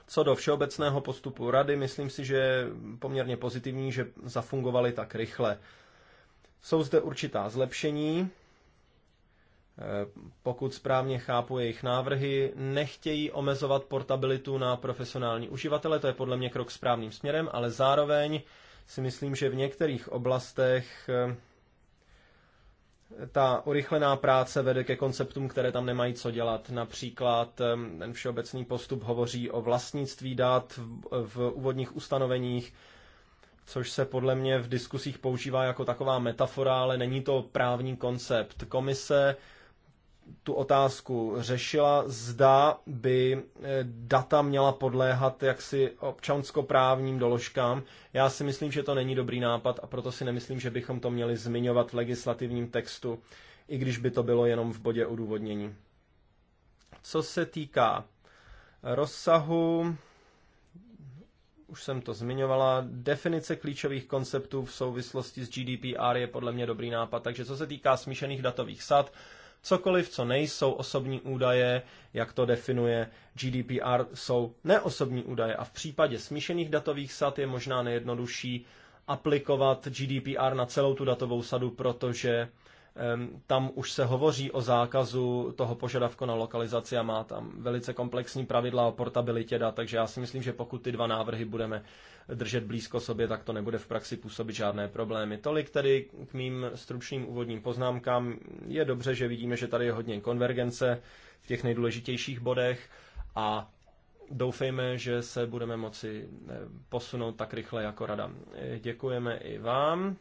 Co do všeobecného postupu rady, myslím si, že je poměrně pozitivní, že zafungovaly tak rychle. Jsou zde určitá zlepšení. E, pokud správně chápu jejich návrhy, nechtějí omezovat portabilitu na profesionální uživatele, to je podle mě krok správným směrem, ale zároveň si myslím, že v některých oblastech eh, ta urychlená práce vede ke konceptům, které tam nemají co dělat. Například eh, ten všeobecný postup hovoří o vlastnictví dat v úvodních ustanoveních, což se podle mě v diskusích používá jako taková metafora, ale není to právní koncept. Komise tu otázku řešila, zda by eh, data měla podléhat jaksi občanskoprávním doložkám. Já si myslím, že to není dobrý nápad a proto si nemyslím, že bychom to měli zmiňovat v legislativním textu, i když by to bylo jenom v bodě odůvodnění. Co se týká rozsahu, už jsem to zmiňovala, definice klíčových konceptů v souvislosti s GDPR je podle mě dobrý nápad, takže co se týká smíšených datových sad, Cokoliv, co nejsou osobní údaje, jak to definuje GDPR, jsou neosobní údaje a v případě smíšených datových sad je možná nejjednodušší aplikovat GDPR na celou tu datovou sadu, protože tam už se hovoří o zákazu toho požadavku na lokalizaci a má tam velice komplexní pravidla o portabilitě dat, takže já si myslím, že pokud ty dva návrhy budeme držet blízko sobě, tak to nebude v praxi působit žádné problémy. Tolik tedy k mým stručným úvodním poznámkám. Je dobře, že vidíme, že tady je hodně konvergence v těch nejdůležitějších bodech a doufejme, že se budeme moci eh, posunout tak rychle jako rada. Eh, děkujeme i vám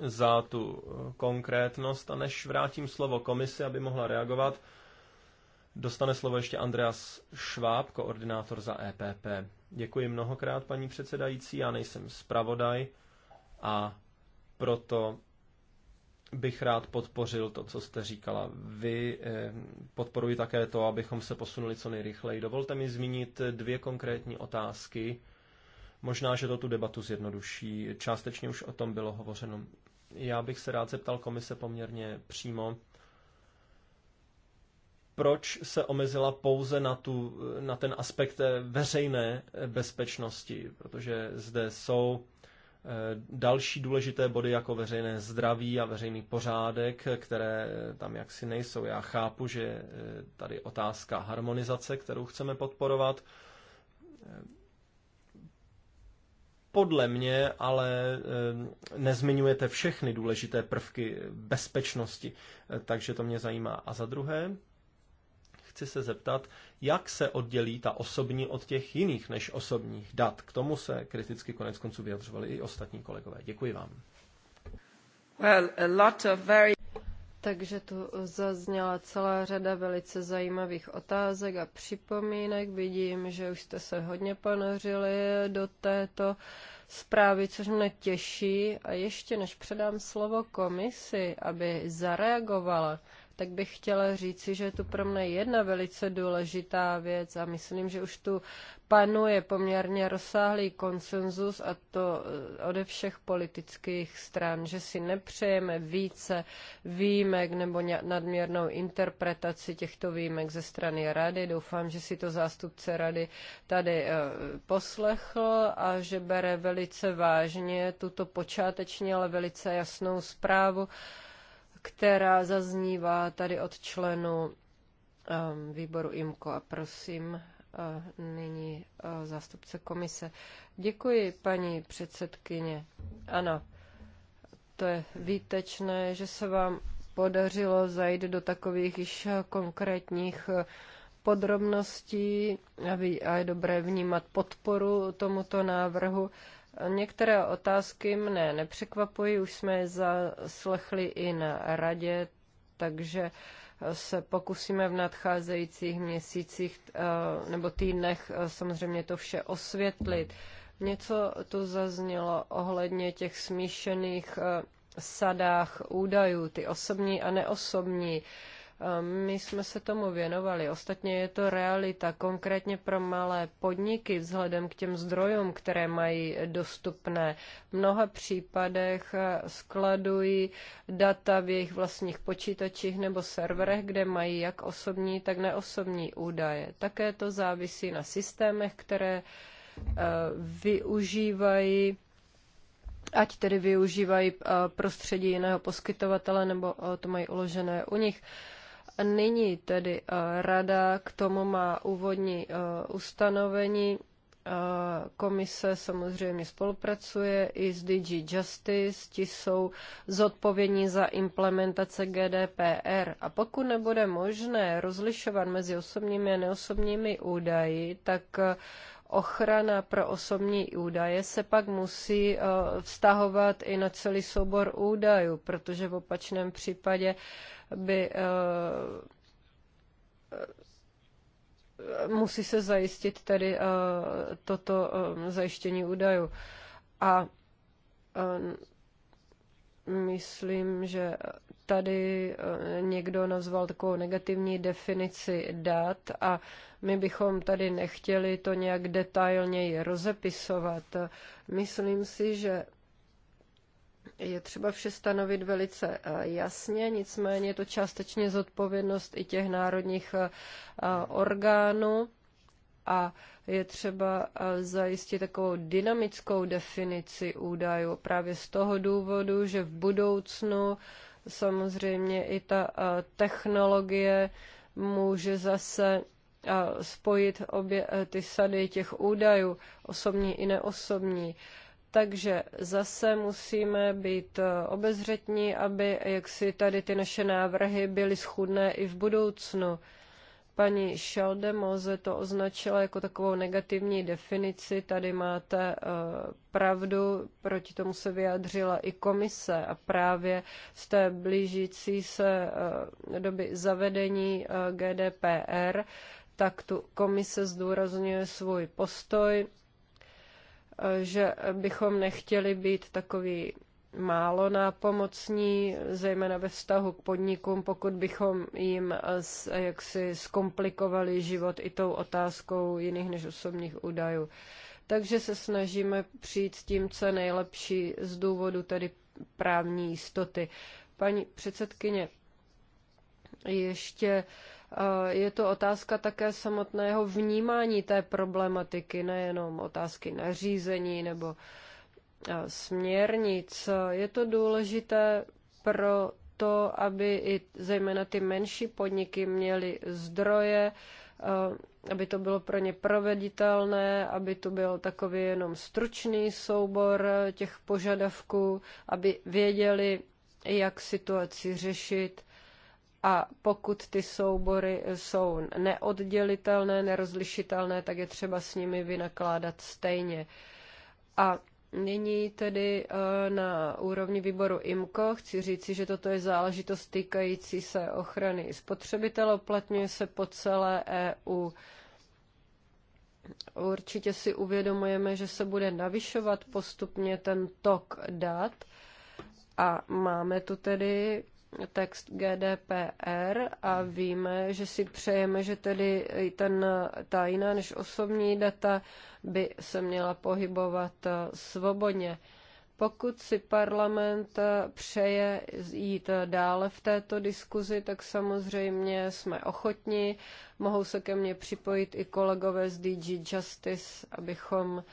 za tu eh, konkrétnost a než vrátím slovo komisi, aby mohla reagovat, dostane slovo ještě Andreas Šváb, koordinátor za EPP. Děkuji mnohokrát, paní předsedající. Já nejsem zpravodaj a proto bych rád podpořil to, co jste říkala. Vy eh, podporuji také to, abychom se posunuli co nejrychleji. Dovolte mi zmínit dvě konkrétní otázky. Možná, že to tu debatu zjednoduší. Částečně už o tom bylo hovořeno. Já bych se rád zeptal komise poměrně přímo proč se omezila pouze na, tu, na ten aspekt eh, veřejné eh, bezpečnosti, protože zde jsou eh, další důležité body jako veřejné zdraví a veřejný pořádek, které tam jaksi nejsou. Já chápu, že tady otázka harmonizace, kterou chceme podporovat. Podle mě ale nezmiňujete všechny důležité prvky bezpečnosti, takže to mě zajímá. A za druhé, chci se zeptat, jak se oddělí ta osobní od těch jiných než osobních dat. K tomu se kriticky konec konců vyjadřovali i ostatní kolegové. Děkuji vám. Well, a lot of very... Takže tu zazněla celá řada velice zajímavých otázek a připomínek. Vidím, že už jste se hodně ponořili do této zprávy, což mne těší. A ještě než předám slovo komisi, aby zareagovala, tak bych chtěla říci, že je tu pro mě jedna velice důležitá věc a myslím, že už tu panuje poměrně rozsáhlý konsenzus a to eh, ode všech politických stran, že si nepřejeme více výjimek nebo nadměrnou interpretaci těchto výjimek ze strany rady. Doufám, že si to zástupce rady tady eh, poslechl a že bere velice vážně tuto počáteční, ale velice jasnou zprávu, která zaznívá tady od um, výboru IMKO. A prosím, eh, nyní eh, zástupce komise. Děkuji, paní předsedkyně. Ano, to je výtečné, že se vám podařilo zajít do takových již konkrétních eh, podrobností a je dobré vnímat podporu tomuto návrhu. Některé otázky mne nepřekvapují, už jsme je zaslechli i na radě, takže se pokusíme v nadcházejících měsících eh, nebo týdnech eh, samozřejmě to vše osvětlit. Něco tu zaznělo ohledně těch smíšených eh, sadách údajů, ty osobní a neosobní. My jsme se tomu věnovali. Ostatně je to realita, konkrétně pro malé podniky, vzhledem k těm zdrojům, které mají dostupné. V mnoha případech skladují data v jejich vlastních počítačích nebo serverech, kde mají jak osobní, tak neosobní údaje. Také to závisí na systémech, které e, využívají ať tedy využívají e, prostředí jiného poskytovatele nebo e, to mají uložené u nich. Nyní tedy eh, rada k tomu má úvodní eh, ustanovení. Eh, komise samozřejmě spolupracuje i s DG Justice, ti jsou zodpovědní za implementace GDPR. A pokud nebude možné rozlišovat mezi osobními a neosobními údaji, tak ochrana pro osobní údaje se pak musí vztahovat i na celý soubor údajů, protože v opačném případě by eh, musí se zajistit tedy eh, toto eh, zajištění údajů. A myslím, že tady někdo nazval takovou negativní definici dat a my bychom tady nechtěli to nějak detailněji rozepisovat. Myslím si, že je třeba vše stanovit velice eh, jasně, nicméně je to částečně zodpovědnost i těch národních eh, orgánů a je třeba eh, zajistit takovou dynamickou definici údajů právě z toho důvodu, že v budoucnu samozřejmě i ta technologie může zase spojit obě ty sady těch údajů, osobní i neosobní. Takže zase musíme být eh, obezřetní, aby jaksi tady ty naše návrhy byly schudné i v budoucnu. Paní Šaldemoze to označila jako takovou negativní definici. Tady máte eh, pravdu, proti tomu se vyjádřila i komise a právě z té blížící se eh, doby zavedení GDPR, tak tu komise zdůrazňuje svůj postoj že bychom nechtěli být takový málo nápomocní, zejména ve vztahu k podnikům, pokud bychom jim eh, eh, jaksi zkomplikovali život i tou otázkou jiných než osobních údajů. Takže se snažíme přijít s tím, co nejlepší z důvodu tedy právní jistoty. Paní předsedkyně, ještě uh, je to otázka také samotného vnímání té problematiky, nejenom otázky nařízení nebo směrnic. Je to důležité pro to, aby i zejména ty menší podniky měly zdroje, aby to bylo pro ně proveditelné, aby to byl takový jenom stručný soubor těch požadavků, aby věděli, jak situaci řešit a pokud ty soubory jsou neoddělitelné, nerozlišitelné, tak je třeba s nimi vynakládat stejně. A Nyní tedy eh, na úrovni výboru IMCO chci říci, že toto je záležitost týkající se ochrany spotřebitele, uplatňuje se po celé EU. Určitě si uvědomujeme, že se bude navyšovat postupně ten tok dat a máme tu tedy text GDPR a víme, že si přejeme, že tedy i ten, ta jiná než osobní data by se měla pohybovat eh, svobodně. Pokud si parlament eh, přeje jít eh, dále v této diskuzi, tak samozřejmě jsme ochotní. Mohou se ke mně připojit i kolegové z DG Justice, abychom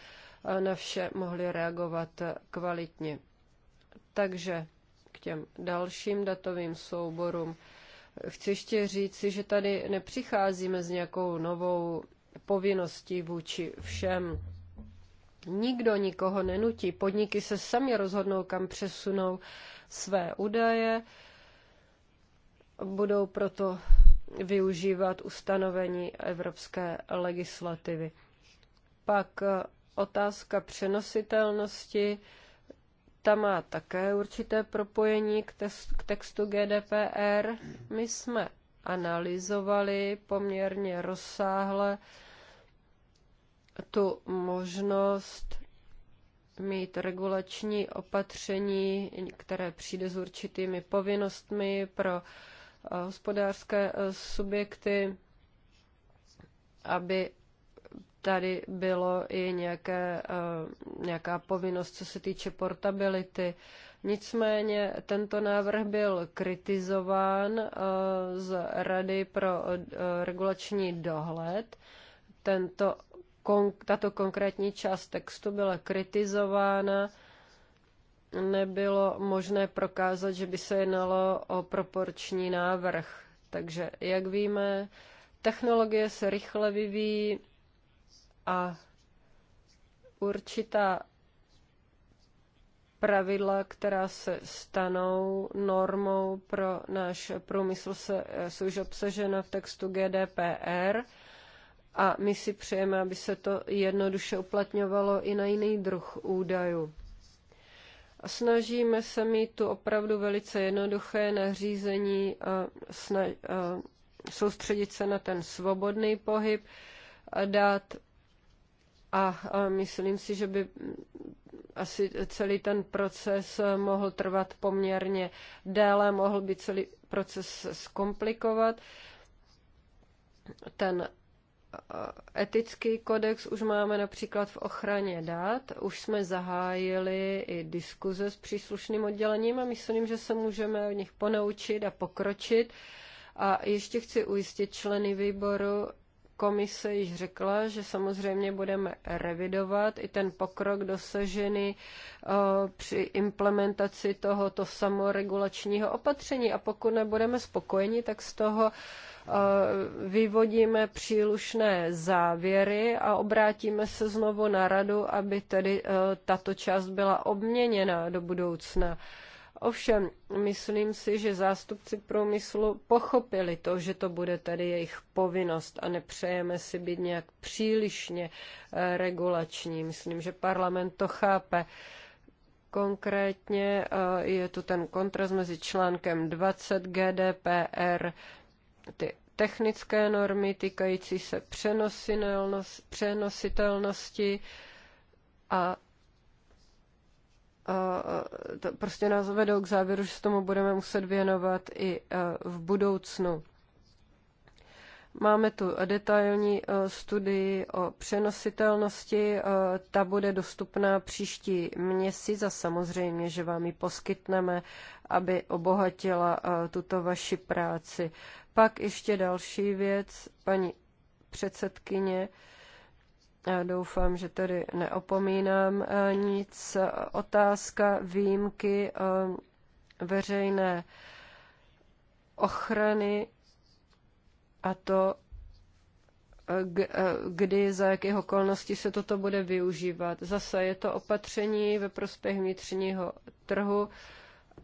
na vše mohli reagovat kvalitně. Takže těm dalším datovým souborům. Chci ještě si, že tady nepřicházíme s nějakou novou povinností vůči všem. Nikdo nikoho nenutí. Podniky se sami rozhodnou, kam přesunou své údaje. Budou proto využívat ustanovení evropské legislativy. Pak otázka přenositelnosti ta má také určité propojení k, k textu GDPR. My jsme analyzovali poměrně rozsáhle tu možnost mít regulační opatření, které přijde s určitými povinnostmi pro eh, hospodářské eh, subjekty, aby tady bylo i nějaké, eh, nějaká povinnost, co se týče portability. Nicméně tento návrh byl kritizován eh, z Rady pro eh, regulační dohled. Tento, tato konkrétní část textu byla kritizována nebylo možné prokázat, že by se jednalo o proporční návrh. Takže, jak víme, technologie se rychle vyvíjí, a určitá pravidla, která se stanou normou pro náš průmysl, se, jsou už obsažena v textu GDPR a my si přejeme, aby se to jednoduše uplatňovalo i na jiný druh údajů. A snažíme se mít tu opravdu velice jednoduché nařízení, a snaž, a soustředit se na ten svobodný pohyb, a dát a myslím si, že by asi celý ten proces eh, mohl trvat poměrně déle, mohl by celý proces zkomplikovat. Ten eh, etický kodex už máme například v ochraně dat, už jsme zahájili i diskuze s příslušným oddělením a myslím, že se můžeme v nich ponaučit a pokročit. A ještě chci ujistit členy výboru, Komise již řekla, že samozřejmě budeme revidovat i ten pokrok dosažený eh, při implementaci tohoto samoregulačního opatření. A pokud nebudeme spokojeni, tak z toho eh, vyvodíme přílušné závěry a obrátíme se znovu na radu, aby tedy eh, tato část byla obměněna do budoucna. Ovšem, myslím si, že zástupci průmyslu pochopili to, že to bude tady jejich povinnost a nepřejeme si být nějak přílišně eh, regulační. Myslím, že parlament to chápe. Konkrétně eh, je tu ten kontrast mezi článkem 20 GDPR, ty technické normy týkající se přenositelnosti a to prostě nás vedou k závěru, že se tomu budeme muset věnovat i e, v budoucnu. Máme tu detailní e, studii o přenositelnosti. E, ta bude dostupná příští měsíc a samozřejmě, že vám ji poskytneme, aby obohatila tuto vaši práci. Pak ještě další věc, paní předsedkyně já doufám, že tady neopomínám e, nic. Otázka výjimky e, veřejné ochrany a to, e, kdy, za jakých okolností se toto bude využívat. Zase je to opatření ve prospěch vnitřního trhu,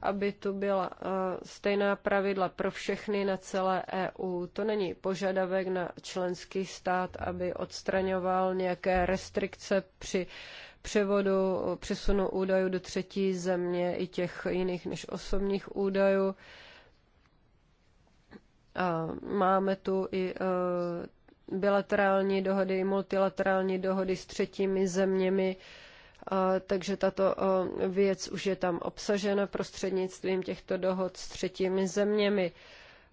aby tu byla eh, stejná pravidla pro všechny na celé EU. To není požadavek na členský stát, aby odstraňoval nějaké restrikce při převodu, přesunu údajů do třetí země i těch jiných než osobních údajů. A máme tu i eh, bilaterální dohody, i multilaterální dohody s třetími zeměmi, takže tato věc už je tam obsažena prostřednictvím těchto dohod s třetími zeměmi.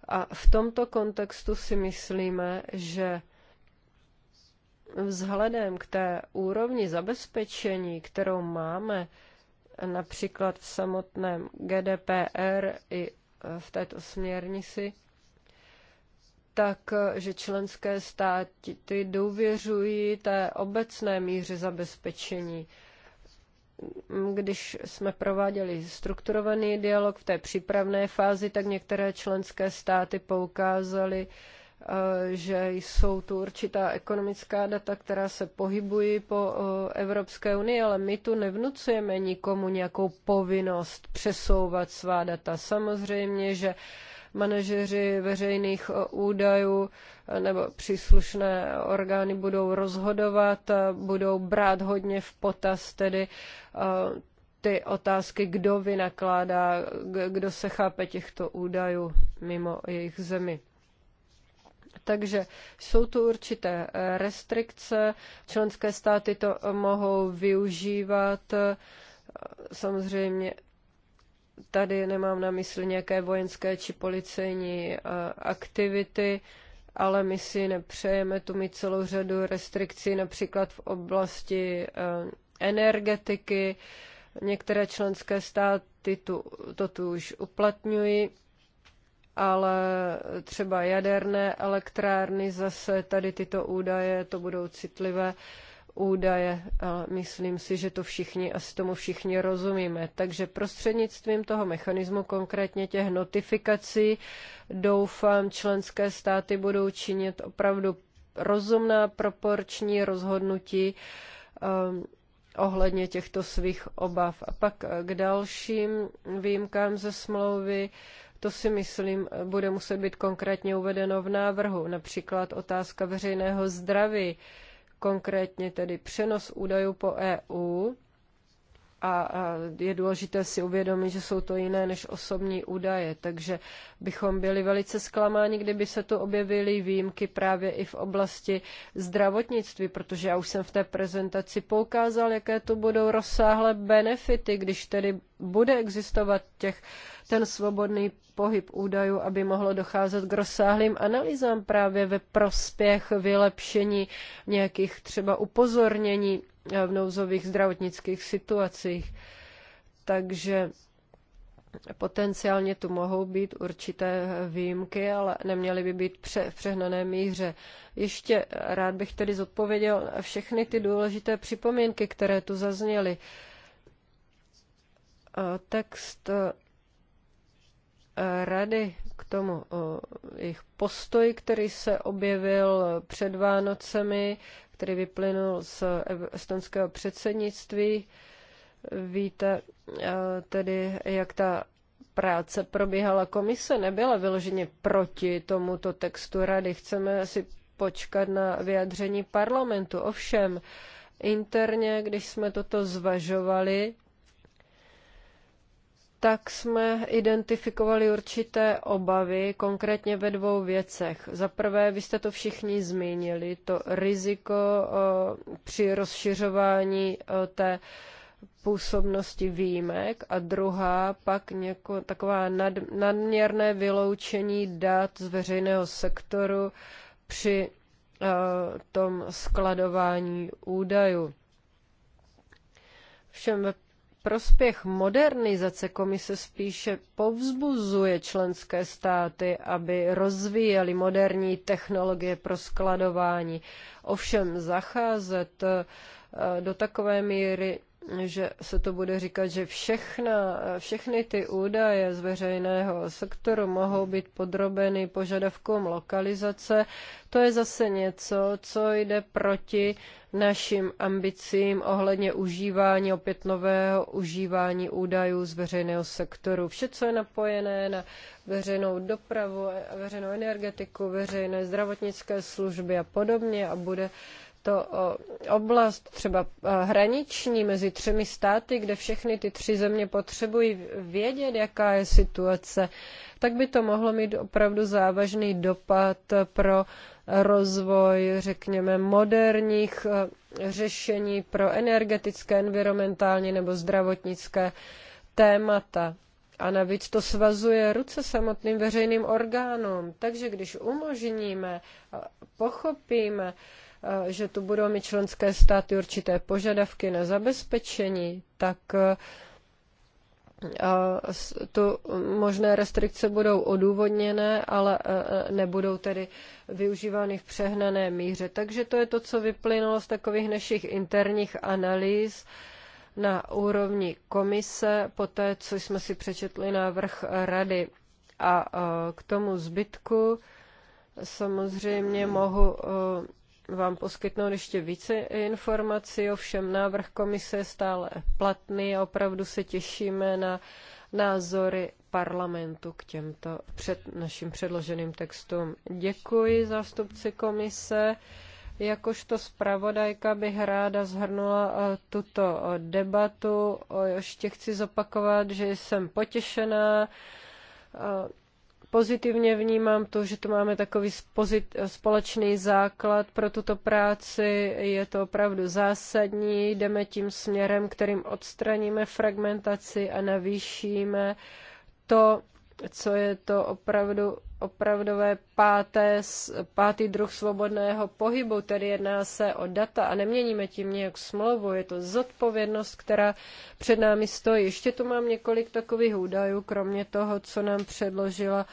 A v tomto kontextu si myslíme, že vzhledem k té úrovni zabezpečení, kterou máme například v samotném GDPR i e, v této směrnici, tak, e, že členské státy důvěřují té obecné míře zabezpečení když jsme prováděli strukturovaný dialog v té přípravné fázi, tak některé členské státy poukázaly, eh, že jsou tu určitá ekonomická data, která se pohybují po eh, Evropské unii, ale my tu nevnucujeme nikomu nějakou povinnost přesouvat svá data. Samozřejmě, že manažeři veřejných eh, údajů eh, nebo příslušné orgány budou rozhodovat, budou brát hodně v potaz tedy eh, ty otázky, kdo vynakládá, kdo se chápe těchto údajů mimo jejich zemi. Takže jsou tu určité restrikce, členské státy to mohou využívat. Samozřejmě Tady nemám na mysli nějaké vojenské či policejní eh, aktivity, ale my si nepřejeme tu mít celou řadu restrikcí, například v oblasti eh, energetiky. Některé členské státy tu, to tu už uplatňují, ale třeba jaderné elektrárny zase tady tyto údaje, to budou citlivé údaje, ale myslím si, že to všichni asi tomu všichni rozumíme. Takže prostřednictvím toho mechanismu, konkrétně těch notifikací, doufám, členské státy budou činit opravdu rozumná proporční rozhodnutí um, ohledně těchto svých obav. A pak eh, k dalším výjimkám ze smlouvy. To si myslím, eh, bude muset být konkrétně uvedeno v návrhu, například otázka veřejného zdraví. Uh, konkrétně tedy přenos údajů po EU a je důležité si uvědomit, že jsou to jiné než osobní údaje, takže bychom byli velice zklamáni, kdyby se tu objevily výjimky právě i v oblasti zdravotnictví, protože já už jsem v té prezentaci poukázal, jaké tu budou rozsáhlé benefity, když tedy bude existovat těch, ten svobodný pohyb údajů, aby mohlo docházet k rozsáhlým analýzám právě ve prospěch vylepšení nějakých třeba upozornění Eh, v nouzových zdravotnických situacích. Takže potenciálně tu mohou být určité výjimky, ale neměly by být pře- v přehnané míře. Ještě rád bych tedy zodpověděl všechny ty důležité připomínky, které tu zazněly. Eh, text eh, rady k tomu jejich postoj, který se objevil před Vánocemi, který vyplynul z estonského předsednictví. Víte eh, tedy, jak ta práce probíhala. Komise nebyla vyloženě proti tomuto textu rady. Chceme si počkat na vyjádření parlamentu. Ovšem, interně, když jsme toto zvažovali, tak jsme identifikovali určité obavy, konkrétně ve dvou věcech. Za prvé, vy jste to všichni zmínili, to riziko při rozšiřování té působnosti výjimek a druhá pak něko, taková nad, nadměrné vyloučení dat z veřejného sektoru při uh, tom skladování údajů. Všem prospěch modernizace komise spíše povzbuzuje členské státy, aby rozvíjely moderní technologie pro skladování. Ovšem zacházet eh, do takové míry, že se to bude říkat, že všechna, všechny ty údaje z veřejného sektoru mohou být podrobeny požadavkům lokalizace, to je zase něco, co jde proti uh, našim ambicím ohledně užívání, opět nového užívání údajů z veřejného sektoru. Vše, co je napojené na veřejnou dopravu, veřejnou energetiku, veřejné zdravotnické služby a podobně a bude to oblast třeba e, hraniční mezi třemi státy, kde všechny ty tři země potřebují vědět, jaká je situace, tak by to mohlo mít opravdu závažný dopad pro rozvoj, řekněme, moderních eh, řešení pro energetické, environmentální nebo zdravotnické témata. A navíc to svazuje ruce samotným veřejným orgánům. Takže když umožníme, pochopíme, eh, že tu budou mít členské státy určité požadavky na zabezpečení, tak eh, tu možné restrikce budou odůvodněné, ale e, e, nebudou tedy využívány v přehnané míře. Takže to je to, co vyplynulo z takových našich interních analýz na úrovni komise, poté, co jsme si přečetli návrh rady. A e, k tomu zbytku samozřejmě mohu vám poskytnout ještě více informací, ovšem návrh komise je stále platný a opravdu se těšíme na názory parlamentu k těmto před našim předloženým textům. Děkuji zástupci komise. Jakožto zpravodajka bych ráda zhrnula eh, tuto eh, debatu. Ještě chci zopakovat, že jsem potěšená eh, Pozitivně vnímám to, že tu máme takový společný základ pro tuto práci. Je to opravdu zásadní. Jdeme tím směrem, kterým odstraníme fragmentaci a navýšíme to, co je to opravdu opravdové páté, pátý druh svobodného pohybu, tedy jedná se o data a neměníme tím nějak smlouvu, je to zodpovědnost, která před námi stojí. Ještě tu mám několik takových údajů, kromě toho, co nám předložila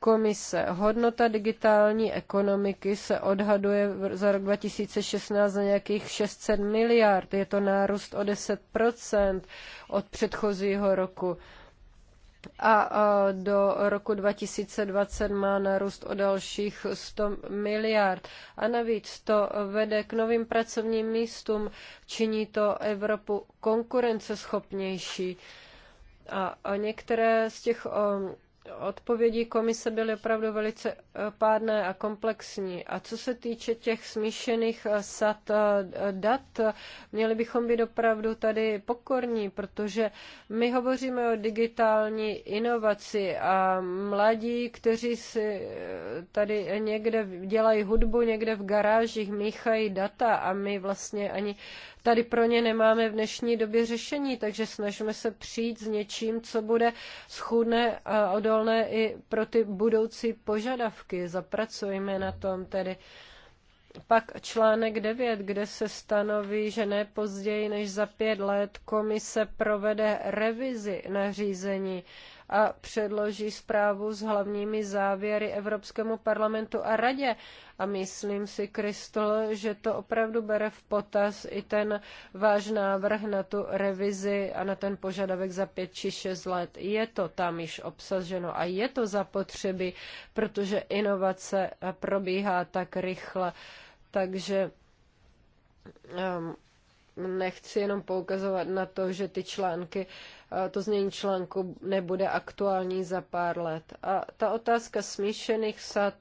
komise. Hodnota digitální ekonomiky se odhaduje za rok 2016 na nějakých 600 miliard. Je to nárůst o 10% od předchozího roku a do roku 2020 má narůst o dalších 100 miliard. A navíc to vede k novým pracovním místům, činí to Evropu konkurenceschopnější. A některé z těch um, odpovědi komise byly opravdu velice eh, pádné a komplexní. A co se týče těch smíšených eh, sad eh, dat, měli bychom být opravdu tady pokorní, protože my hovoříme o digitální inovaci a mladí, kteří si tady někde dělají hudbu, někde v garážích míchají data a my vlastně ani tady pro ně nemáme v dnešní době řešení, takže snažíme se přijít s něčím, co bude schůdné a odolné i pro ty budoucí požadavky. Zapracujeme na tom tedy. Pak článek 9, kde se stanoví, že ne později než za pět let komise provede revizi nařízení a předloží zprávu s hlavními závěry Evropskému parlamentu a radě. A myslím si, Kristol, že to opravdu bere v potaz i ten váš návrh na tu revizi a na ten požadavek za pět či šest let. Je to tam již obsaženo a je to zapotřebí, protože inovace probíhá tak rychle. Takže um, nechci jenom poukazovat na to, že ty články Eh, to znění článku nebude aktuální za pár let. A ta otázka smíšených sad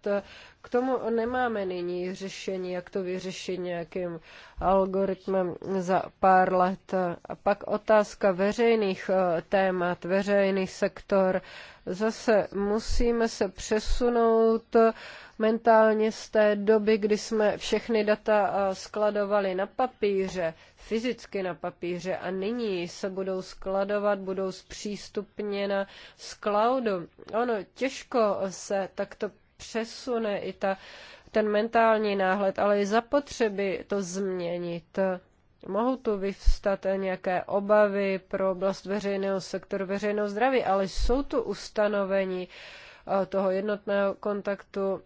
k tomu nemáme nyní řešení, jak to vyřešit nějakým algoritmem za pár let. A pak otázka veřejných eh, témat, veřejný sektor. Zase musíme se přesunout eh, mentálně z té doby, kdy jsme všechny data eh, skladovali na papíře, fyzicky na papíře a nyní se budou skladovat, budou zpřístupněna z cloudu. Ono těžko se takto přesune, i ta, ten mentální náhled, ale je zapotřeby to změnit. Mohou tu vyvstat nějaké obavy pro oblast veřejného sektoru, veřejného zdraví, ale jsou tu ustanovení eh, toho jednotného kontaktu,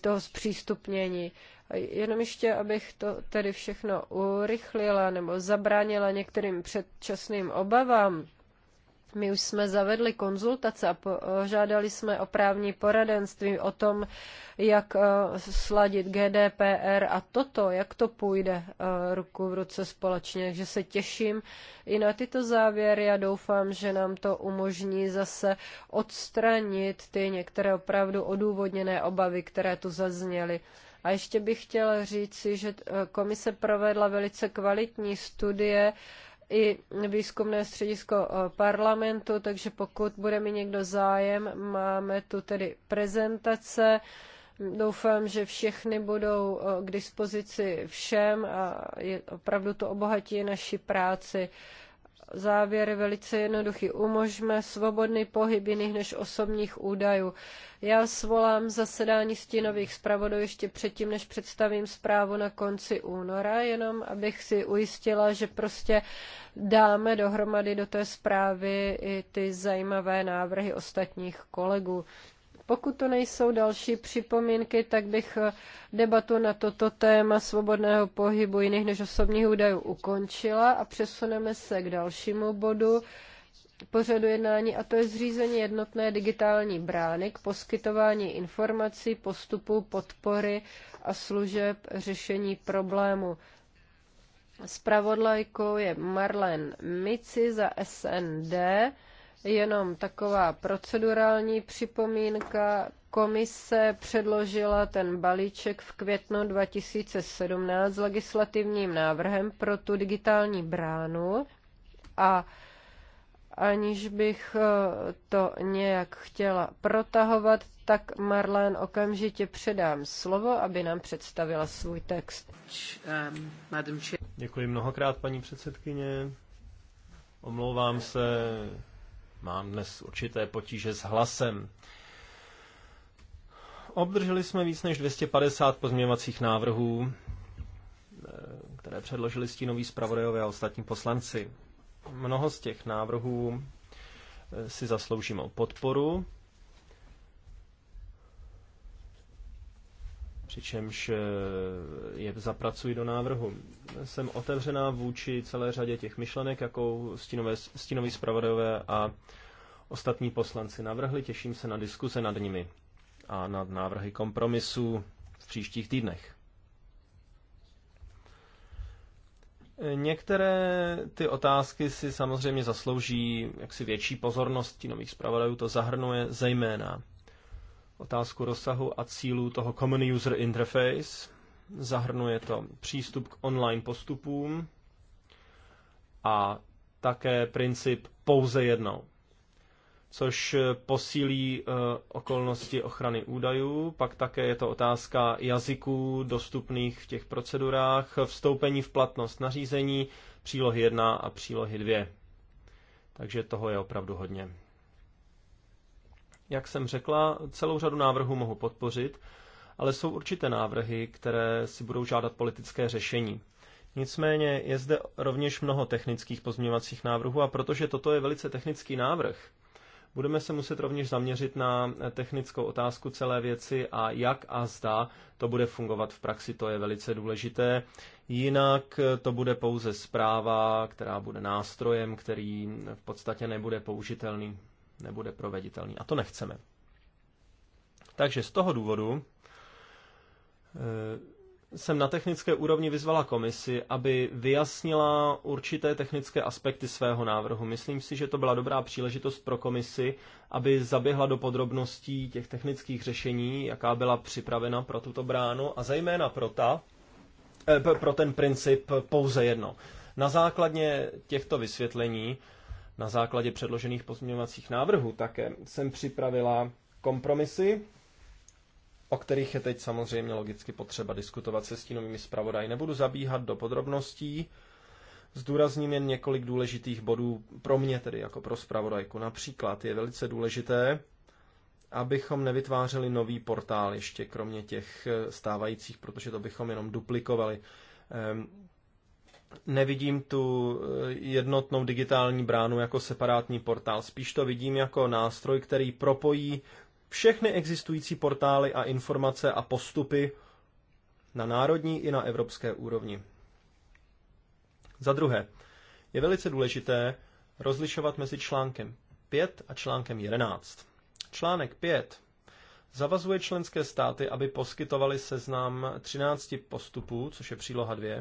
toho zpřístupnění. Jenom ještě, abych to tedy všechno urychlila nebo zabránila některým předčasným obavám, my už jsme zavedli konzultace a požádali jsme o právní poradenství o tom, jak eh, sladit GDPR a toto, jak to půjde eh, ruku v ruce společně. Takže se těším i na tyto závěry a doufám, že nám to umožní zase odstranit ty některé opravdu odůvodněné obavy, které tu zazněly. A ještě bych chtěla říci, že eh, komise provedla velice kvalitní studie, i výzkumné středisko eh, parlamentu, takže pokud bude mi někdo zájem, máme tu tedy prezentace. Doufám, že všechny budou eh, k dispozici všem a je, opravdu to obohatí naši práci závěr je velice jednoduchý. Umožme svobodný pohyb jiných než osobních údajů. Já svolám zasedání stínových zpravodů ještě předtím, než představím zprávu na konci února, jenom abych si ujistila, že prostě dáme dohromady do té zprávy i ty zajímavé návrhy ostatních kolegů. Pokud to nejsou další připomínky, tak bych eh, debatu na toto téma svobodného pohybu jiných než osobních údajů ukončila a přesuneme se k dalšímu bodu pořadu jednání a to je zřízení jednotné digitální brány k poskytování informací, postupů, podpory a služeb řešení problému. Spravodlajkou je Marlen Mici za SND. Jenom taková procedurální připomínka. Komise předložila ten balíček v květnu 2017 s legislativním návrhem pro tu digitální bránu a aniž bych eh, to nějak chtěla protahovat, tak Marlén okamžitě předám slovo, aby nám představila svůj text. Děkuji mnohokrát, paní předsedkyně. Omlouvám se, Mám dnes určité potíže s hlasem. Obdrželi jsme víc než 250 pozměňovacích návrhů, eh, které předložili stínoví zpravodajové a ostatní poslanci. Mnoho z těch návrhů eh, si zasloužíme podporu přičemž eh, je zapracuji do návrhu. Jsem otevřená vůči celé řadě těch myšlenek, jakou stínové, stínoví zpravodajové a ostatní poslanci navrhli. Těším se na diskuze nad nimi a nad návrhy kompromisů v příštích týdnech. Některé ty otázky si samozřejmě zaslouží jaksi větší pozornost nových zpravodajů, to zahrnuje zejména otázku rozsahu a cílů toho Common User Interface. Zahrnuje to přístup k online postupům a také princip pouze jednou, což posílí eh, okolnosti ochrany údajů. Pak také je to otázka jazyků dostupných v těch procedurách, vstoupení v platnost nařízení, přílohy 1 a přílohy 2. Takže toho je opravdu hodně. Jak jsem řekla, celou řadu návrhů mohu podpořit, ale jsou určité návrhy, které si budou žádat politické řešení. Nicméně je zde rovněž mnoho technických pozměňovacích návrhů a protože toto je velice technický návrh, budeme se muset rovněž zaměřit na technickou otázku celé věci a jak a zda to bude fungovat v praxi, to je velice důležité. Jinak to bude pouze zpráva, která bude nástrojem, který v podstatě nebude použitelný nebude proveditelný. A to nechceme. Takže z toho důvodu eh, jsem na technické úrovni vyzvala komisi, aby vyjasnila určité technické aspekty svého návrhu. Myslím si, že to byla dobrá příležitost pro komisi, aby zaběhla do podrobností těch technických řešení, jaká byla připravena pro tuto bránu a zejména pro, ta, eh, pro ten princip pouze jedno. Na základně těchto vysvětlení na základě předložených pozměňovacích návrhů také jsem připravila kompromisy, o kterých je teď samozřejmě logicky potřeba diskutovat se stínovými zpravodaji. Nebudu zabíhat do podrobností, zdůrazním jen několik důležitých bodů pro mě, tedy jako pro zpravodajku. Například je velice důležité, abychom nevytvářeli nový portál ještě kromě těch stávajících, protože to bychom jenom duplikovali. Ehm, nevidím tu eh, jednotnou digitální bránu jako separátní portál. Spíš to vidím jako nástroj, který propojí všechny existující portály a informace a postupy na národní i na evropské úrovni. Za druhé, je velice důležité rozlišovat mezi článkem 5 a článkem 11. Článek 5 zavazuje členské státy, aby poskytovali seznam 13 postupů, což je příloha 2,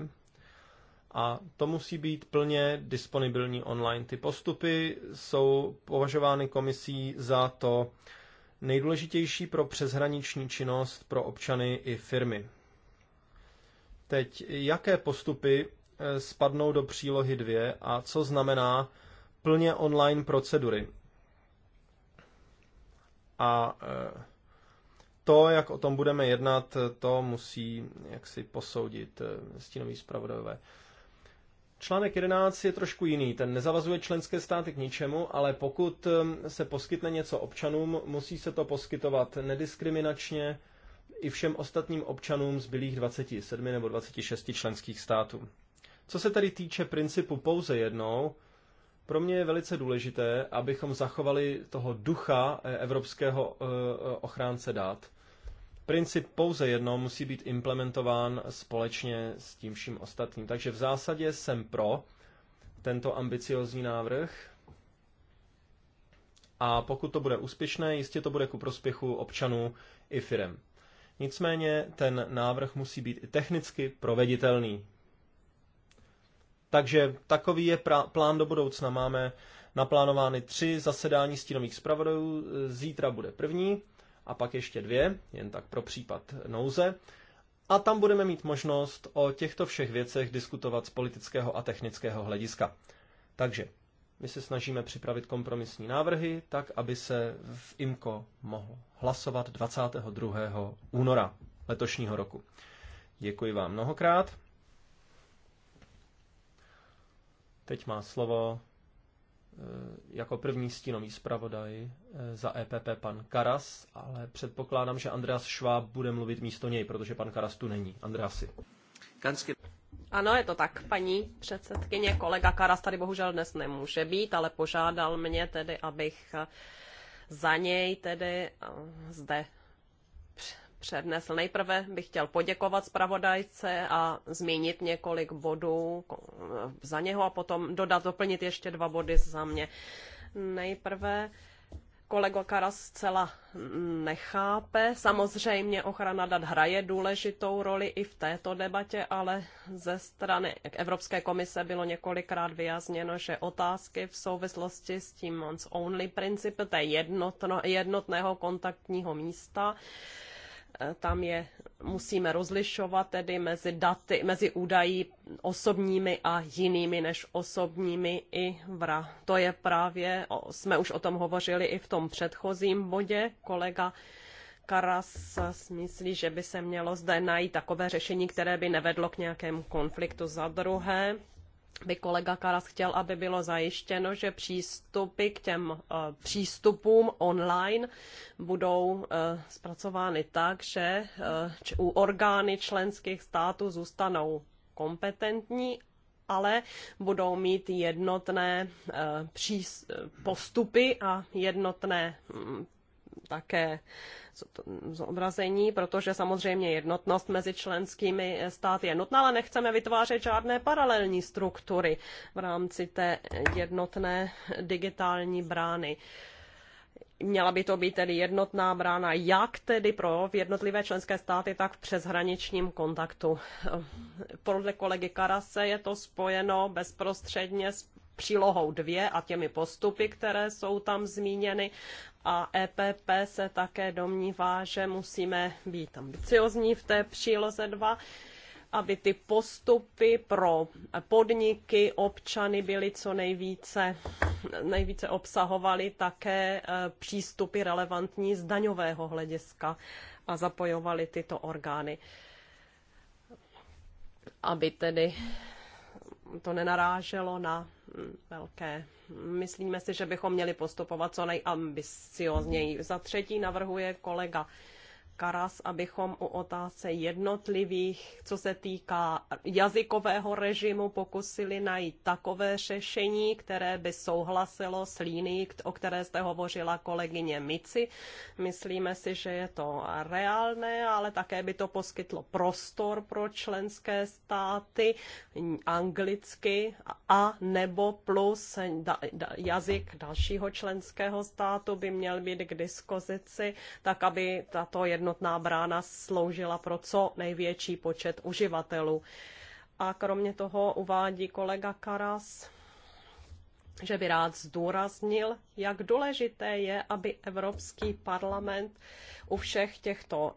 a to musí být plně disponibilní online. Ty postupy jsou považovány komisí za to nejdůležitější pro přeshraniční činnost pro občany i firmy. Teď, jaké postupy eh, spadnou do přílohy 2 a co znamená plně online procedury? A eh, to, jak o tom budeme jednat, eh, to musí jak si posoudit stínový zpravodajové. Článek 11 je trošku jiný, ten nezavazuje členské státy k ničemu, ale pokud um, se poskytne něco občanům, musí se to poskytovat nediskriminačně i všem ostatním občanům zbylých 27 nebo 26 členských států. Co se tedy týče principu pouze jednou, pro mě je velice důležité, abychom zachovali toho ducha eh, evropského eh, eh, ochránce dát. Princip pouze jedno musí být implementován společně s tím vším ostatním. Takže v zásadě jsem pro tento ambiciozní návrh. A pokud to bude úspěšné, jistě to bude ku prospěchu občanů i firem. Nicméně ten návrh musí být i technicky proveditelný. Takže takový je plán do budoucna. Máme naplánovány tři zasedání stínových zpravodajů. Zítra bude první a pak ještě dvě, jen tak pro případ nouze. A tam budeme mít možnost o těchto všech věcech diskutovat z politického a technického hlediska. Takže my se snažíme připravit kompromisní návrhy, tak aby se v Imko mohlo hlasovat 22. února letošního roku. Děkuji vám mnohokrát. Teď má slovo Eh, jako první stínový zpravodaj eh, za EPP pan Karas, ale předpokládám, že Andreas Schwab bude mluvit místo něj, protože pan Karas tu není. Andreasi. Ano, je to tak, paní předsedkyně. Kolega Karas tady bohužel dnes nemůže být, ale požádal mě tedy, abych za něj tedy eh, zde přednesl. Nejprve bych chtěl poděkovat zpravodajce a zmínit několik bodů za něho a potom dodat, doplnit ještě dva body za mě. Nejprve kolego Karas zcela nechápe. Samozřejmě ochrana dat hraje důležitou roli i v této debatě, ale ze strany Evropské komise bylo několikrát vyjasněno, že otázky v souvislosti s tím once only princip, té jednotno, jednotného kontaktního místa, tam je, musíme rozlišovat tedy mezi daty, mezi údaji osobními a jinými než osobními i vra. To je právě, jsme už o tom hovořili i v tom předchozím bodě, kolega Karas myslí, že by se mělo zde najít takové řešení, které by nevedlo k nějakému konfliktu za druhé by kolega Karas chtěl, aby bylo zajištěno, že přístupy k těm eh, přístupům online budou eh, zpracovány tak, že eh, u orgány členských států zůstanou kompetentní, ale budou mít jednotné postupy a jednotné hm, také zobrazení, protože samozřejmě jednotnost mezi členskými státy je nutná, ale nechceme vytvářet žádné paralelní struktury v rámci té jednotné digitální brány. Měla by to být tedy jednotná brána jak tedy pro v jednotlivé členské státy, tak v přeshraničním kontaktu. Podle kolegy Karase je to spojeno bezprostředně s přílohou dvě a těmi postupy, které jsou tam zmíněny a EPP se také domnívá, že musíme být ambiciozní v té příloze 2 aby ty postupy pro podniky, občany byly co nejvíce, nejvíce obsahovaly také e, přístupy relevantní z daňového hlediska a zapojovaly tyto orgány. Aby tedy to nenaráželo na velké. Myslíme si, že bychom měli postupovat co nejambiciozněji. Za třetí navrhuje kolega Karas, abychom u otázce jednotlivých, co se týká jazykového režimu, pokusili najít takové řešení, které by souhlasilo s línií, o které jste hovořila kolegyně Mici. Myslíme si, že je to reálné, ale také by to poskytlo prostor pro členské státy anglicky a nebo plus da, da, jazyk dalšího členského státu by měl být k dispozici, tak aby tato jedno jednotná brána sloužila pro co největší počet uživatelů. A kromě toho uvádí kolega Karas, že by rád zdůraznil, jak důležité je, aby Evropský parlament u všech těchto uh,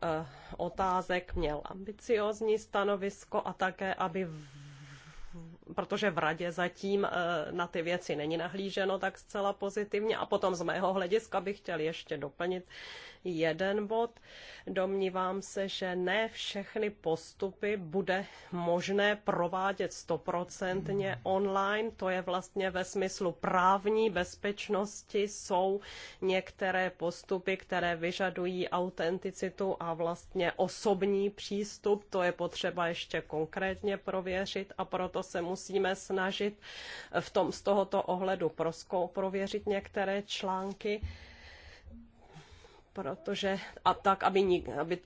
otázek měl ambiciozní stanovisko a také, aby v, protože v radě zatím eh, na ty věci není nahlíženo tak zcela pozitivně. A potom z mého hlediska bych chtěl ještě doplnit, jeden bod. Domnívám se, že ne všechny postupy bude možné provádět stoprocentně online. To je vlastně ve smyslu právní bezpečnosti. Jsou některé postupy, které vyžadují autenticitu a vlastně osobní přístup. To je potřeba ještě konkrétně prověřit a proto se musíme snažit v tom, z tohoto ohledu prosko, prověřit některé články protože a tak, aby, nik, aby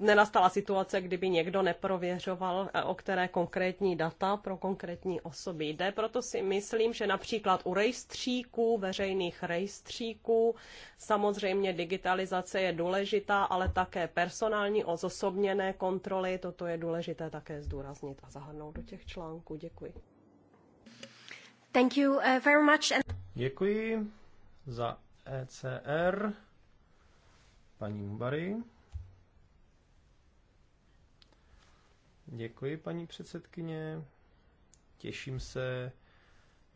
nenastala situace, kdyby někdo neprověřoval, e, o které konkrétní data pro konkrétní osoby jde. Proto si myslím, že například u rejstříků, veřejných rejstříků, samozřejmě digitalizace je důležitá, ale také personální ozosobněné kontroly, toto je důležité také zdůraznit a zahrnout do těch článků. Děkuji. Thank you uh, very much. Děkuji za ECR paní Mubary. Děkuji, paní předsedkyně. Těším se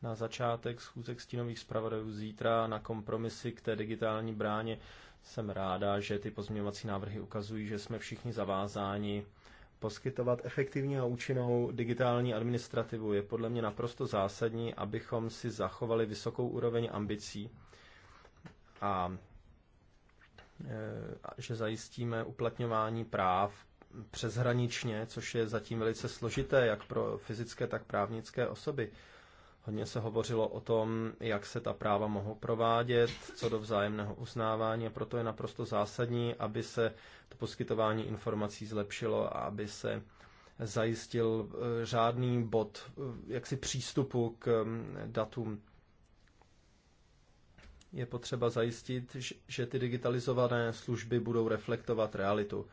na začátek schůzek stínových zpravodajů zítra na kompromisy k té digitální bráně. Jsem ráda, že ty pozměňovací návrhy ukazují, že jsme všichni zavázáni poskytovat efektivní a účinnou digitální administrativu. Je podle mě naprosto zásadní, abychom si zachovali vysokou úroveň ambicí a Eh, že zajistíme uplatňování práv přeshraničně, což je zatím velice složité, jak pro fyzické, tak právnické osoby. Hodně se hovořilo o tom, jak se ta práva mohou provádět, co do vzájemného uznávání a proto je naprosto zásadní, aby se to poskytování informací zlepšilo a aby se zajistil eh, řádný bod eh, jaksi přístupu k mm, datům je potřeba zajistit, že ty digitalizované služby budou reflektovat realitu.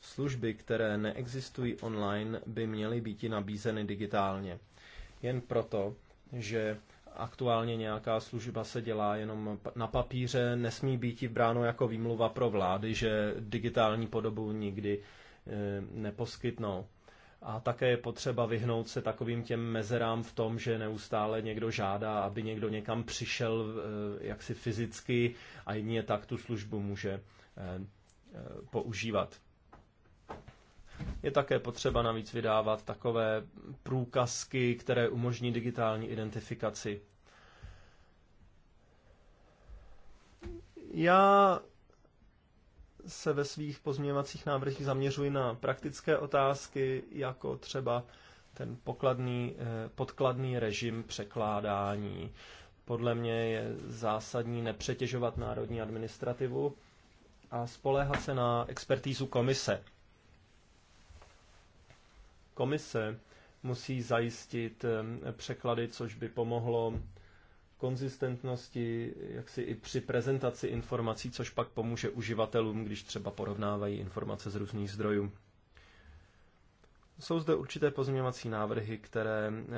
Služby, které neexistují online, by měly být i nabízeny digitálně. Jen proto, že aktuálně nějaká služba se dělá jenom na papíře, nesmí být i bráno jako výmluva pro vlády, že digitální podobu nikdy eh, neposkytnou a také je potřeba vyhnout se takovým těm mezerám v tom, že neustále někdo žádá, aby někdo někam přišel eh, jaksi fyzicky a jedině tak tu službu může eh, eh, používat. Je také potřeba navíc vydávat takové průkazky, které umožní digitální identifikaci. Já se ve svých pozměňovacích návrzích zaměřuji na praktické otázky, jako třeba ten pokladný, eh, podkladný režim překládání. Podle mě je zásadní nepřetěžovat národní administrativu a spoléhat se na expertízu komise. Komise musí zajistit eh, překlady, což by pomohlo konzistentnosti, jaksi i při prezentaci informací, což pak pomůže uživatelům, když třeba porovnávají informace z různých zdrojů. Jsou zde určité pozměňovací návrhy, které eh,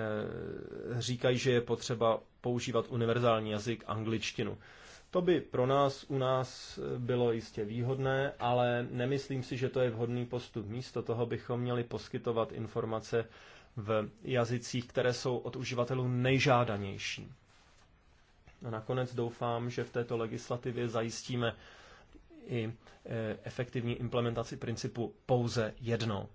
říkají, že je potřeba používat univerzální jazyk angličtinu. To by pro nás u nás eh, bylo jistě výhodné, ale nemyslím si, že to je vhodný postup. Místo toho bychom měli poskytovat informace v jazycích, které jsou od uživatelů nejžádanější. A nakonec doufám, že v této legislativě zajistíme i e, efektivní implementaci principu pouze jednou.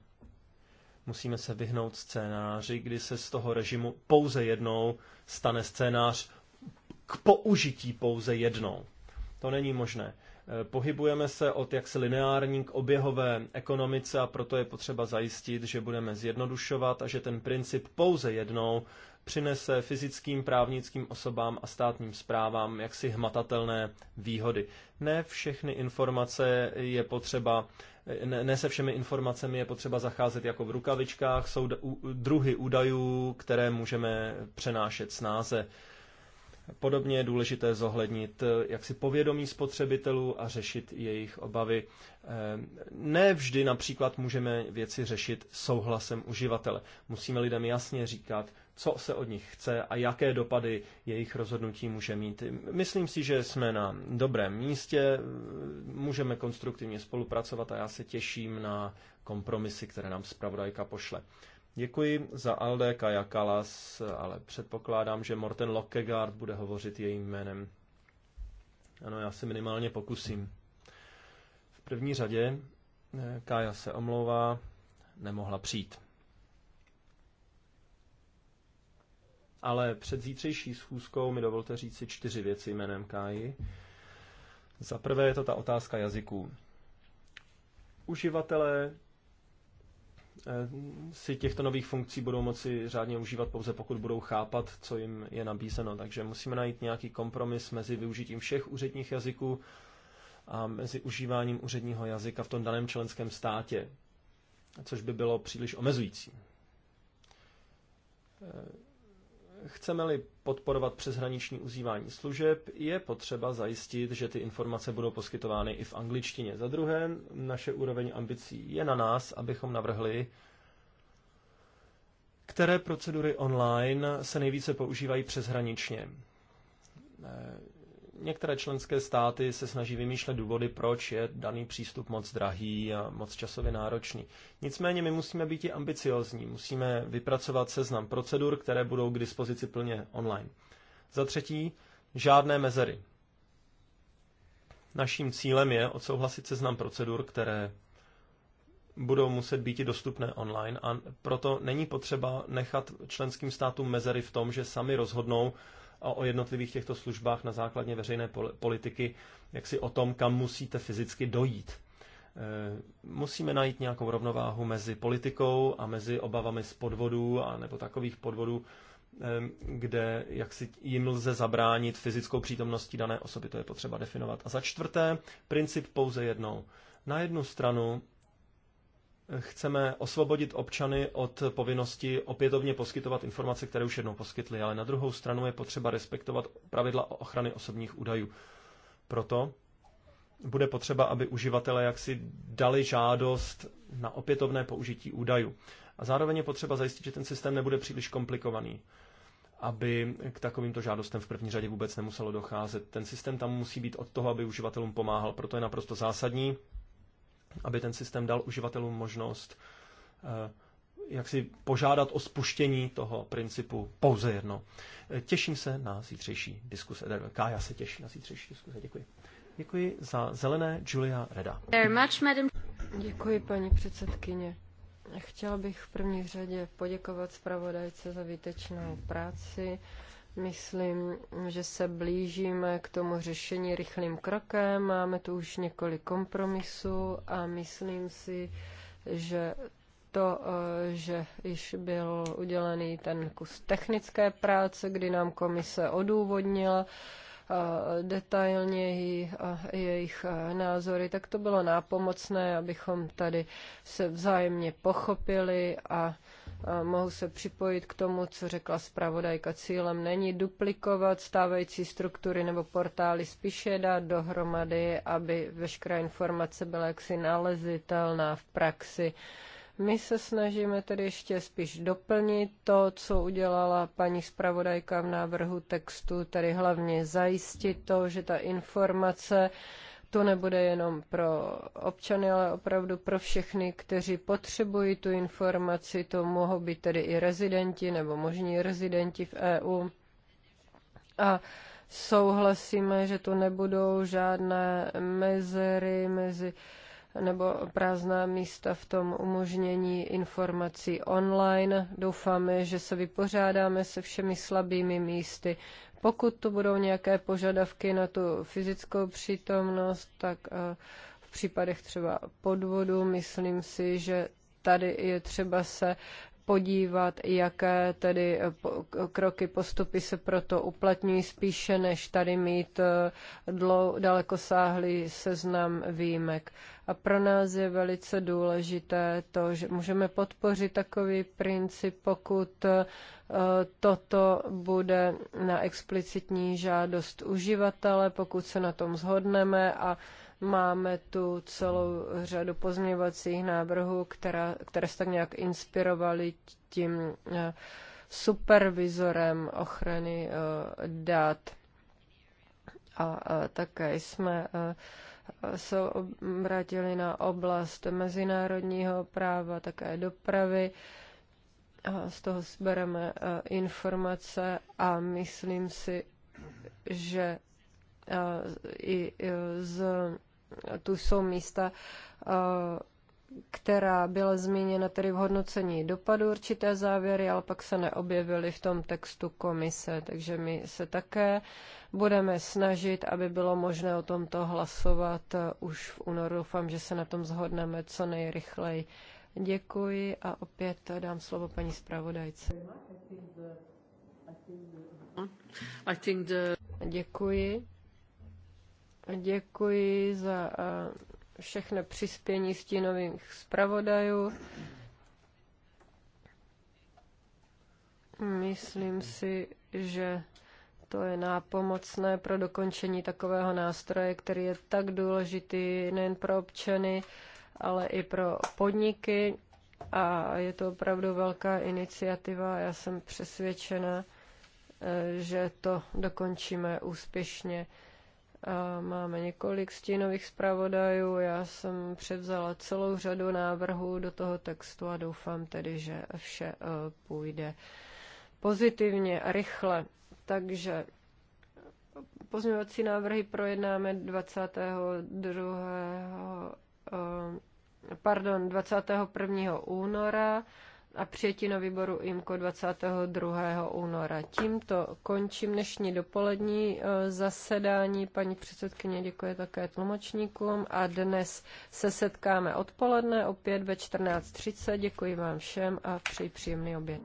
Musíme se vyhnout scénáři, kdy se z toho režimu pouze jednou stane scénář k použití pouze jednou. To není možné. E, pohybujeme se od jaksi lineární k oběhové ekonomice a proto je potřeba zajistit, že budeme zjednodušovat a že ten princip pouze jednou přinese fyzickým, právnickým osobám a státním zprávám jaksi hmatatelné výhody. Ne všechny informace je potřeba ne, ne se všemi informacemi je potřeba zacházet jako v rukavičkách, jsou druhy údajů, které můžeme přenášet snáze. Podobně je důležité zohlednit eh, jak si povědomí spotřebitelů a řešit jejich obavy. Eh, ne vždy například můžeme věci řešit souhlasem uživatele. Musíme lidem jasně říkat, co se od nich chce a jaké dopady jejich rozhodnutí může mít. Myslím si, že jsme na dobrém místě, můžeme konstruktivně spolupracovat a já se těším na kompromisy, které nám zpravodajka pošle. Děkuji za Alde Kaja Kalas, ale předpokládám, že Morten Lockegaard bude hovořit jejím jménem. Ano, já se minimálně pokusím. V první řadě eh, Kája se omlouvá, nemohla přijít. Ale před zítřejší schůzkou mi dovolte říct si čtyři věci jménem Káji. Za prvé je to ta otázka jazyků. Uživatelé eh, si těchto nových funkcí budou moci řádně užívat pouze pokud budou chápat, co jim je nabízeno. Takže musíme najít nějaký kompromis mezi využitím všech úředních jazyků a mezi užíváním úředního jazyka v tom daném členském státě, což by bylo příliš omezující. Eh, Chceme-li podporovat přeshraniční uzývání služeb, je potřeba zajistit, že ty informace budou poskytovány i v angličtině. Za druhé, naše úroveň ambicí je na nás, abychom navrhli, které procedury online se nejvíce používají přeshraničně. Některé členské státy se snaží vymýšlet důvody, proč je daný přístup moc drahý a moc časově náročný. Nicméně my musíme být i ambiciozní, musíme vypracovat seznam procedur, které budou k dispozici plně online. Za třetí, žádné mezery. Naším cílem je odsouhlasit seznam procedur, které budou muset být i dostupné online a proto není potřeba nechat členským státům mezery v tom, že sami rozhodnou, o jednotlivých těchto službách na základě veřejné politiky, jak si o tom, kam musíte fyzicky dojít. Eh, musíme najít nějakou rovnováhu mezi politikou a mezi obavami z podvodů a nebo takových podvodů, eh, kde jak si jim lze zabránit fyzickou přítomností dané osoby, to je potřeba definovat. A za čtvrté, princip pouze jednou. Na jednu stranu chceme osvobodit občany od povinnosti opětovně poskytovat informace, které už jednou poskytli, ale na druhou stranu je potřeba respektovat pravidla o ochrany osobních údajů. Proto bude potřeba, aby uživatelé jaksi dali žádost na opětovné použití údajů. A zároveň je potřeba zajistit, že ten systém nebude příliš komplikovaný, aby k takovýmto žádostem v první řadě vůbec nemuselo docházet. Ten systém tam musí být od toho, aby uživatelům pomáhal. Proto je naprosto zásadní, aby ten systém dal uživatelům možnost eh, jak si požádat o spuštění toho principu pouze jedno. Eh, těším se na zítřejší diskuse. Kája se těší na zítřejší diskuse. Děkuji. Děkuji za zelené Julia Reda. Děkuji, paní předsedkyně. Chtěla bych v první řadě poděkovat zpravodajce za výtečnou práci. Myslím, že se blížíme k tomu řešení rychlým krokem. Máme tu už několik kompromisů a myslím si, že to, eh, že již byl udělený ten kus technické práce, kdy nám komise odůvodnila eh, detailněji eh, jejich názory, tak to bylo nápomocné, abychom tady se vzájemně pochopili a mohu se připojit k tomu, co řekla zpravodajka. Cílem není duplikovat stávající struktury nebo portály, spíše dát dohromady, aby veškerá informace byla jaksi nalezitelná v praxi. My se snažíme tedy ještě spíš doplnit to, co udělala paní zpravodajka v návrhu textu, tedy hlavně zajistit to, že ta informace, to nebude jenom pro občany, ale opravdu pro všechny, kteří potřebují tu informaci. To mohou být tedy i rezidenti nebo možní rezidenti v EU. A souhlasíme, že tu nebudou žádné mezery mezi nebo prázdná místa v tom umožnění informací online. Doufáme, že se vypořádáme se všemi slabými místy pokud tu budou nějaké požadavky na tu fyzickou přítomnost, tak eh, v případech třeba podvodu, myslím si, že tady je třeba se podívat, jaké tedy eh, kroky, postupy se proto uplatňují, spíše než tady mít eh, dlou, dalekosáhlý seznam výjimek. A pro nás je velice důležité to, že můžeme podpořit takový princip, pokud eh, toto bude na explicitní žádost uživatele, pokud se na tom zhodneme a Máme tu celou řadu pozměňovacích návrhů, která, které se tak nějak inspirovaly tím eh, supervizorem ochrany eh, dat. A eh, také jsme se obrátili na oblast mezinárodního práva, také dopravy. A z toho sbereme informace a myslím si, že Eh, i eh, z, tu jsou místa, eh, která byla zmíněna tedy v hodnocení dopadu určité závěry, ale pak se neobjevily v tom textu komise. Takže my se také budeme snažit, aby bylo možné o tomto hlasovat už v únoru. Doufám, že se na tom zhodneme co nejrychleji. Děkuji a opět dám slovo paní zpravodajce. Děkuji. Děkuji za eh, všechny přispění stínových zpravodajů. Myslím si, že to je nápomocné pro dokončení takového nástroje, který je tak důležitý nejen pro občany, ale i pro podniky. A je to opravdu velká iniciativa. Já jsem přesvědčena, eh, že to dokončíme úspěšně. Máme několik stínových zpravodajů, já jsem převzala celou řadu návrhů do toho textu a doufám tedy, že vše e, půjde pozitivně a rychle. Takže pozměňovací návrhy projednáme 22. E, pardon, 21. února a přijetí na výboru IMKO 22. února. Tímto končím dnešní dopolední eh, zasedání. Paní předsedkyně děkuje také tlumočníkům a dnes se setkáme odpoledne opět ve 14.30. Děkuji vám všem a přeji příjemný oběd.